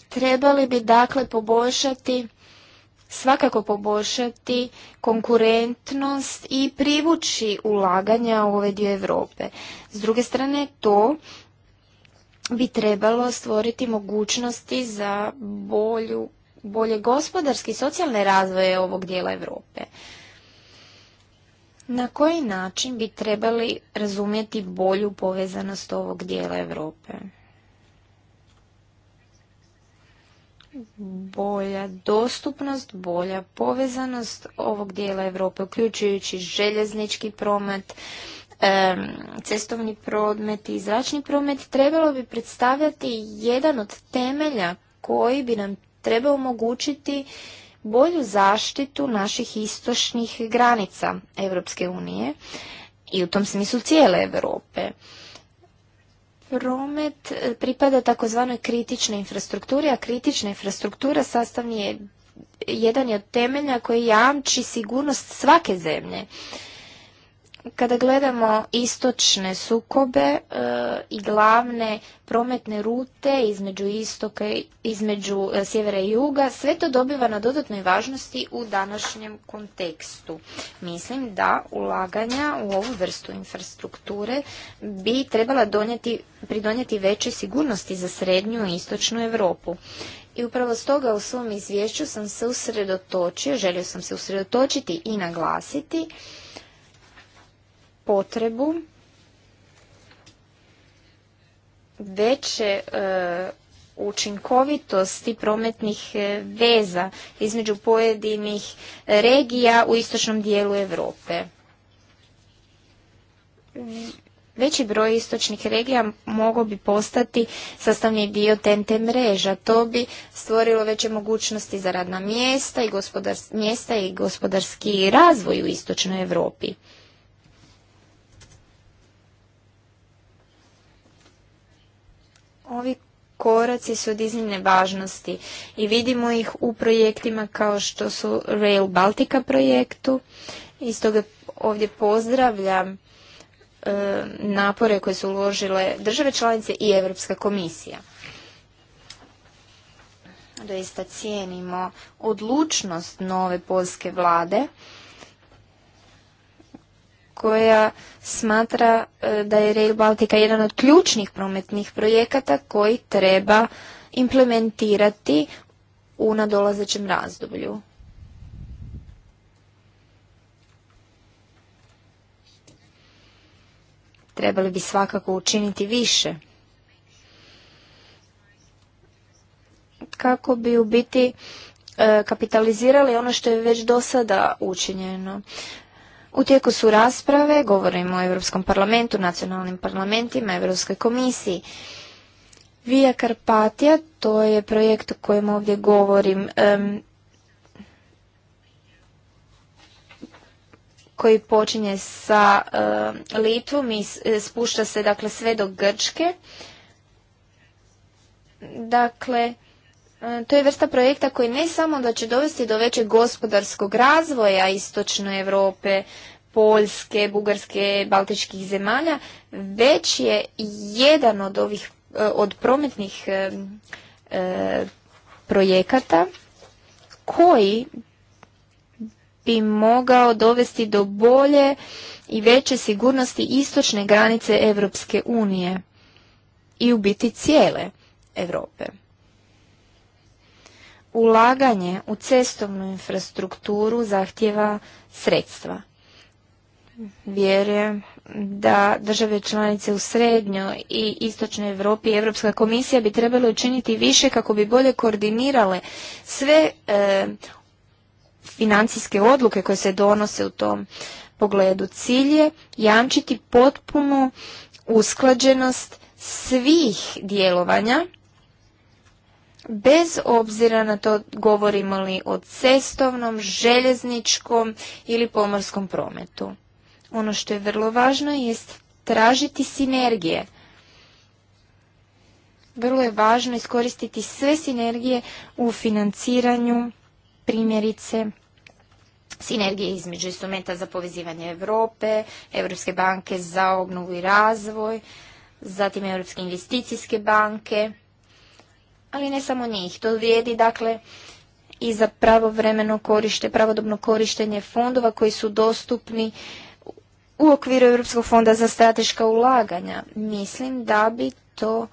Trebali bi dakle poboljšati svakako poboljšati konkurentnost i privući ulaganja u ove ovaj dio Europe. S druge strane, to bi trebalo stvoriti mogućnosti za bolju, bolje gospodarski i socijalne razvoje ovog dijela Europe na koji način bi trebali razumjeti bolju povezanost ovog dijela Europe? Bolja dostupnost, bolja povezanost ovog dijela Europe, uključujući željeznički promet, cestovni promet i zračni promet, trebalo bi predstavljati jedan od temelja koji bi nam trebao omogućiti bolju zaštitu naših istočnih granica Europske unije i u tom smislu cijele Europe. Promet e, pripada takozvanoj kritičnoj infrastrukturi, a kritična infrastruktura sastavni je jedan je od temelja koji jamči sigurnost svake zemlje. Kada gledamo istočne sukobe e, i glavne prometne rute između istoka između e, sjevera i juga, sve to dobiva na dodatnoj važnosti u današnjem kontekstu. Mislim da ulaganja u ovu vrstu infrastrukture bi trebala donijeti, pridonijeti većoj sigurnosti za srednju i istočnu Europu. I upravo stoga u svom izvješću sam se usredotočio, želio sam se usredotočiti i naglasiti potrebu veće e, učinkovitosti prometnih e, veza između pojedinih regija u istočnom dijelu Europe. Veći broj istočnih regija mogao bi postati sastavni dio TNT mreža. To bi stvorilo veće mogućnosti za radna mjesta i, mjesta i gospodarski razvoj u istočnoj Europi. Ovi koraci su od iznimne važnosti i vidimo ih u projektima kao što su Rail Baltica projektu. I stoga ovdje pozdravljam e, napore koje su uložile države članice i Europska komisija. Doista cijenimo odlučnost nove polske vlade koja smatra e, da je Rail Baltica jedan od ključnih prometnih projekata koji treba implementirati u nadolazećem razdoblju. Trebali bi svakako učiniti više. Kako bi u biti e, kapitalizirali ono što je već do sada učinjeno. U tijeku su rasprave, govorimo o Europskom parlamentu, nacionalnim parlamentima, Europskoj komisiji. Via Karpatija, to je projekt o kojem ovdje govorim, koji počinje sa Litvom i e, spušta se dakle sve do Grčke. Dakle, E, to je vrsta projekta koji ne samo da će dovesti do većeg gospodarskog razvoja istočne Europe, Poljske, Bugarske, Baltičkih zemalja, već je jedan od ovih e, od prometnih e, projekata koji bi mogao dovesti do bolje i veće sigurnosti istočne granice Europske unije i u biti cijele Europe ulaganje u cestovnu infrastrukturu zahtjeva sredstva. Vjerujem da države članice u srednjoj i istočnoj Europi i Europska komisija bi trebale učiniti više kako bi bolje koordinirale sve e, financijske odluke koje se donose u tom pogledu. Cilj je jamčiti potpunu usklađenost svih djelovanja bez obzira na to govorimo li o cestovnom, željezničkom ili pomorskom prometu. Ono što je vrlo važno je tražiti sinergije. Vrlo je važno iskoristiti sve sinergije u financiranju, primjerice, sinergije između instrumenta za povezivanje Europe, Europske banke za obnovu i razvoj, zatim Europske investicijske banke, ali ne samo njih. To vrijedi dakle i za pravovremeno korište, pravodobno korištenje fondova koji su dostupni u okviru Europskog fonda za strateška ulaganja. Mislim da bi to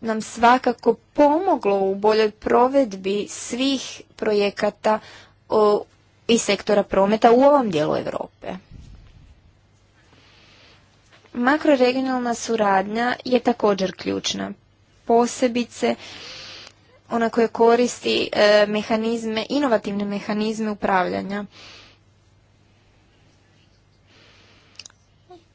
nam svakako pomoglo u boljoj provedbi svih projekata i sektora prometa u ovom dijelu Europe. Makroregionalna suradnja je također ključna, posebice ona koja koristi e, mehanizme, inovativne mehanizme upravljanja.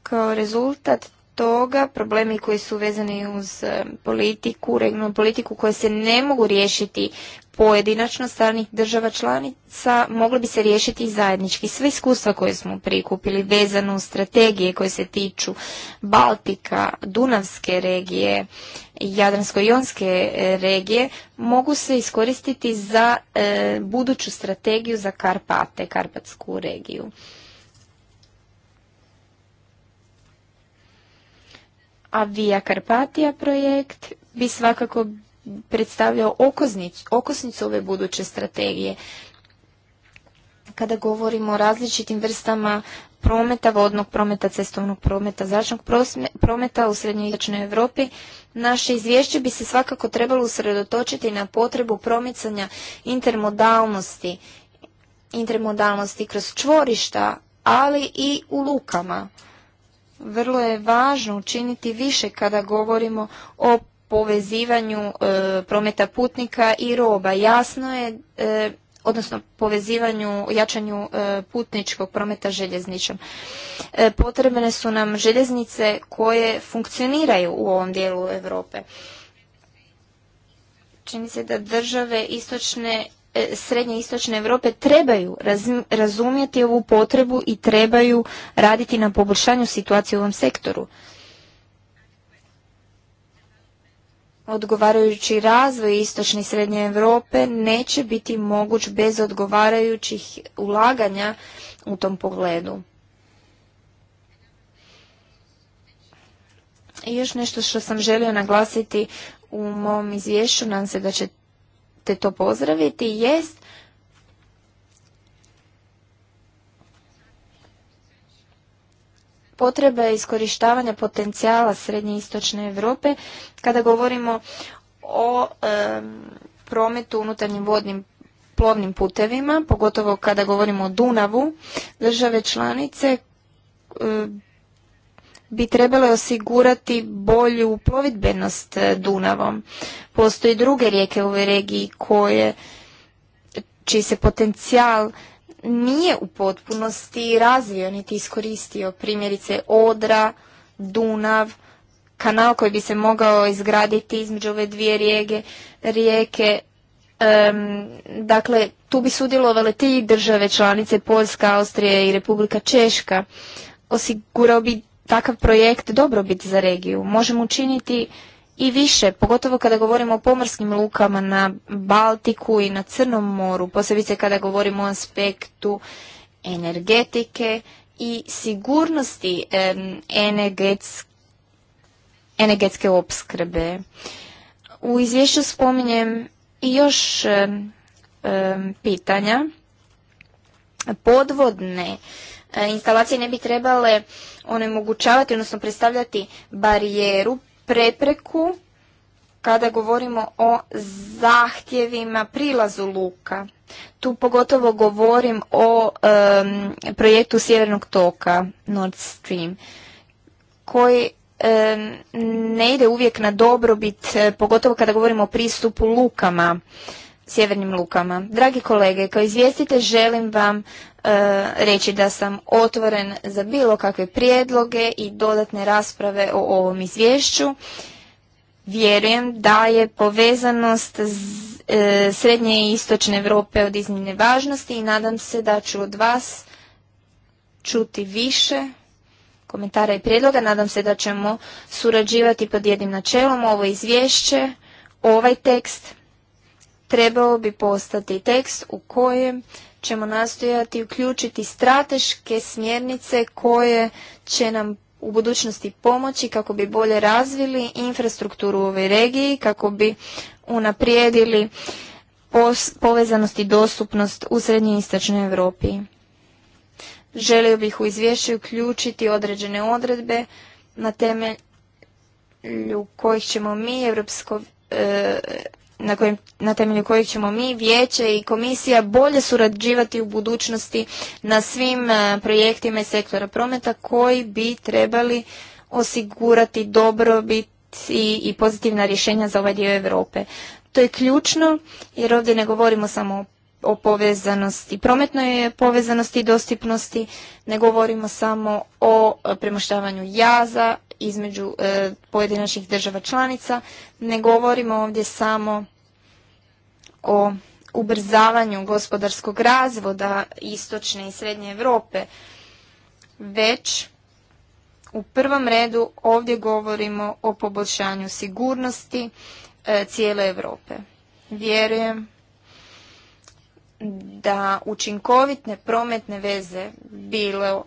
Kao rezultat toga problemi koji su vezani uz e, politiku, regionalnu politiku koje se ne mogu riješiti pojedinačno stranih država članica mogli bi se riješiti zajednički. Sve iskustva koje smo prikupili vezano uz strategije koje se tiču Baltika, Dunavske regije, Jadransko-jonske e, regije mogu se iskoristiti za e, buduću strategiju za Karpate, Karpatsku regiju. A Via Karpatija projekt bi svakako predstavljao okosnicu ove buduće strategije. Kada govorimo o različitim vrstama prometa, vodnog prometa, cestovnog prometa, zračnog prometa u srednjoj i Europi, Naše izvješće bi se svakako trebalo usredotočiti na potrebu promicanja intermodalnosti, intermodalnosti kroz čvorišta, ali i u lukama. Vrlo je važno učiniti više kada govorimo o povezivanju e, prometa putnika i roba. Jasno je e, odnosno povezivanju, jačanju e, putničkog prometa željezničom. E, potrebne su nam željeznice koje funkcioniraju u ovom dijelu Europe. Čini se da države istočne e, srednje istočne Europe trebaju razumjeti ovu potrebu i trebaju raditi na poboljšanju situacije u ovom sektoru. odgovarajući razvoj istočne i srednje Europe neće biti moguć bez odgovarajućih ulaganja u tom pogledu. I još nešto što sam želio naglasiti u mom izvješću, nam se da ćete to pozdraviti, jest potrebe iskorištavanja potencijala srednje istočne Europe kada govorimo o prometu unutarnjim vodnim plovnim putevima, pogotovo kada govorimo o Dunavu, države članice bi trebale osigurati bolju plovidbenost Dunavom. Postoji druge rijeke u ovoj regiji koje, čiji se potencijal nije u potpunosti razvio niti iskoristio. Primjerice Odra, Dunav, kanal koji bi se mogao izgraditi između ove dvije rijeke. dakle, tu bi sudjelovale tri države članice, Poljska, Austrija i Republika Češka. Osigurao bi takav projekt dobrobit za regiju. Možemo učiniti i više, pogotovo kada govorimo o pomorskim lukama na Baltiku i na Crnom moru, posebice kada govorimo o aspektu energetike i sigurnosti energetske, opskrbe. U izvješću spominjem i još pitanja. Podvodne e, instalacije ne bi trebale onemogućavati, odnosno predstavljati barijeru prepreku kada govorimo o zahtjevima prilazu luka. Tu pogotovo govorim o projektu Sjevernog toka, Nord Stream, koji ne ide uvijek na dobrobit, pogotovo kada govorimo o pristupu lukama sjevernim lukama. Dragi kolege, kao izvjestite želim vam e, reći da sam otvoren za bilo kakve prijedloge i dodatne rasprave o ovom izvješću. Vjerujem da je povezanost e, srednje i istočne Europe od iznimne važnosti i nadam se da ću od vas čuti više komentara i prijedloga. Nadam se da ćemo surađivati pod jednim načelom ovo izvješće, ovaj tekst trebao bi postati tekst u kojem ćemo nastojati uključiti strateške smjernice koje će nam u budućnosti pomoći kako bi bolje razvili infrastrukturu u ovoj regiji, kako bi unaprijedili povezanost i dostupnost u srednjoj i istočnoj Europi. Želio bih u izvješću uključiti određene odredbe na temelju kojih ćemo mi, Europsko, e, na, kojim, na temelju kojih ćemo mi, vijeće i komisija bolje surađivati u budućnosti na svim e, projektima iz sektora prometa koji bi trebali osigurati dobrobit i, i pozitivna rješenja za ovaj dio Europe. To je ključno jer ovdje ne govorimo samo o povezanosti, prometnoj povezanosti i dostupnosti, ne govorimo samo o e, premoštavanju jaza, između e, pojedinačnih država članica. Ne govorimo ovdje samo o ubrzavanju gospodarskog razvoda istočne i srednje Europe, već u prvom redu ovdje govorimo o poboljšanju sigurnosti e, cijele Europe. Vjerujem da učinkovitne prometne veze, bilo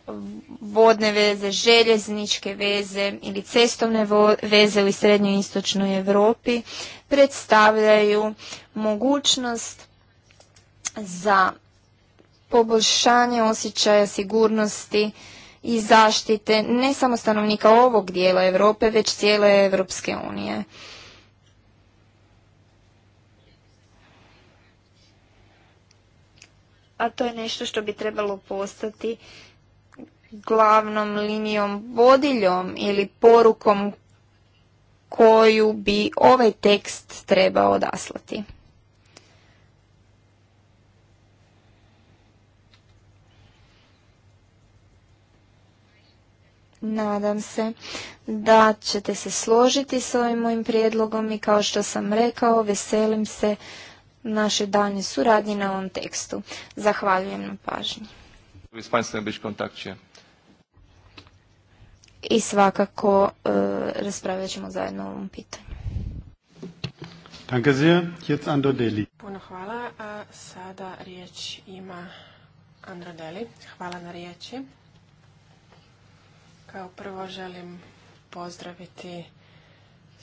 vodne veze, željezničke veze ili cestovne veze u srednjoj istočnoj Europi predstavljaju mogućnost za poboljšanje osjećaja sigurnosti i zaštite ne samo stanovnika ovog dijela Europe, već cijele Europske unije. a to je nešto što bi trebalo postati glavnom linijom vodiljom ili porukom koju bi ovaj tekst trebao odaslati. Nadam se da ćete se složiti s ovim mojim prijedlogom i kao što sam rekao, veselim se naše dalje suradnje na ovom tekstu. Zahvaljujem na pažnji. I svakako e, ćemo zajedno o ovom pitanju. Puno hvala. A sada riječ ima Andro Deli. Hvala na riječi. Kao prvo želim pozdraviti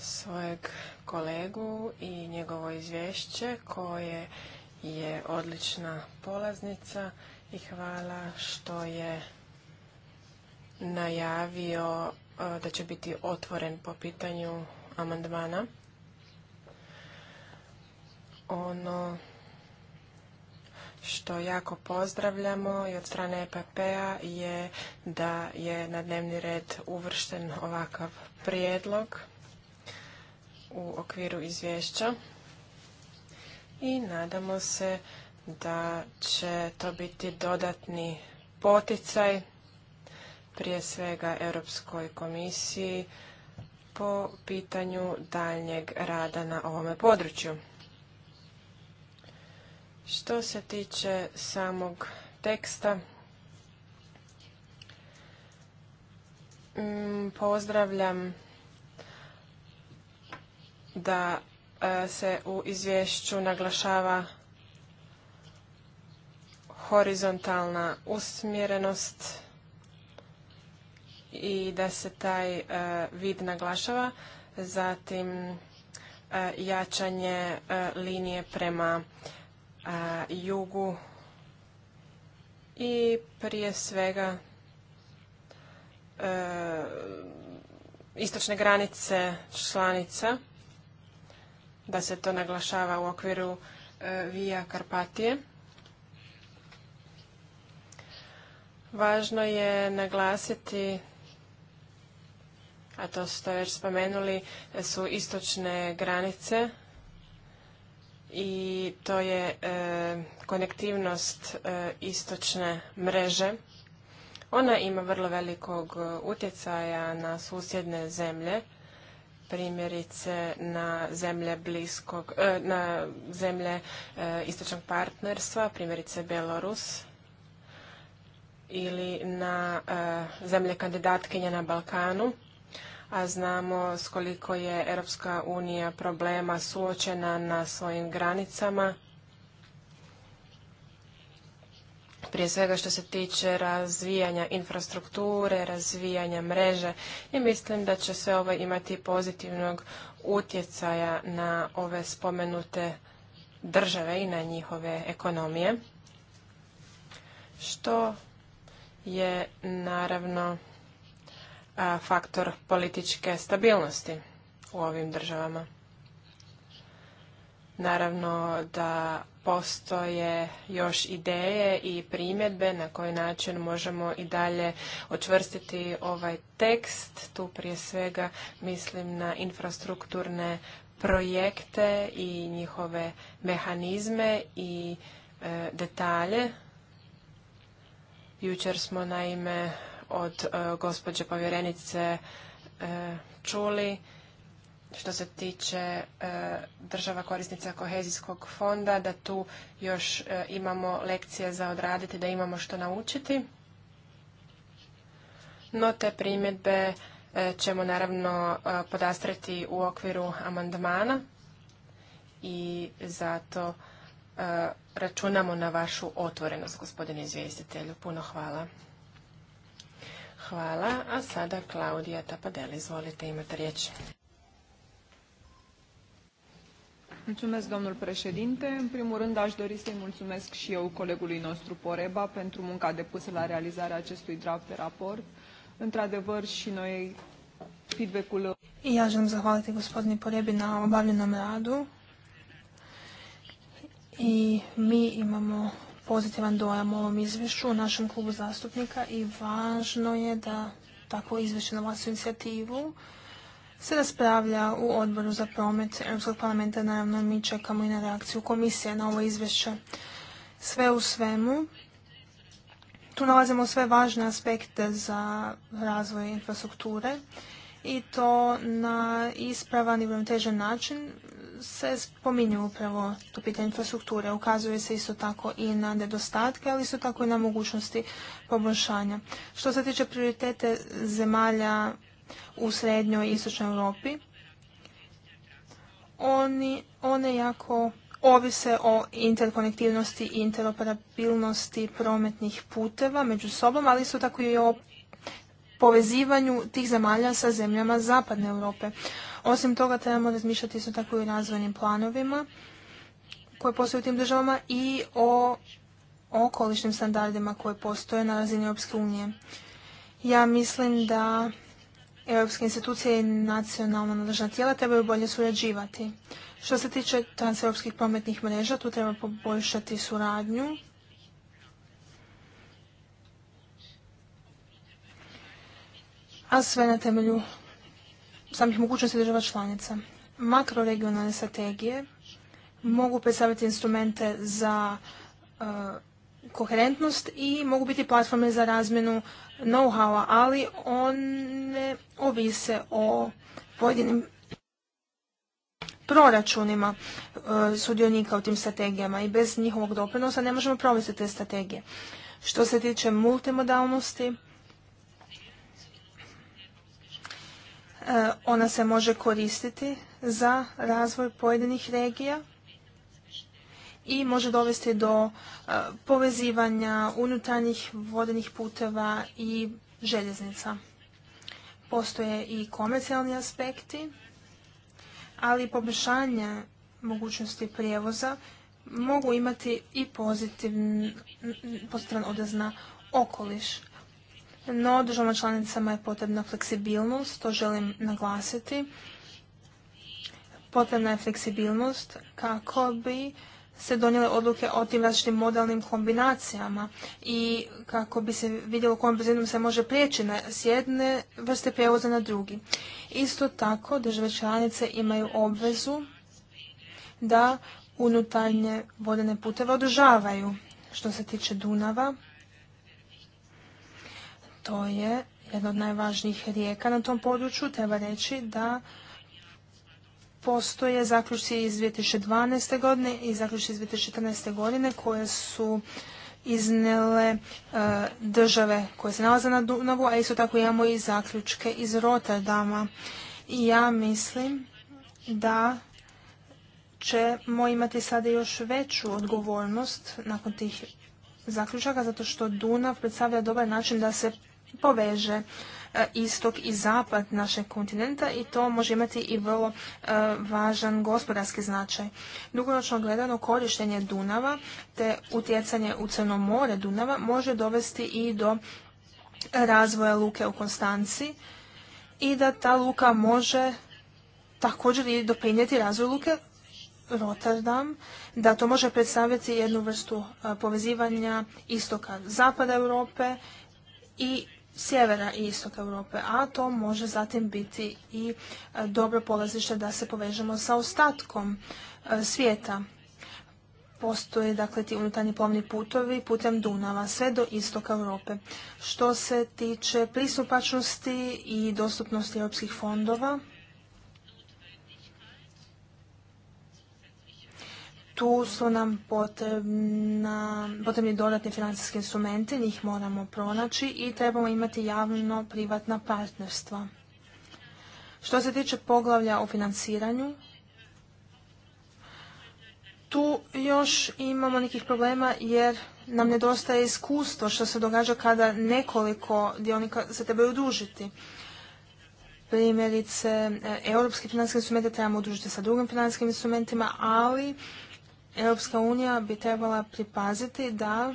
svojeg kolegu i njegovo izvješće koje je odlična polaznica i hvala što je najavio e, da će biti otvoren po pitanju amandmana. Ono što jako pozdravljamo i od strane EPP-a je da je na dnevni red uvršten ovakav prijedlog u okviru izvješća i nadamo se da će to biti dodatni poticaj prije svega Europskoj komisiji po pitanju daljnjeg rada na ovome području. Što se tiče samog teksta, mm, pozdravljam da e, se u izvješću naglašava horizontalna usmjerenost i da se taj e, vid naglašava, zatim e, jačanje linije prema jugu i prije svega istočne granice članica da se to naglašava u okviru e, Via Karpatije. Važno je naglasiti, a to ste već spomenuli, su istočne granice i to je e, konektivnost e, istočne mreže. Ona ima vrlo velikog utjecaja na susjedne zemlje primjerice na zemlje bliskog, e, na zemlje e, istočnog partnerstva, primjerice Belorus ili na e, zemlje kandidatkinje na Balkanu a znamo s koliko je Europska unija problema suočena na svojim granicama prije svega što se tiče razvijanja infrastrukture, razvijanja mreže i mislim da će sve ovo imati pozitivnog utjecaja na ove spomenute države i na njihove ekonomije, što je naravno faktor političke stabilnosti u ovim državama. Naravno da postoje još ideje i primjedbe na koji način možemo i dalje očvrstiti ovaj tekst. Tu prije svega mislim na infrastrukturne projekte i njihove mehanizme i e, detalje. Jučer smo naime od e, gospođe povjerenice e, čuli što se tiče e, država korisnica kohezijskog fonda, da tu još e, imamo lekcije za odraditi, da imamo što naučiti. No te primjedbe e, ćemo naravno podastreti u okviru amandmana i zato računamo na vašu otvorenost, gospodine izvjestitelju. Puno hvala. Hvala. A sada Klaudija Tapadeli, izvolite, imate riječ. Mulțumesc, domnul președinte. În primul rând, aș dori să-i mulțumesc și eu colegului nostru Poreba pentru munca depusă la realizarea acestui draft de raport. Într-adevăr, și noi feedback-ul... Ja želim zahvaliti gospodinu Porebi na obavljenom radu i mi imamo pozitivan dojam o ovom izvješću u našem klubu zastupnika i važno je da takvo izvješće na vlastnu inicijativu se raspravlja u odboru za promet Europskog parlamenta. Naravno, mi čekamo i na reakciju komisije na ovo izvješće. Sve u svemu, tu nalazimo sve važne aspekte za razvoj infrastrukture i to na ispravan i uravnotežen način se spominje upravo to pitanje infrastrukture. Ukazuje se isto tako i na nedostatke, ali isto tako i na mogućnosti poboljšanja. Što se tiče prioritete zemalja u srednjoj i istočnoj Europi, oni, one jako ovise o interkonektivnosti i interoperabilnosti prometnih puteva među sobom, ali su tako i o povezivanju tih zemalja sa zemljama Zapadne Europe. Osim toga trebamo razmišljati isto tako i o razvojnim planovima koje postoje u tim državama i o okolišnim standardima koje postoje na razini Europske unije. Ja mislim da europske institucije i nacionalna nadležna tijela trebaju bolje surađivati. Što se tiče transeuropskih prometnih mreža, tu treba poboljšati suradnju. A sve na temelju samih mogućnosti država članica. Makroregionalne strategije mogu predstaviti instrumente za e, koherentnost i mogu biti platforme za razmjenu know-howa, ali one ovise o pojedinim proračunima e, sudionika u tim strategijama i bez njihovog doprinosa ne možemo provesti te strategije. Što se tiče multimodalnosti, e, ona se može koristiti za razvoj pojedinih regija i može dovesti do e, povezivanja unutarnjih vodenih puteva i željeznica. Postoje i komercijalni aspekti, ali i poboljšanje mogućnosti prijevoza mogu imati i pozitivan odazna na okoliš. No, državama članicama je potrebna fleksibilnost, to želim naglasiti. Potrebna je fleksibilnost kako bi se donijele odluke o tim različitim modalnim kombinacijama i kako bi se vidjelo kojom brzinom se može prijeći s jedne vrste prijevoza na drugi. Isto tako države članice imaju obvezu da unutarnje vodene puteve održavaju. Što se tiče Dunava, to je jedna od najvažnijih rijeka na tom području. Treba reći da postoje zaključci iz 2012. godine i zaključci iz 2014. godine koje su iznele e, države koje se nalaze na Dunavu, a isto tako imamo i zaključke iz Rotterdama. I ja mislim da ćemo imati sada još veću odgovornost nakon tih zaključaka, zato što Dunav predstavlja dobar način da se poveže E, istok i zapad našeg kontinenta i to može imati i vrlo e, važan gospodarski značaj. Dugoročno gledano korištenje Dunava te utjecanje u Crno more Dunava može dovesti i do razvoja luke u Konstanci i da ta luka može također i doprinijeti razvoju luke Rotterdam, da to može predstaviti jednu vrstu e, povezivanja istoka zapada Europe i sjevera i istoka Europe, a to može zatim biti i e, dobro polazište da se povežemo sa ostatkom e, svijeta. Postoje dakle ti unutarnji plovni putovi putem Dunava sve do istoka Europe. Što se tiče pristupačnosti i dostupnosti europskih fondova, tu su nam potrebna, potrebni dodatni financijski instrumenti, njih moramo pronaći i trebamo imati javno-privatna partnerstva. Što se tiče poglavlja o financiranju, tu još imamo nekih problema jer nam nedostaje iskustvo što se događa kada nekoliko dionika se trebaju udružiti. Primjerice, e, europski financijski instrumente trebamo udružiti sa drugim financijskim instrumentima, ali Europska unija bi trebala pripaziti da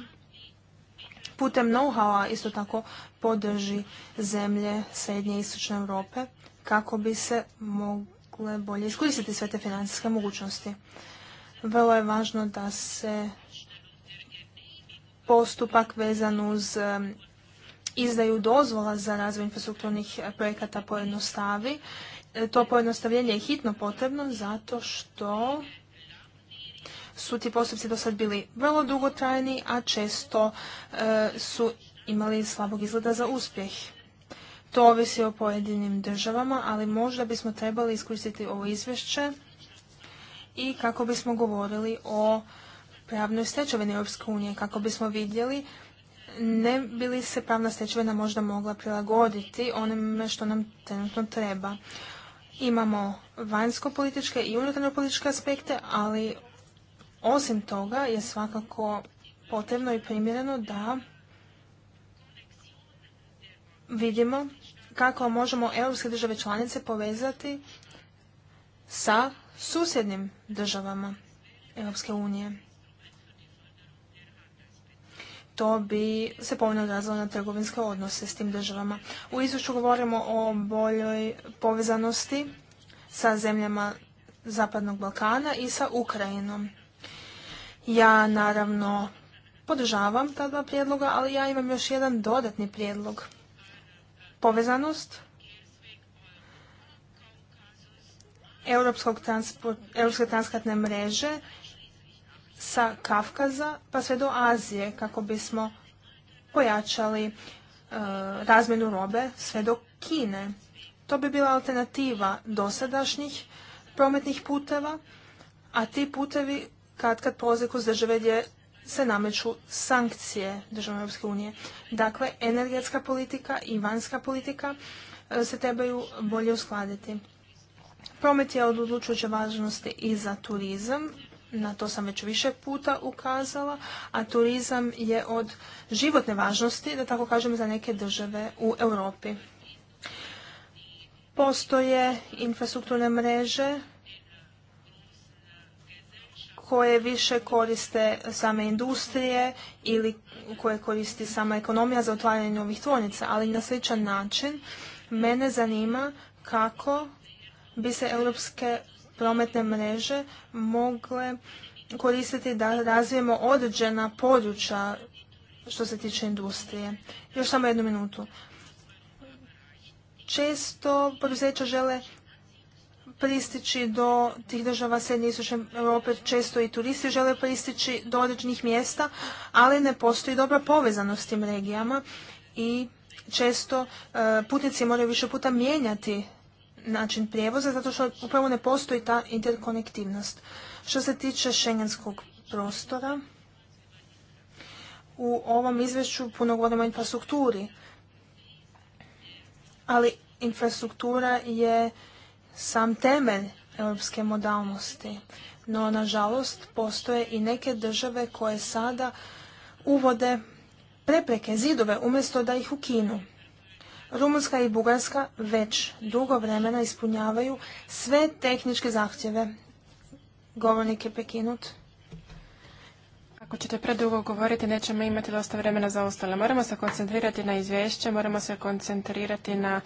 putem know a isto tako podrži zemlje srednje i istočne Europe kako bi se mogle bolje iskoristiti sve te financijske mogućnosti. Vrlo je važno da se postupak vezan uz izdaju dozvola za razvoj infrastrukturnih projekata pojednostavi. E, to pojednostavljenje je hitno potrebno zato što su ti postupci do sad bili vrlo dugotrajni, a često e, su imali slabog izgleda za uspjeh. To ovisi o pojedinim državama, ali možda bismo trebali iskoristiti ovo izvješće i kako bismo govorili o pravnoj stečevini Europske unije, kako bismo vidjeli ne bi li se pravna stečevina možda mogla prilagoditi onome što nam trenutno treba. Imamo vanjsko-političke i unutarno političke aspekte, ali osim toga je svakako potrebno i primjereno da vidimo kako možemo europske države članice povezati sa susjednim državama Europske unije. To bi se povinno odrazilo na trgovinske odnose s tim državama. U izvješću govorimo o boljoj povezanosti sa zemljama Zapadnog Balkana i sa Ukrajinom. Ja naravno podržavam ta dva prijedloga, ali ja imam još jedan dodatni prijedlog. Povezanost europske transportne mreže sa Kafkaza pa sve do Azije kako bismo pojačali razmenu razmjenu robe sve do Kine. To bi bila alternativa dosadašnjih prometnih puteva, a ti putevi kad kad prolaze kroz države gdje se nameću sankcije države Europske unije. Dakle, energetska politika i vanjska politika e, se trebaju bolje uskladiti. Promet je od odlučujuće važnosti i za turizam. Na to sam već više puta ukazala, a turizam je od životne važnosti, da tako kažem, za neke države u Europi. Postoje infrastrukturne mreže koje više koriste same industrije ili koje koristi sama ekonomija za otvaranje novih tvornica, ali na sličan način mene zanima kako bi se europske prometne mreže mogle koristiti da razvijemo određena područja što se tiče industrije. Još samo jednu minutu. Često poduzeća žele pristići do tih država srednje istočne Europe, često i turisti žele pristići do određenih mjesta, ali ne postoji dobra povezanost s tim regijama i često e, putnici moraju više puta mijenjati način prijevoza zato što upravo ne postoji ta interkonektivnost. Što se tiče šengenskog prostora, u ovom izvješću puno govorimo o infrastrukturi, ali infrastruktura je sam temelj europske modalnosti. No, nažalost, postoje i neke države koje sada uvode prepreke, zidove, umjesto da ih ukinu. Rumunska i Bugarska već dugo vremena ispunjavaju sve tehničke zahtjeve. Govornik je prekinut. Ako ćete predugo govoriti, nećemo imati dosta vremena za ostale. Moramo se koncentrirati na izvješće, moramo se koncentrirati na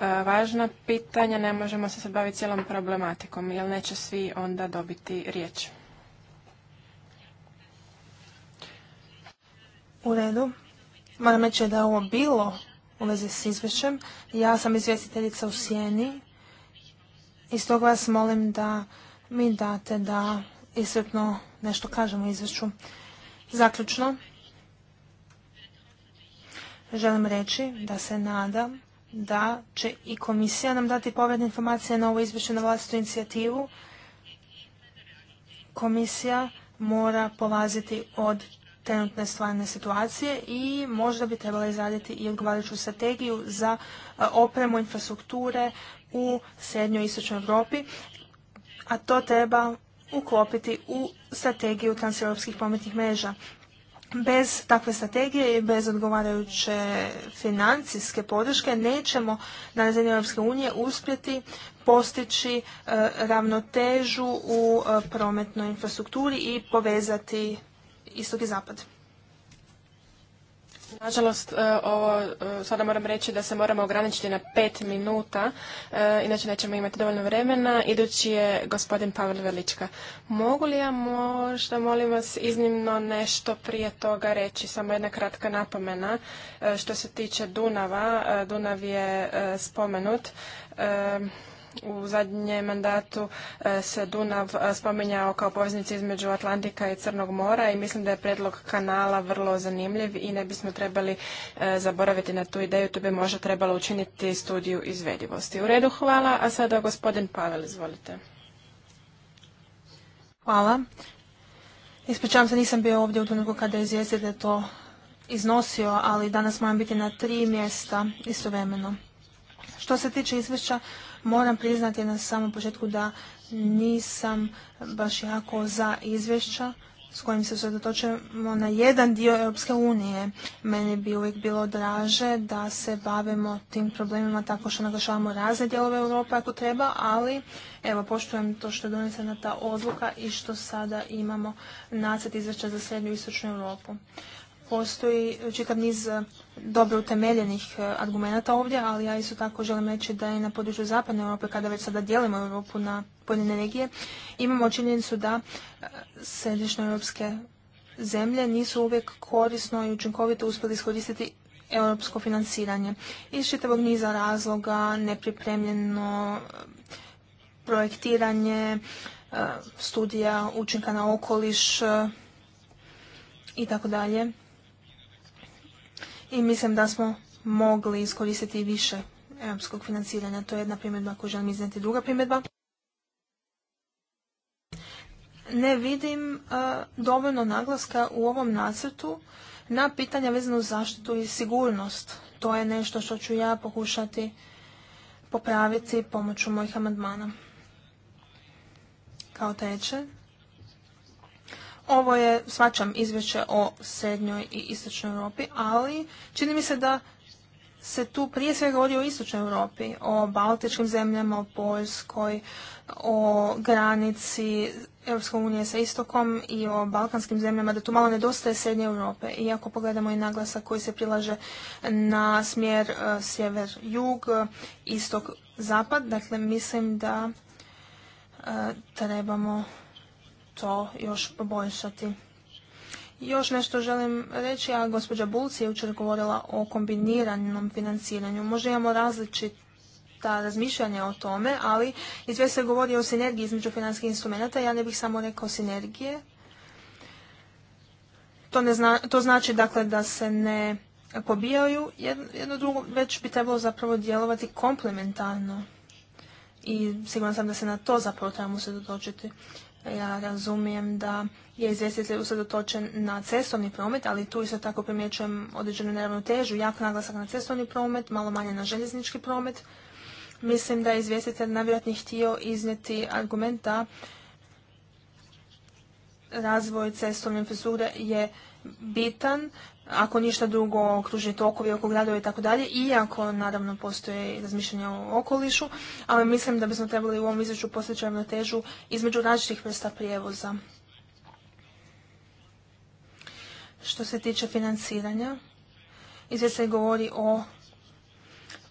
E, važna pitanja, ne možemo se sad baviti cijelom problematikom, jer neće svi onda dobiti riječ. U redu. Moram reći da je ovo bilo u vezi s izvješćem. Ja sam izvjestiteljica u Sijeni, i stoga vas molim da mi date da isretno nešto kažemo u izvješću. Zaključno, želim reći da se nadam da će i komisija nam dati povratne informacije na ovo izvješće na vlastitu inicijativu. Komisija mora polaziti od trenutne stvarne situacije i možda bi trebala izraditi i odgovarajuću strategiju za e, opremu infrastrukture u srednjoj i istočnoj Europi, a to treba uklopiti u strategiju transeuropskih prometnih mreža bez takve strategije i bez odgovarajuće financijske podrške nećemo na razini Europske unije uspjeti postići e, ravnotežu u e, prometnoj infrastrukturi i povezati istok i zapad. Nažalost, e, ovo, e, sada moram reći da se moramo ograničiti na pet minuta, e, inače nećemo imati dovoljno vremena. Idući je gospodin Pavel Velička. Mogu li ja možda, molim vas, iznimno nešto prije toga reći? Samo jedna kratka napomena što se tiče Dunava. Dunav je spomenut u zadnjem mandatu e, se Dunav e, spominjao kao poveznica između Atlantika i Crnog mora i mislim da je predlog kanala vrlo zanimljiv i ne bismo trebali e, zaboraviti na tu ideju, To bi možda trebalo učiniti studiju izvedivosti. U redu, hvala, a sada gospodin Pavel, izvolite. Hvala. Ispričavam se, nisam bio ovdje u trenutku kada je izvjestitelj to iznosio, ali danas moram biti na tri mjesta istovremeno. Što se tiče izvješća Moram priznati na samom početku da nisam baš jako za izvješća s kojim se sredotočujemo na jedan dio Europske unije. Meni bi uvijek bilo draže da se bavimo tim problemima tako što naglašavamo razne dijelove Europe ako treba, ali evo poštujem to što je donesena ta odluka i što sada imamo nacrt izvješća za srednju i istočnu Europu. Postoji čitav niz dobro utemeljenih e, argumenata ovdje, ali ja isto tako želim reći da je na području Zapadne Europe, kada već sada dijelimo Europu na pojedine regije, imamo činjenicu da e, europske zemlje nisu uvijek korisno i učinkovito uspjeli iskoristiti europsko financiranje. Iz čitavog niza razloga, nepripremljeno e, projektiranje, studija učinka na okoliš i tako dalje i mislim da smo mogli iskoristiti više europskog financiranja. To je jedna primjedba koju želim iznijeti. Druga primjedba. Ne vidim e, dovoljno naglaska u ovom nacrtu na pitanja vezano uz zaštitu i sigurnost. To je nešto što ću ja pokušati popraviti pomoću mojih amandmana. Kao treće, ovo je, svačam, izvješće o srednjoj i istočnoj Europi, ali čini mi se da se tu prije svega govori o istočnoj Europi, o baltičkim zemljama, o Poljskoj, o granici Europske unije sa istokom i o balkanskim zemljama, da tu malo nedostaje srednje Europe. Iako pogledamo i naglasak koji se prilaže na smjer e, sjever-jug, istok-zapad, dakle mislim da e, trebamo to još poboljšati. Još nešto želim reći, a gospođa Bulc je jučer govorila o kombiniranom financiranju. Možda imamo različita razmišljanja o tome, ali izve se govori o sinergiji između financijskih instrumenta, ja ne bih samo rekao sinergije. To, ne to znači dakle da se ne pobijaju jedno drugo, već bi trebalo zapravo djelovati komplementarno. I sigurno sam da se na to zapravo trebamo se dotočiti. Ja razumijem da je izvjestitelj usredotočen na cestovni promet, ali tu isto tako primjećujem određenu neravnotežu, jak naglasak na cestovni promet, malo manje na željeznički promet. Mislim da je izvjestitelj navjerojatno htio iznijeti argument da razvoj cestovne infrastrukture je bitan ako ništa drugo, kružni tokovi oko gradova i tako dalje, iako naravno postoje razmišljanja o okolišu, ali mislim da bismo trebali u ovom izvješću postići ravnotežu između različitih vrsta prijevoza. Što se tiče financiranja, izvještaj govori o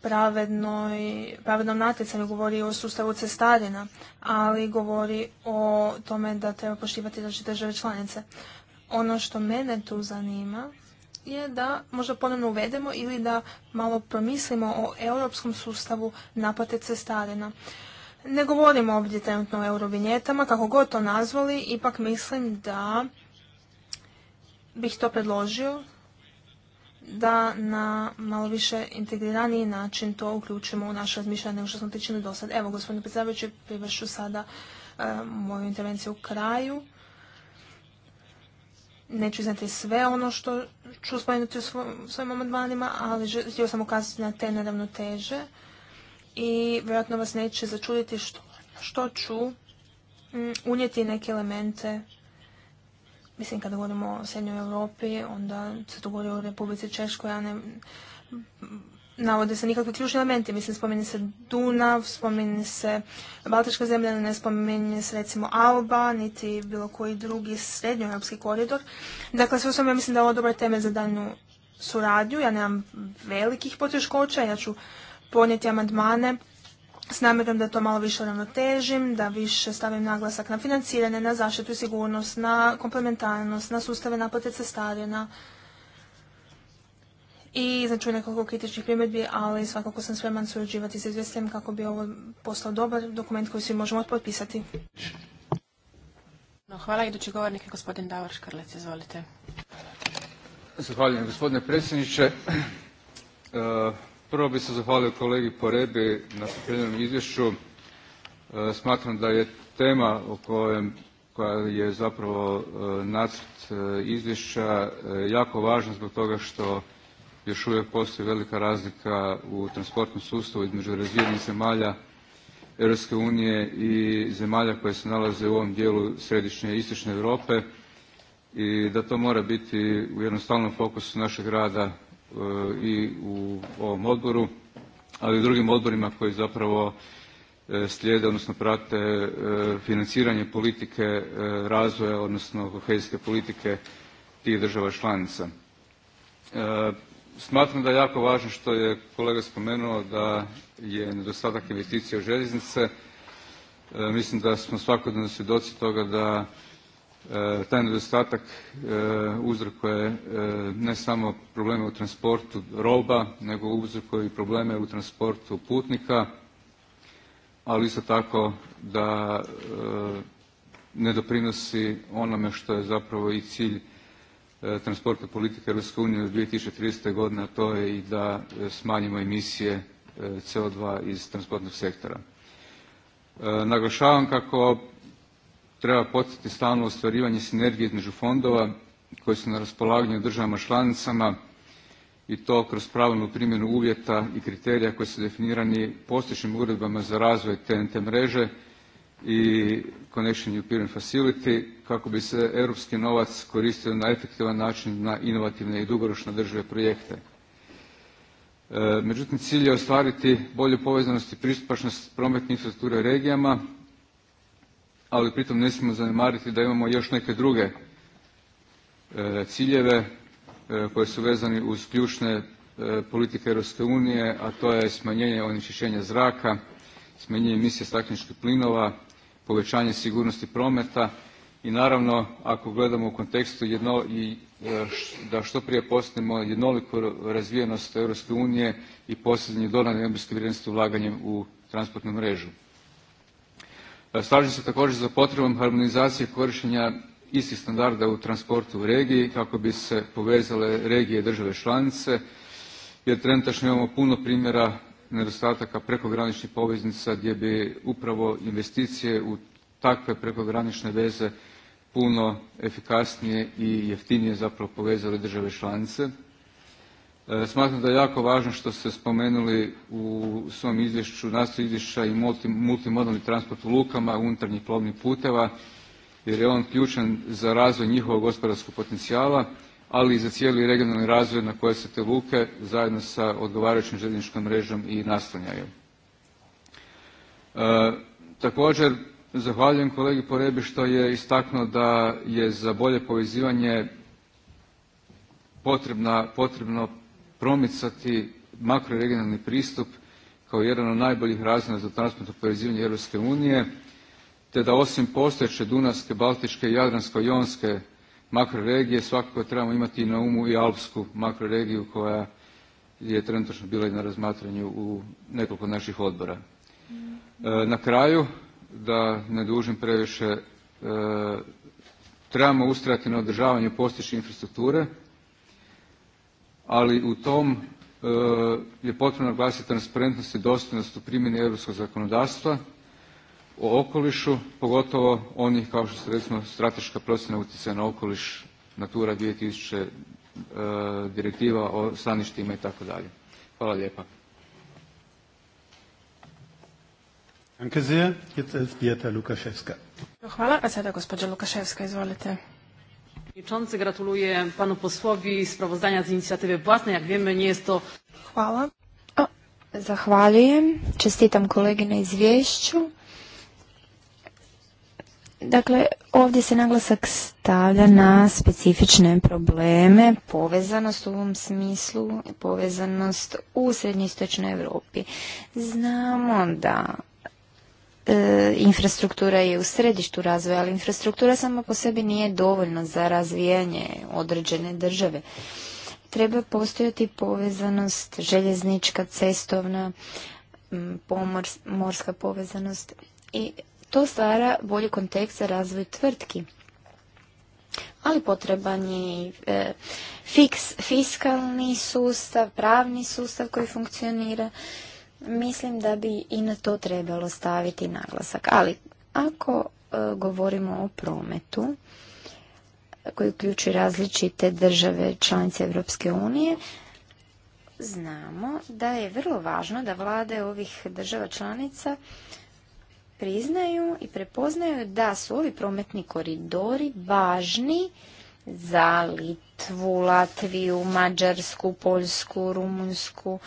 pravednoj, pravednom natjecanju, govori o sustavu cestarina, ali govori o tome da treba poštivati različite države članice. Ono što mene tu zanima je da možda ponovno uvedemo ili da malo promislimo o europskom sustavu naplate cestarina. Ne govorimo ovdje trenutno o eurovinjetama, kako god to nazvali, ipak mislim da bih to predložio da na malo više integriraniji način to uključimo u naše razmišljanje nego što smo tičili do sad. Evo, gospodine predsjedavajući, privršu sada e, moju intervenciju u kraju. Neću znati sve ono što ću spomenuti u svojim amandmanima, ali htio sam ukazati na te neravnoteže i vjerojatno vas neće začuditi što, ću mm, unijeti neke elemente. Mislim, kada govorimo o srednjoj Europi, onda se to govori o Republici Češkoj, a ne navode se nikakvi ključni elementi. Mislim, spominje se Dunav, spominje se Baltička zemlja, ne spominje se recimo Alba, niti bilo koji drugi srednjoeuropski koridor. Dakle, sve u ja mislim da je ovo dobra teme za danju suradnju. Ja nemam velikih poteškoća, ja ću ponijeti amandmane s namjerom da to malo više ravnotežim, da više stavim naglasak na financiranje, na zaštitu i sigurnost, na komplementarnost, na sustave naplate cestarina, i znači nekoliko kritičnih primjedbi, ali svakako sam spreman surađivati sa izvjestem kako bi ovo postao dobar dokument koji svi možemo potpisati. No, hvala. Idući govornik je gospodin Davor Škrlec. Izvolite. Zahvaljujem gospodine predsjedniče. E, prvo bih se zahvalio kolegi Porebi na pripremljenom izvješću. E, smatram da je tema o kojem koja je zapravo e, nacrt izvješća jako važna zbog toga što još uvijek postoji velika razlika u transportnom sustavu između razvijenih zemalja Europske unije i zemalja koje se nalaze u ovom dijelu središnje i istočne Europe i da to mora biti u jednostavnom fokusu našeg rada e, i u ovom odboru, ali i u drugim odborima koji zapravo e, slijede, odnosno prate e, financiranje politike razvoja, odnosno kohezijske politike tih država članica. Smatram da je jako važno što je kolega spomenuo da je nedostatak investicija u željeznice. E, mislim da smo svakodnevno svjedoci toga da e, taj nedostatak e, uzrokuje ne samo probleme u transportu roba, nego uzrokuje i probleme u transportu putnika, ali isto tako da ne doprinosi onome što je zapravo i cilj E, transportne politike Europske unije do 2030. godine, a to je i da e, smanjimo emisije e, CO2 iz transportnog sektora. Naglašavam kako treba podsjetiti stalno ostvarivanje sinergije između fondova koji su na raspolaganju državama članicama i to kroz pravilnu primjenu uvjeta i kriterija koji su definirani postojećim uredbama za razvoj TNT mreže i Connection European Facility kako bi se europski novac koristio na efektivan način na inovativne i dugoročno održive projekte. E, međutim, cilj je ostvariti bolju povezanost i pristupačnost prometne infrastrukture regijama, ali pritom ne smijemo zanemariti da imamo još neke druge e, ciljeve e, koji su vezani uz ključne politike Europske unije, a to je smanjenje onečišćenja zraka, smanjenje emisije stakleničkih plinova, povećanje sigurnosti prometa i naravno ako gledamo u kontekstu jedno, i, e, da što prije postignemo jednoliko razvijenost Europske unije i posljednje dodane europske vrijednosti ulaganjem u transportnu mrežu. E, slažem se također za potrebom harmonizacije korištenja istih standarda u transportu u regiji kako bi se povezale regije države članice jer trenutačno imamo puno primjera nedostataka prekograničnih poveznica gdje bi upravo investicije u takve prekogranične veze puno efikasnije i jeftinije zapravo povezali države članice. E, smatram da je jako važno što ste spomenuli u svom izvješću, nastoj izvješća i multimodalni transport u lukama, unutarnjih plovnih puteva, jer je on ključan za razvoj njihovog gospodarskog potencijala, ali i za cijeli regionalni razvoj na koje se te luke zajedno sa odgovarajućim željezničkom mrežom i naslanjaju. E, također Zahvaljujem kolegi Porebi što je istaknuo da je za bolje povezivanje potrebna, potrebno promicati makroregionalni pristup kao jedan od najboljih razina za transportno povezivanje Europske unije, te da osim postojeće Dunavske, Baltičke i Jadransko-Jonske makroregije svakako trebamo imati na umu i Alpsku makroregiju koja je trenutno bila i na razmatranju u nekoliko naših odbora. E, na kraju da ne dužim previše, e, trebamo ustrajati na održavanju postojeće infrastrukture, ali u tom e, je potrebno naglasiti transparentnost i dostojnost u primjeni europskog zakonodavstva o okolišu, pogotovo onih kao što su recimo strateška procjena utjecaja na okoliš, Natura 2000 e, direktiva o staništima i tako dalje. Hvala lijepa. Hvala, a sada gospođa Lukaševska, izvolite. Przewodniczący, gratuluje panu posłowi sprawozdania z inicjatywy własnej. Jak wiemy, nie jest to... Hvala. zahvaljujem. Čestitam kolegi na izvješću. Dakle, ovdje se naglasak stavlja na specifične probleme, povezanost u ovom smislu, povezanost u srednjoistočnoj Europi. Znamo da E, infrastruktura je u središtu razvoja, ali infrastruktura sama po sebi nije dovoljna za razvijanje određene države. Treba postojati povezanost željeznička, cestovna, morska povezanost i to stvara bolji kontekst za razvoj tvrtki. Ali potreban je e, fiskalni sustav, pravni sustav koji funkcionira Mislim da bi i na to trebalo staviti naglasak. Ali ako e, govorimo o prometu koji uključuje različite države članice Europske unije, znamo da je vrlo važno da vlade ovih država članica priznaju i prepoznaju da su ovi prometni koridori važni za Litvu, Latviju, Mađarsku, Poljsku, Rumunjsku,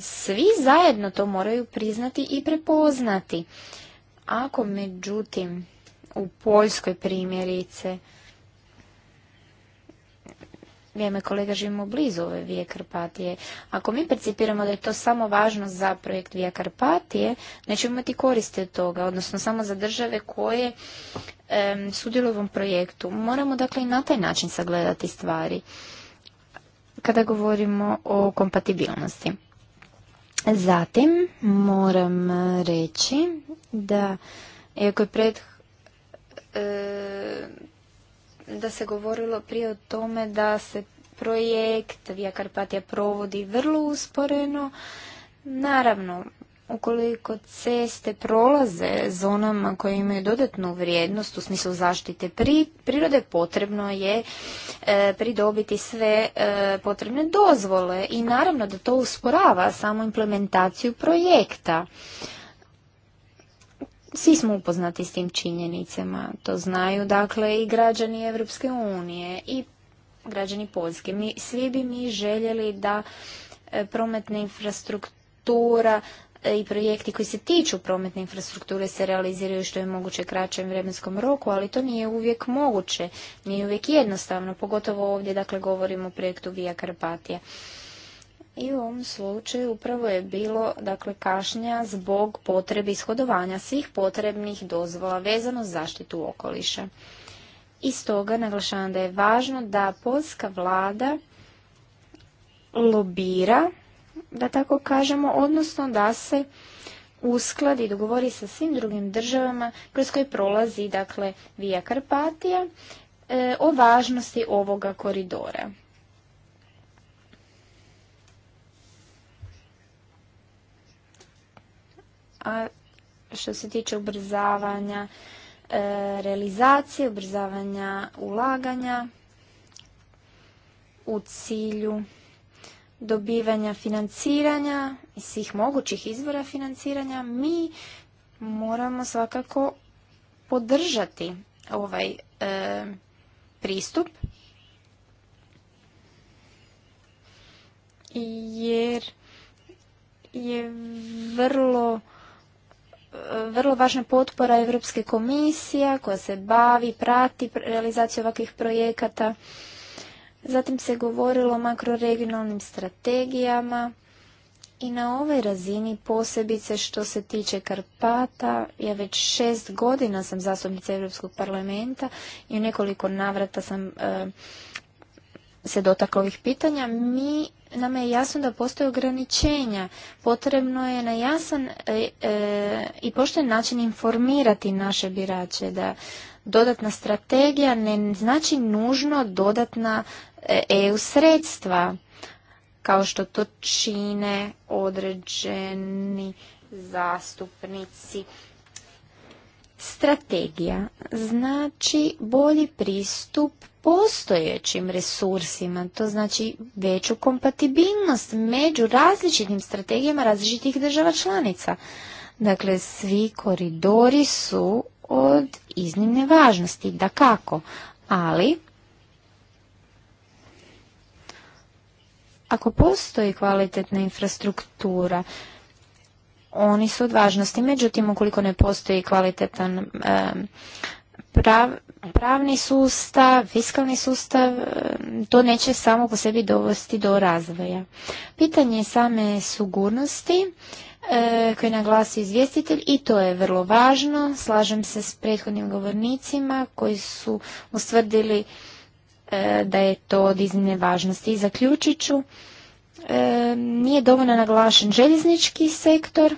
svi zajedno to moraju priznati i prepoznati. Ako međutim u Poljskoj primjerice, vijeme kolega živimo blizu ove Vije Karpatije, ako mi percipiramo da je to samo važno za projekt Vije Karpatije, nećemo imati koriste od toga, odnosno samo za države koje sudjeluju u ovom projektu. Moramo dakle i na taj način sagledati stvari kada govorimo o kompatibilnosti. Zatim moram reći da iako je e, da se govorilo prije o tome da se projekt Via Karpatija provodi vrlo usporeno. Naravno, Ukoliko ceste prolaze zonama koje imaju dodatnu vrijednost u smislu zaštite prirode, potrebno je e, pridobiti sve e, potrebne dozvole i naravno da to usporava samo implementaciju projekta. Svi smo upoznati s tim činjenicama, to znaju dakle i građani Europske unije i građani Poljske. Mi, svi bi mi željeli da e, prometna infrastruktura E, i projekti koji se tiču prometne infrastrukture se realiziraju što je moguće kraćem vremenskom roku, ali to nije uvijek moguće, nije uvijek jednostavno, pogotovo ovdje dakle govorimo o projektu Via Karpatija. I u ovom slučaju upravo je bilo dakle kašnja zbog potrebe ishodovanja svih potrebnih dozvola vezano za zaštitu okoliša. I stoga naglašavam da je važno da polska vlada lobira da tako kažemo, odnosno da se uskladi i dogovori sa svim drugim državama kroz koje prolazi dakle Via Karpatija e, o važnosti ovoga koridora. A što se tiče ubrzavanja e, realizacije, ubrzavanja ulaganja u cilju dobivanja financiranja i svih mogućih izvora financiranja, mi moramo svakako podržati ovaj e, pristup jer je vrlo e, vrlo važna potpora Europske komisije koja se bavi, prati realizaciju ovakvih projekata Zatim se govorilo o makroregionalnim strategijama i na ovoj razini posebice što se tiče Karpata, ja već šest godina sam zastupnica Europskog parlamenta i u nekoliko navrata sam e, se dotakla ovih pitanja, mi nama je jasno da postoje ograničenja. Potrebno je na jasan e, e, i pošten način informirati naše birače da dodatna strategija ne znači nužno dodatna EU e sredstva, kao što to čine određeni zastupnici. Strategija znači bolji pristup postojećim resursima, to znači veću kompatibilnost među različitim strategijama različitih država članica. Dakle, svi koridori su od iznimne važnosti, da kako, ali ako postoji kvalitetna infrastruktura, oni su od važnosti. Međutim, ukoliko ne postoji kvalitetan pravni sustav, fiskalni sustav, to neće samo po sebi dovesti do razvoja. Pitanje same sigurnosti e, koje naglasi izvjestitelj i to je vrlo važno. Slažem se s prethodnim govornicima koji su ustvrdili E, da je to od iznimne važnosti. I zaključit ću, e, nije dovoljno naglašen željeznički sektor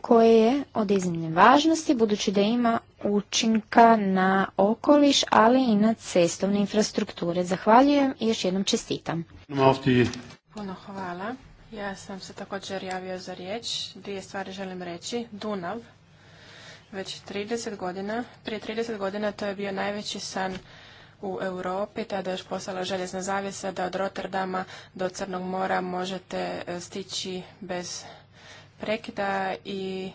koji je od iznimne važnosti budući da ima učinka na okoliš, ali i na cestovne infrastrukture. Zahvaljujem i još jednom čestitam. Puno hvala. Ja sam se također javio za riječ. Dvije stvari želim reći. Dunav već 30 godina. Prije 30 godina to je bio najveći san u Europi, tada je još postala željezna zavjesa da od Rotterdama do Crnog mora možete e, stići bez prekida i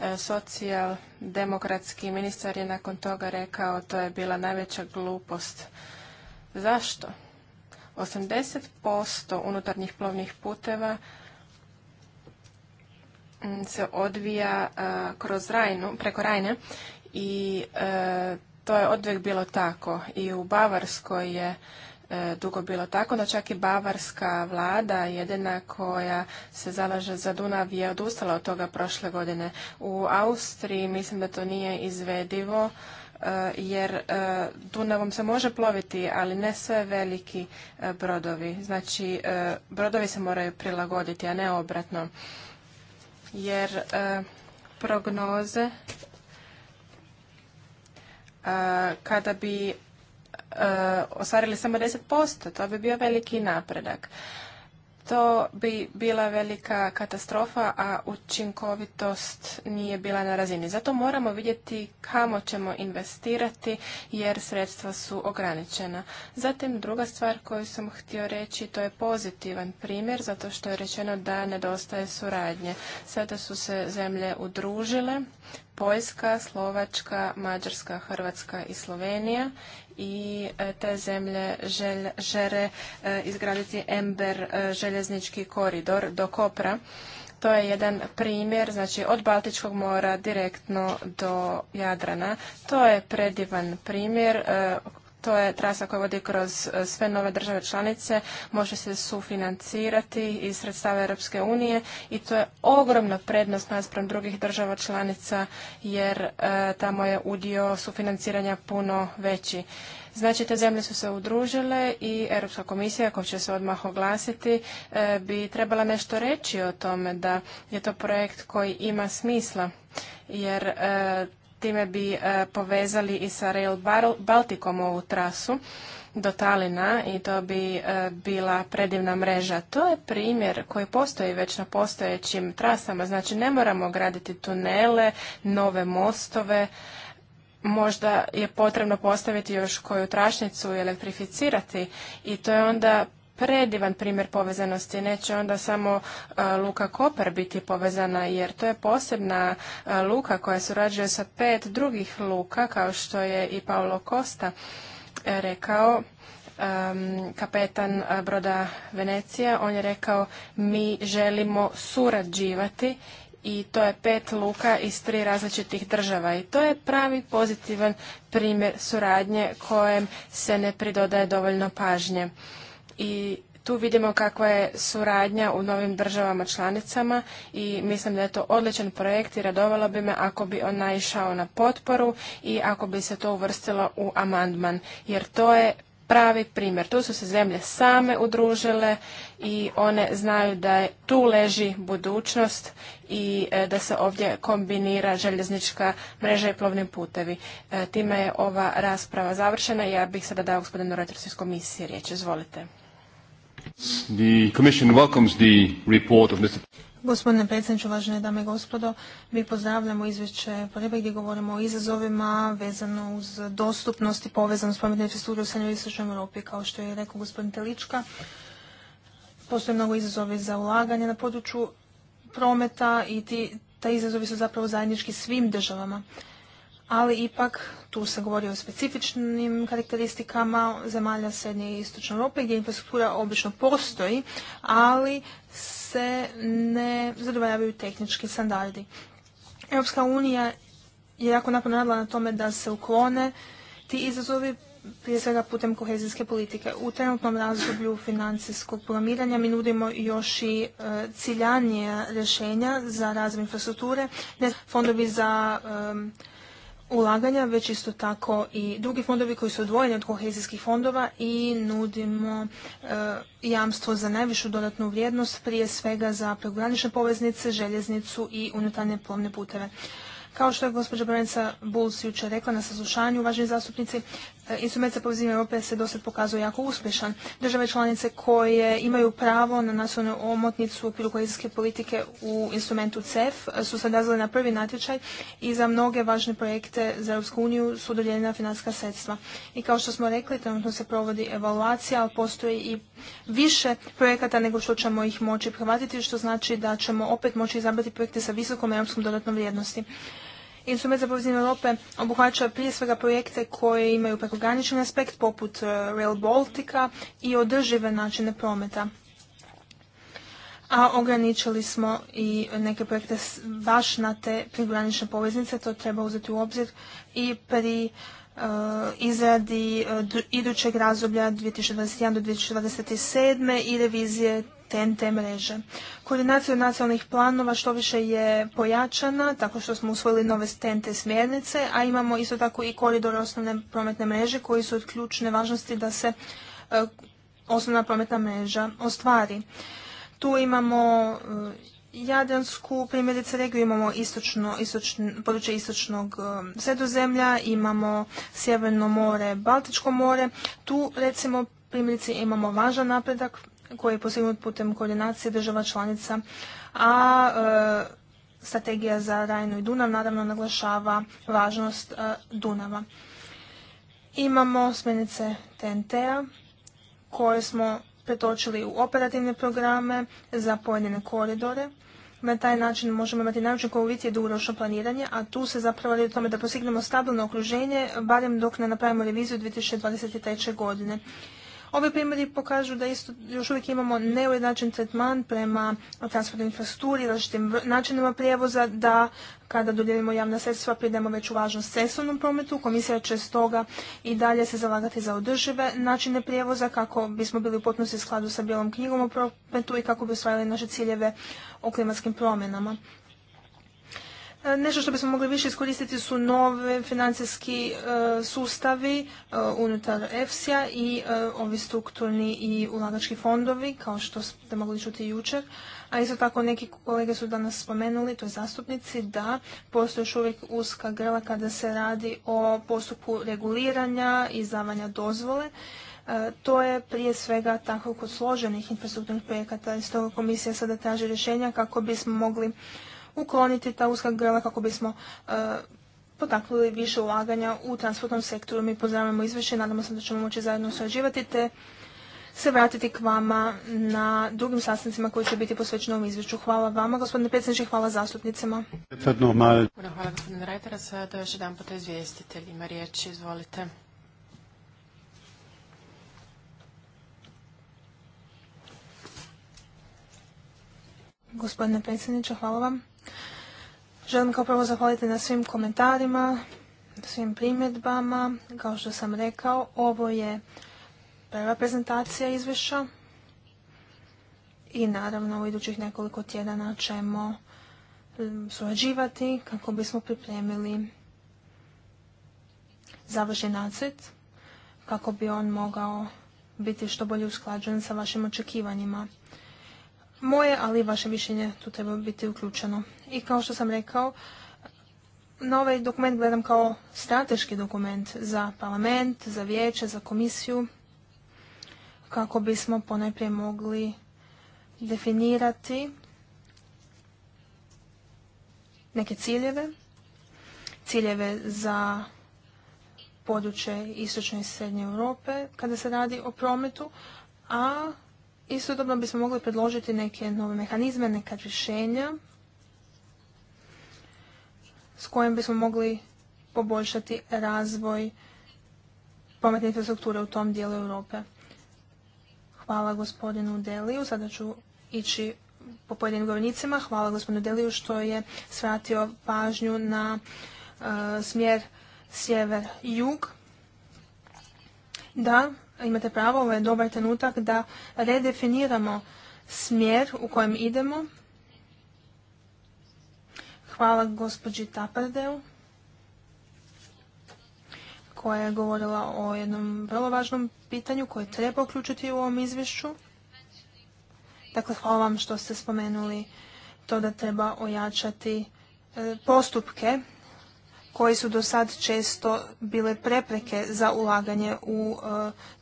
e, socijaldemokratski ministar je nakon toga rekao to je bila najveća glupost. Zašto? 80% unutarnjih plovnih puteva Mm, se odvija kroz Rajnu, preko Rajne i e, to je odvijek bilo tako. I u Bavarskoj je e, dugo bilo tako, no čak i bavarska vlada, jedina koja se zalaže za Dunav, je odustala od toga prošle godine. U Austriji mislim da to nije izvedivo, e, jer Dunavom se može ploviti, ali ne sve veliki brodovi. Znači, brodovi se moraju prilagoditi, a ne obratno jer e, prognoze e, kada bi e, ostvarili samo 10%, to bi bio veliki napredak to bi bila velika katastrofa, a učinkovitost nije bila na razini. Zato moramo vidjeti kamo ćemo investirati jer sredstva su ograničena. Zatim druga stvar koju sam htio reći, to je pozitivan primjer zato što je rečeno da nedostaje suradnje. Sada su se zemlje udružile, Poljska, Slovačka, Mađarska, Hrvatska i Slovenija i e, te zemlje žele e, izgraditi Ember e, željeznički koridor do Kopra. To je jedan primjer, znači od Baltičkog mora direktno do Jadrana. To je predivan primjer to je trasa koja vodi kroz e, sve nove države članice, može se sufinancirati iz sredstava Europske unije i to je ogromna prednost naspram drugih država članica jer e, tamo je udio sufinanciranja puno veći. Znači, te zemlje su se udružile i Europska komisija, ako će se odmah oglasiti, e, bi trebala nešto reći o tome da je to projekt koji ima smisla, jer Time bi e, povezali i sa Rail Balticom ovu trasu do Talina i to bi e, bila predivna mreža. To je primjer koji postoji već na postojećim trasama. Znači ne moramo graditi tunele, nove mostove, možda je potrebno postaviti još koju tračnicu i elektrificirati i to je onda predivan primjer povezanosti. Neće onda samo e, Luka Koper biti povezana jer to je posebna e, luka koja surađuje sa pet drugih luka kao što je i Paolo Costa e, rekao kapetan broda Venecija. On je rekao mi želimo surađivati i to je pet luka iz tri različitih država i to je pravi pozitivan primjer suradnje kojem se ne pridodaje dovoljno pažnje i tu vidimo kakva je suradnja u novim državama članicama i mislim da je to odličan projekt i radovalo bi me ako bi on naišao na potporu i ako bi se to uvrstilo u amandman, jer to je pravi primjer. Tu su se zemlje same udružile i one znaju da je tu leži budućnost i e, da se ovdje kombinira željeznička mreža i plovni putevi. E, time je ova rasprava završena. Ja bih sada dao gospodinu Reuters iz komisije riječ. Izvolite. The commission welcomes the Gospodine predsjedniče, uvažene dame i gospodo, mi pozdravljamo izvješće Porebe gdje govorimo o izazovima vezano uz dostupnost i povezanost pametne infrastrukture u srednjoj istočnoj Europi. Kao što je rekao gospodin Telička, postoje mnogo izazove za ulaganje na području prometa i ti, ta izazovi su zapravo zajednički svim državama ali ipak tu se govori o specifičnim karakteristikama zemalja Srednje i Istočne Europe gdje infrastruktura obično postoji, ali se ne zadovoljavaju tehnički standardi. Europska unija je jako naporno radila na tome da se uklone ti izazovi prije svega putem kohezijske politike. U trenutnom razdoblju financijskog programiranja mi nudimo još i e, ciljanje rješenja za razvoj infrastrukture, fondovi za e, ulaganja, već isto tako i drugi fondovi koji su odvojeni od kohezijskih fondova i nudimo e, jamstvo za najvišu dodatnu vrijednost, prije svega za prekogranične poveznice, željeznicu i unutarnje plovne puteve. Kao što je gospođa Brenica Buls jučer rekla na saslušanju, uvaženi zastupnici, E, instrument za povezivanje Europe se dosad pokazao jako uspješan. Države članice koje imaju pravo na nacionalnu omotnicu u okviru politike u instrumentu CEF e, su se odazvale na prvi natječaj i za mnoge važne projekte za Europsku uniju su dodijeljena financijska sredstva. I kao što smo rekli, trenutno se provodi evaluacija, ali postoji i više projekata nego što ćemo ih moći prihvatiti, što znači da ćemo opet moći izabrati projekte sa visokom europskom dodatnom vrijednosti. Instrument za povezinu Europe obuhvaća prije svega projekte koje imaju prekogranični aspekt poput e, Rail Baltica i održive načine prometa. A ograničili smo i neke projekte baš na te prekogranične poveznice, to treba uzeti u obzir i pri e, izradi e, idućeg razdoblja 2021. do 2027. i revizije TNT mreže. Koordinacija nacionalnih planova što više je pojačana tako što smo usvojili nove TNT smjernice, a imamo isto tako i koridor osnovne prometne mreže koji su od ključne važnosti da se e, osnovna prometna mreža ostvari. Tu imamo e, Jadransku primjerice regiju imamo istočno, područje istočnog e, sredozemlja, imamo Sjeverno more, Baltičko more. Tu recimo primjerice imamo važan napredak koji je postignut putem koordinacije država članica, a e, strategija za Rajnu i Dunav naravno naglašava važnost e, Dunava. Imamo smjernice TNT-a koje smo pretočili u operativne programe za pojedine koridore. Na taj način možemo imati najučinkovitije dugoročno planiranje, a tu se zapravo radi o tome da postignemo stabilno okruženje, barem dok ne napravimo reviziju 2023. godine. Ovi primjeri pokažu da isto još uvijek imamo neujednačen tretman prema transportnoj infrastrukturi, različitim načinima prijevoza, da kada dodijelimo javna sredstva pridemo u važnost cestovnom prometu. Komisija će stoga i dalje se zalagati za održive načine prijevoza kako bismo bili u potpunosti skladu sa bijelom knjigom o prometu i kako bi ostvarili naše ciljeve o klimatskim promjenama. Nešto što bismo mogli više iskoristiti su nove financijski e, sustavi e, unutar EFSI-a i e, ovi strukturni i ulagački fondovi, kao što ste mogli čuti jučer. A isto tako neki kolege su danas spomenuli, to je zastupnici, da postoji još uvijek uska grla kada se radi o postupku reguliranja, i izdavanja dozvole. To je prije svega tako kod složenih infrastrukturnih projekata i stoga komisija sada traži rješenja kako bismo mogli ukloniti ta uska grla kako bismo e, potaknuli više ulaganja u transportnom sektoru. Mi pozdravljamo izvješće, nadamo se da ćemo moći zajedno surađivati te se vratiti k vama na drugim sastancima koji će biti posvećeni ovom izvješću. Hvala vama, gospodine predsjedniče, hvala zastupnicima. Hvala, gospodine Rajtera. Sada još jedan izvjestitelj ima riječ. Izvolite. Gospodine predsjedniče, hvala vam. Želim kao prvo zahvaliti na svim komentarima, svim primjedbama. Kao što sam rekao, ovo je prva prezentacija izvješća i naravno u idućih nekoliko tjedana ćemo mm, surađivati kako bismo pripremili završen nacrt kako bi on mogao biti što bolje usklađen sa vašim očekivanjima moje, ali i vaše mišljenje tu treba biti uključeno. I kao što sam rekao, na ovaj dokument gledam kao strateški dokument za parlament, za vijeće, za komisiju, kako bismo ponajprije mogli definirati neke ciljeve, ciljeve za područje istočne i srednje Europe kada se radi o prometu, a Istodobno bismo mogli predložiti neke nove mehanizme, neka rješenja s kojim bismo mogli poboljšati razvoj prometne infrastrukture u tom dijelu Europe. Hvala gospodinu Deliju. Sada ću ići po pojedinim govornicima. Hvala gospodinu Deliju što je svratio pažnju na e, smjer sjever-jug. Da, imate pravo, ovo je dobar trenutak da redefiniramo smjer u kojem idemo. Hvala gospođi Tapardeu koja je govorila o jednom vrlo važnom pitanju koje treba uključiti u ovom izvješću. Dakle, hvala vam što ste spomenuli to da treba ojačati e, postupke koji su do sad često bile prepreke za ulaganje u,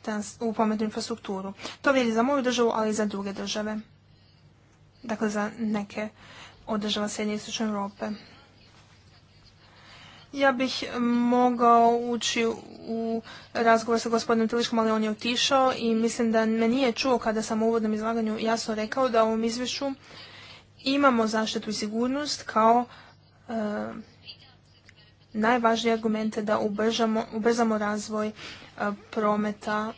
e, u prometnu infrastrukturu. To vrijedi za moju državu, ali i za druge države. Dakle, za neke od država Srednje Istočne Europe. Ja bih mogao ući u razgovor sa gospodinom Tiliškom, ali on je otišao i mislim da me nije čuo kada sam u uvodnom izlaganju jasno rekao da u ovom izvješću imamo zaštitu i sigurnost kao e, najvažniji argumente da ubrzamo razvoj e, prometa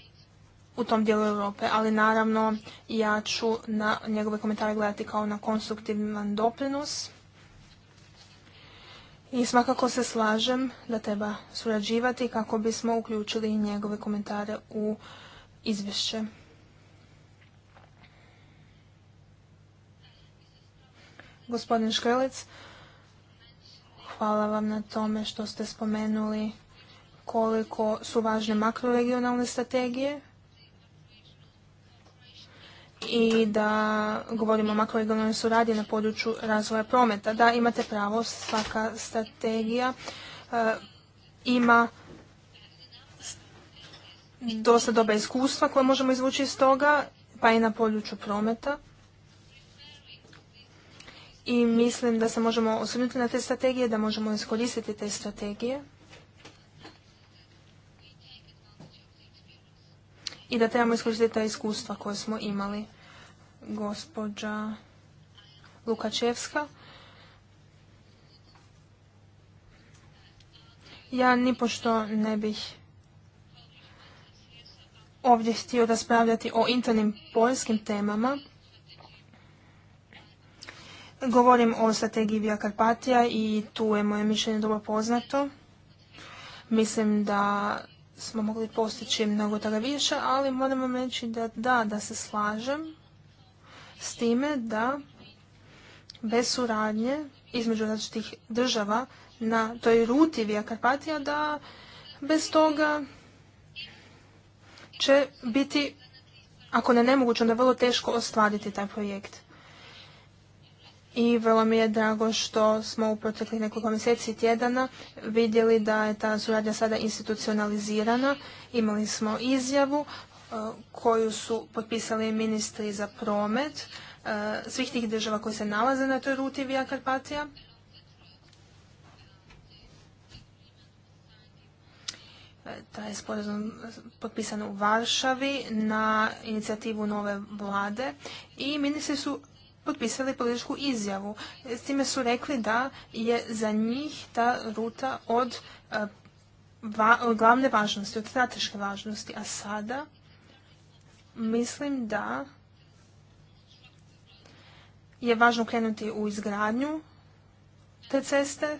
u tom dijelu Europe, ali naravno ja ću na njegove komentare gledati kao na konstruktivan doprinos. I svakako se slažem da treba surađivati kako bismo uključili i njegove komentare u izvješće. Gospodin Škrelec, Hvala vam na tome što ste spomenuli koliko su važne makroregionalne strategije i da govorimo o makroregionalnoj suradnji na području razvoja prometa. Da, imate pravo, svaka strategija e, ima dosta dobra iskustva koje možemo izvući iz toga, pa i na području prometa i mislim da se možemo osvrnuti na te strategije, da možemo iskoristiti te strategije i da trebamo iskoristiti ta iskustva koje smo imali. Gospođa Lukačevska. Ja nipošto ne bih ovdje htio raspravljati o internim poljskim temama, Govorim o strategiji Via Karpatija i tu je moje mišljenje dobro poznato. Mislim da smo mogli postići mnogo toga više, ali moram vam reći da da, da se slažem s time da bez suradnje između različitih država na toj ruti Via Karpatija da bez toga će biti, ako ne nemoguće, onda vrlo teško ostvariti taj projekt i vrlo mi je drago što smo u proteklih nekoliko mjeseci i tjedana vidjeli da je ta suradnja sada institucionalizirana. Imali smo izjavu e, koju su potpisali ministri za promet e, svih tih država koji se nalaze na toj ruti Via Karpatija. E, taj sporazum potpisan u Varšavi na inicijativu nove vlade i ministri su potpisali političku izjavu. S time su rekli da je za njih ta ruta e, od glavne važnosti, od strateške važnosti. A sada mislim da je važno krenuti u izgradnju te ceste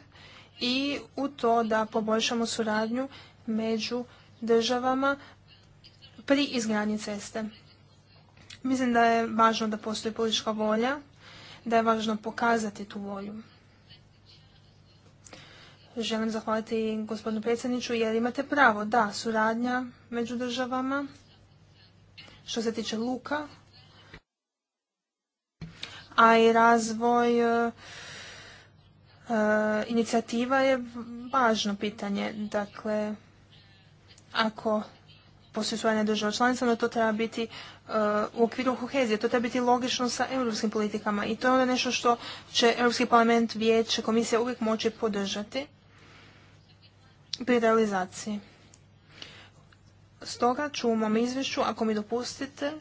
i u to da poboljšamo suradnju među državama pri izgradnji ceste. Mislim da je važno da postoji politička volja, da je važno pokazati tu volju. Želim zahvaliti gospodinu predsjedniču jer imate pravo, da, suradnja među državama što se tiče luka, a i razvoj e, e, inicijativa je važno pitanje. Dakle, ako poslije država članica, no to treba biti e, u okviru kohezije, to treba biti logično sa europskim politikama i to je onda nešto što će Europski parlament, vijeće, komisija uvijek moći podržati pri realizaciji. Stoga ću u mom izvješću, ako mi dopustite,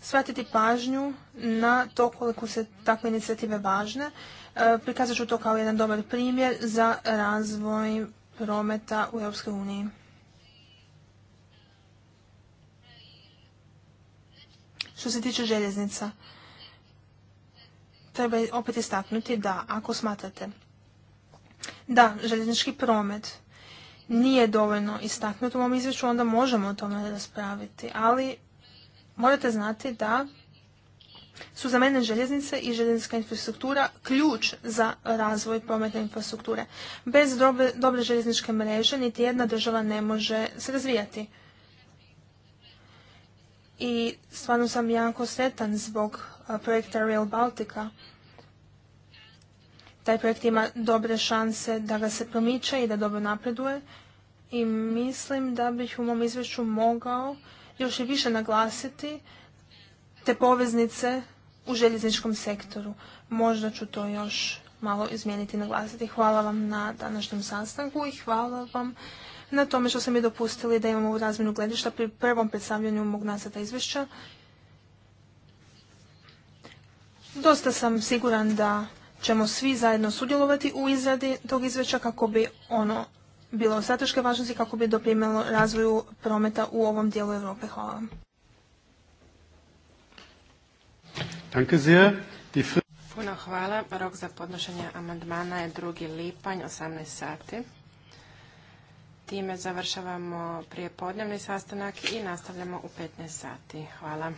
shvatiti pažnju na to koliko se takve inicijative važne. E, prikazat ću to kao jedan dobar primjer za razvoj prometa u Europskoj uniji. Što se tiče željeznica, treba opet istaknuti da ako smatrate da željeznički promet nije dovoljno istaknut u ovom izvješću, onda možemo o tome raspraviti. Ali morate znati da su za mene željeznice i željeznička infrastruktura ključ za razvoj prometne infrastrukture. Bez dobre, dobre željezničke mreže niti jedna država ne može se razvijati i stvarno sam jako sretan zbog projekta Real Baltica. Taj projekt ima dobre šanse da ga se promiče i da dobro napreduje i mislim da bih u mom izvješću mogao još i više naglasiti te poveznice u željezničkom sektoru. Možda ću to još malo izmijeniti i naglasiti. Hvala vam na današnjem sastanku i hvala vam na tome što ste mi dopustili da imamo u razminu gledišta pri prvom predstavljanju mog nasada izvješća. Dosta sam siguran da ćemo svi zajedno sudjelovati u izradi tog izvješća kako bi ono bilo od strateške važnosti kako bi doprimjelo razvoju prometa u ovom dijelu Europe. Hvala vam. Puno hvala. Rok za podnošenje amandmana je drugi lipanj, 18 sati. Time završavamo prijepodnevni sastanak i nastavljamo u 15 sati. Hvala.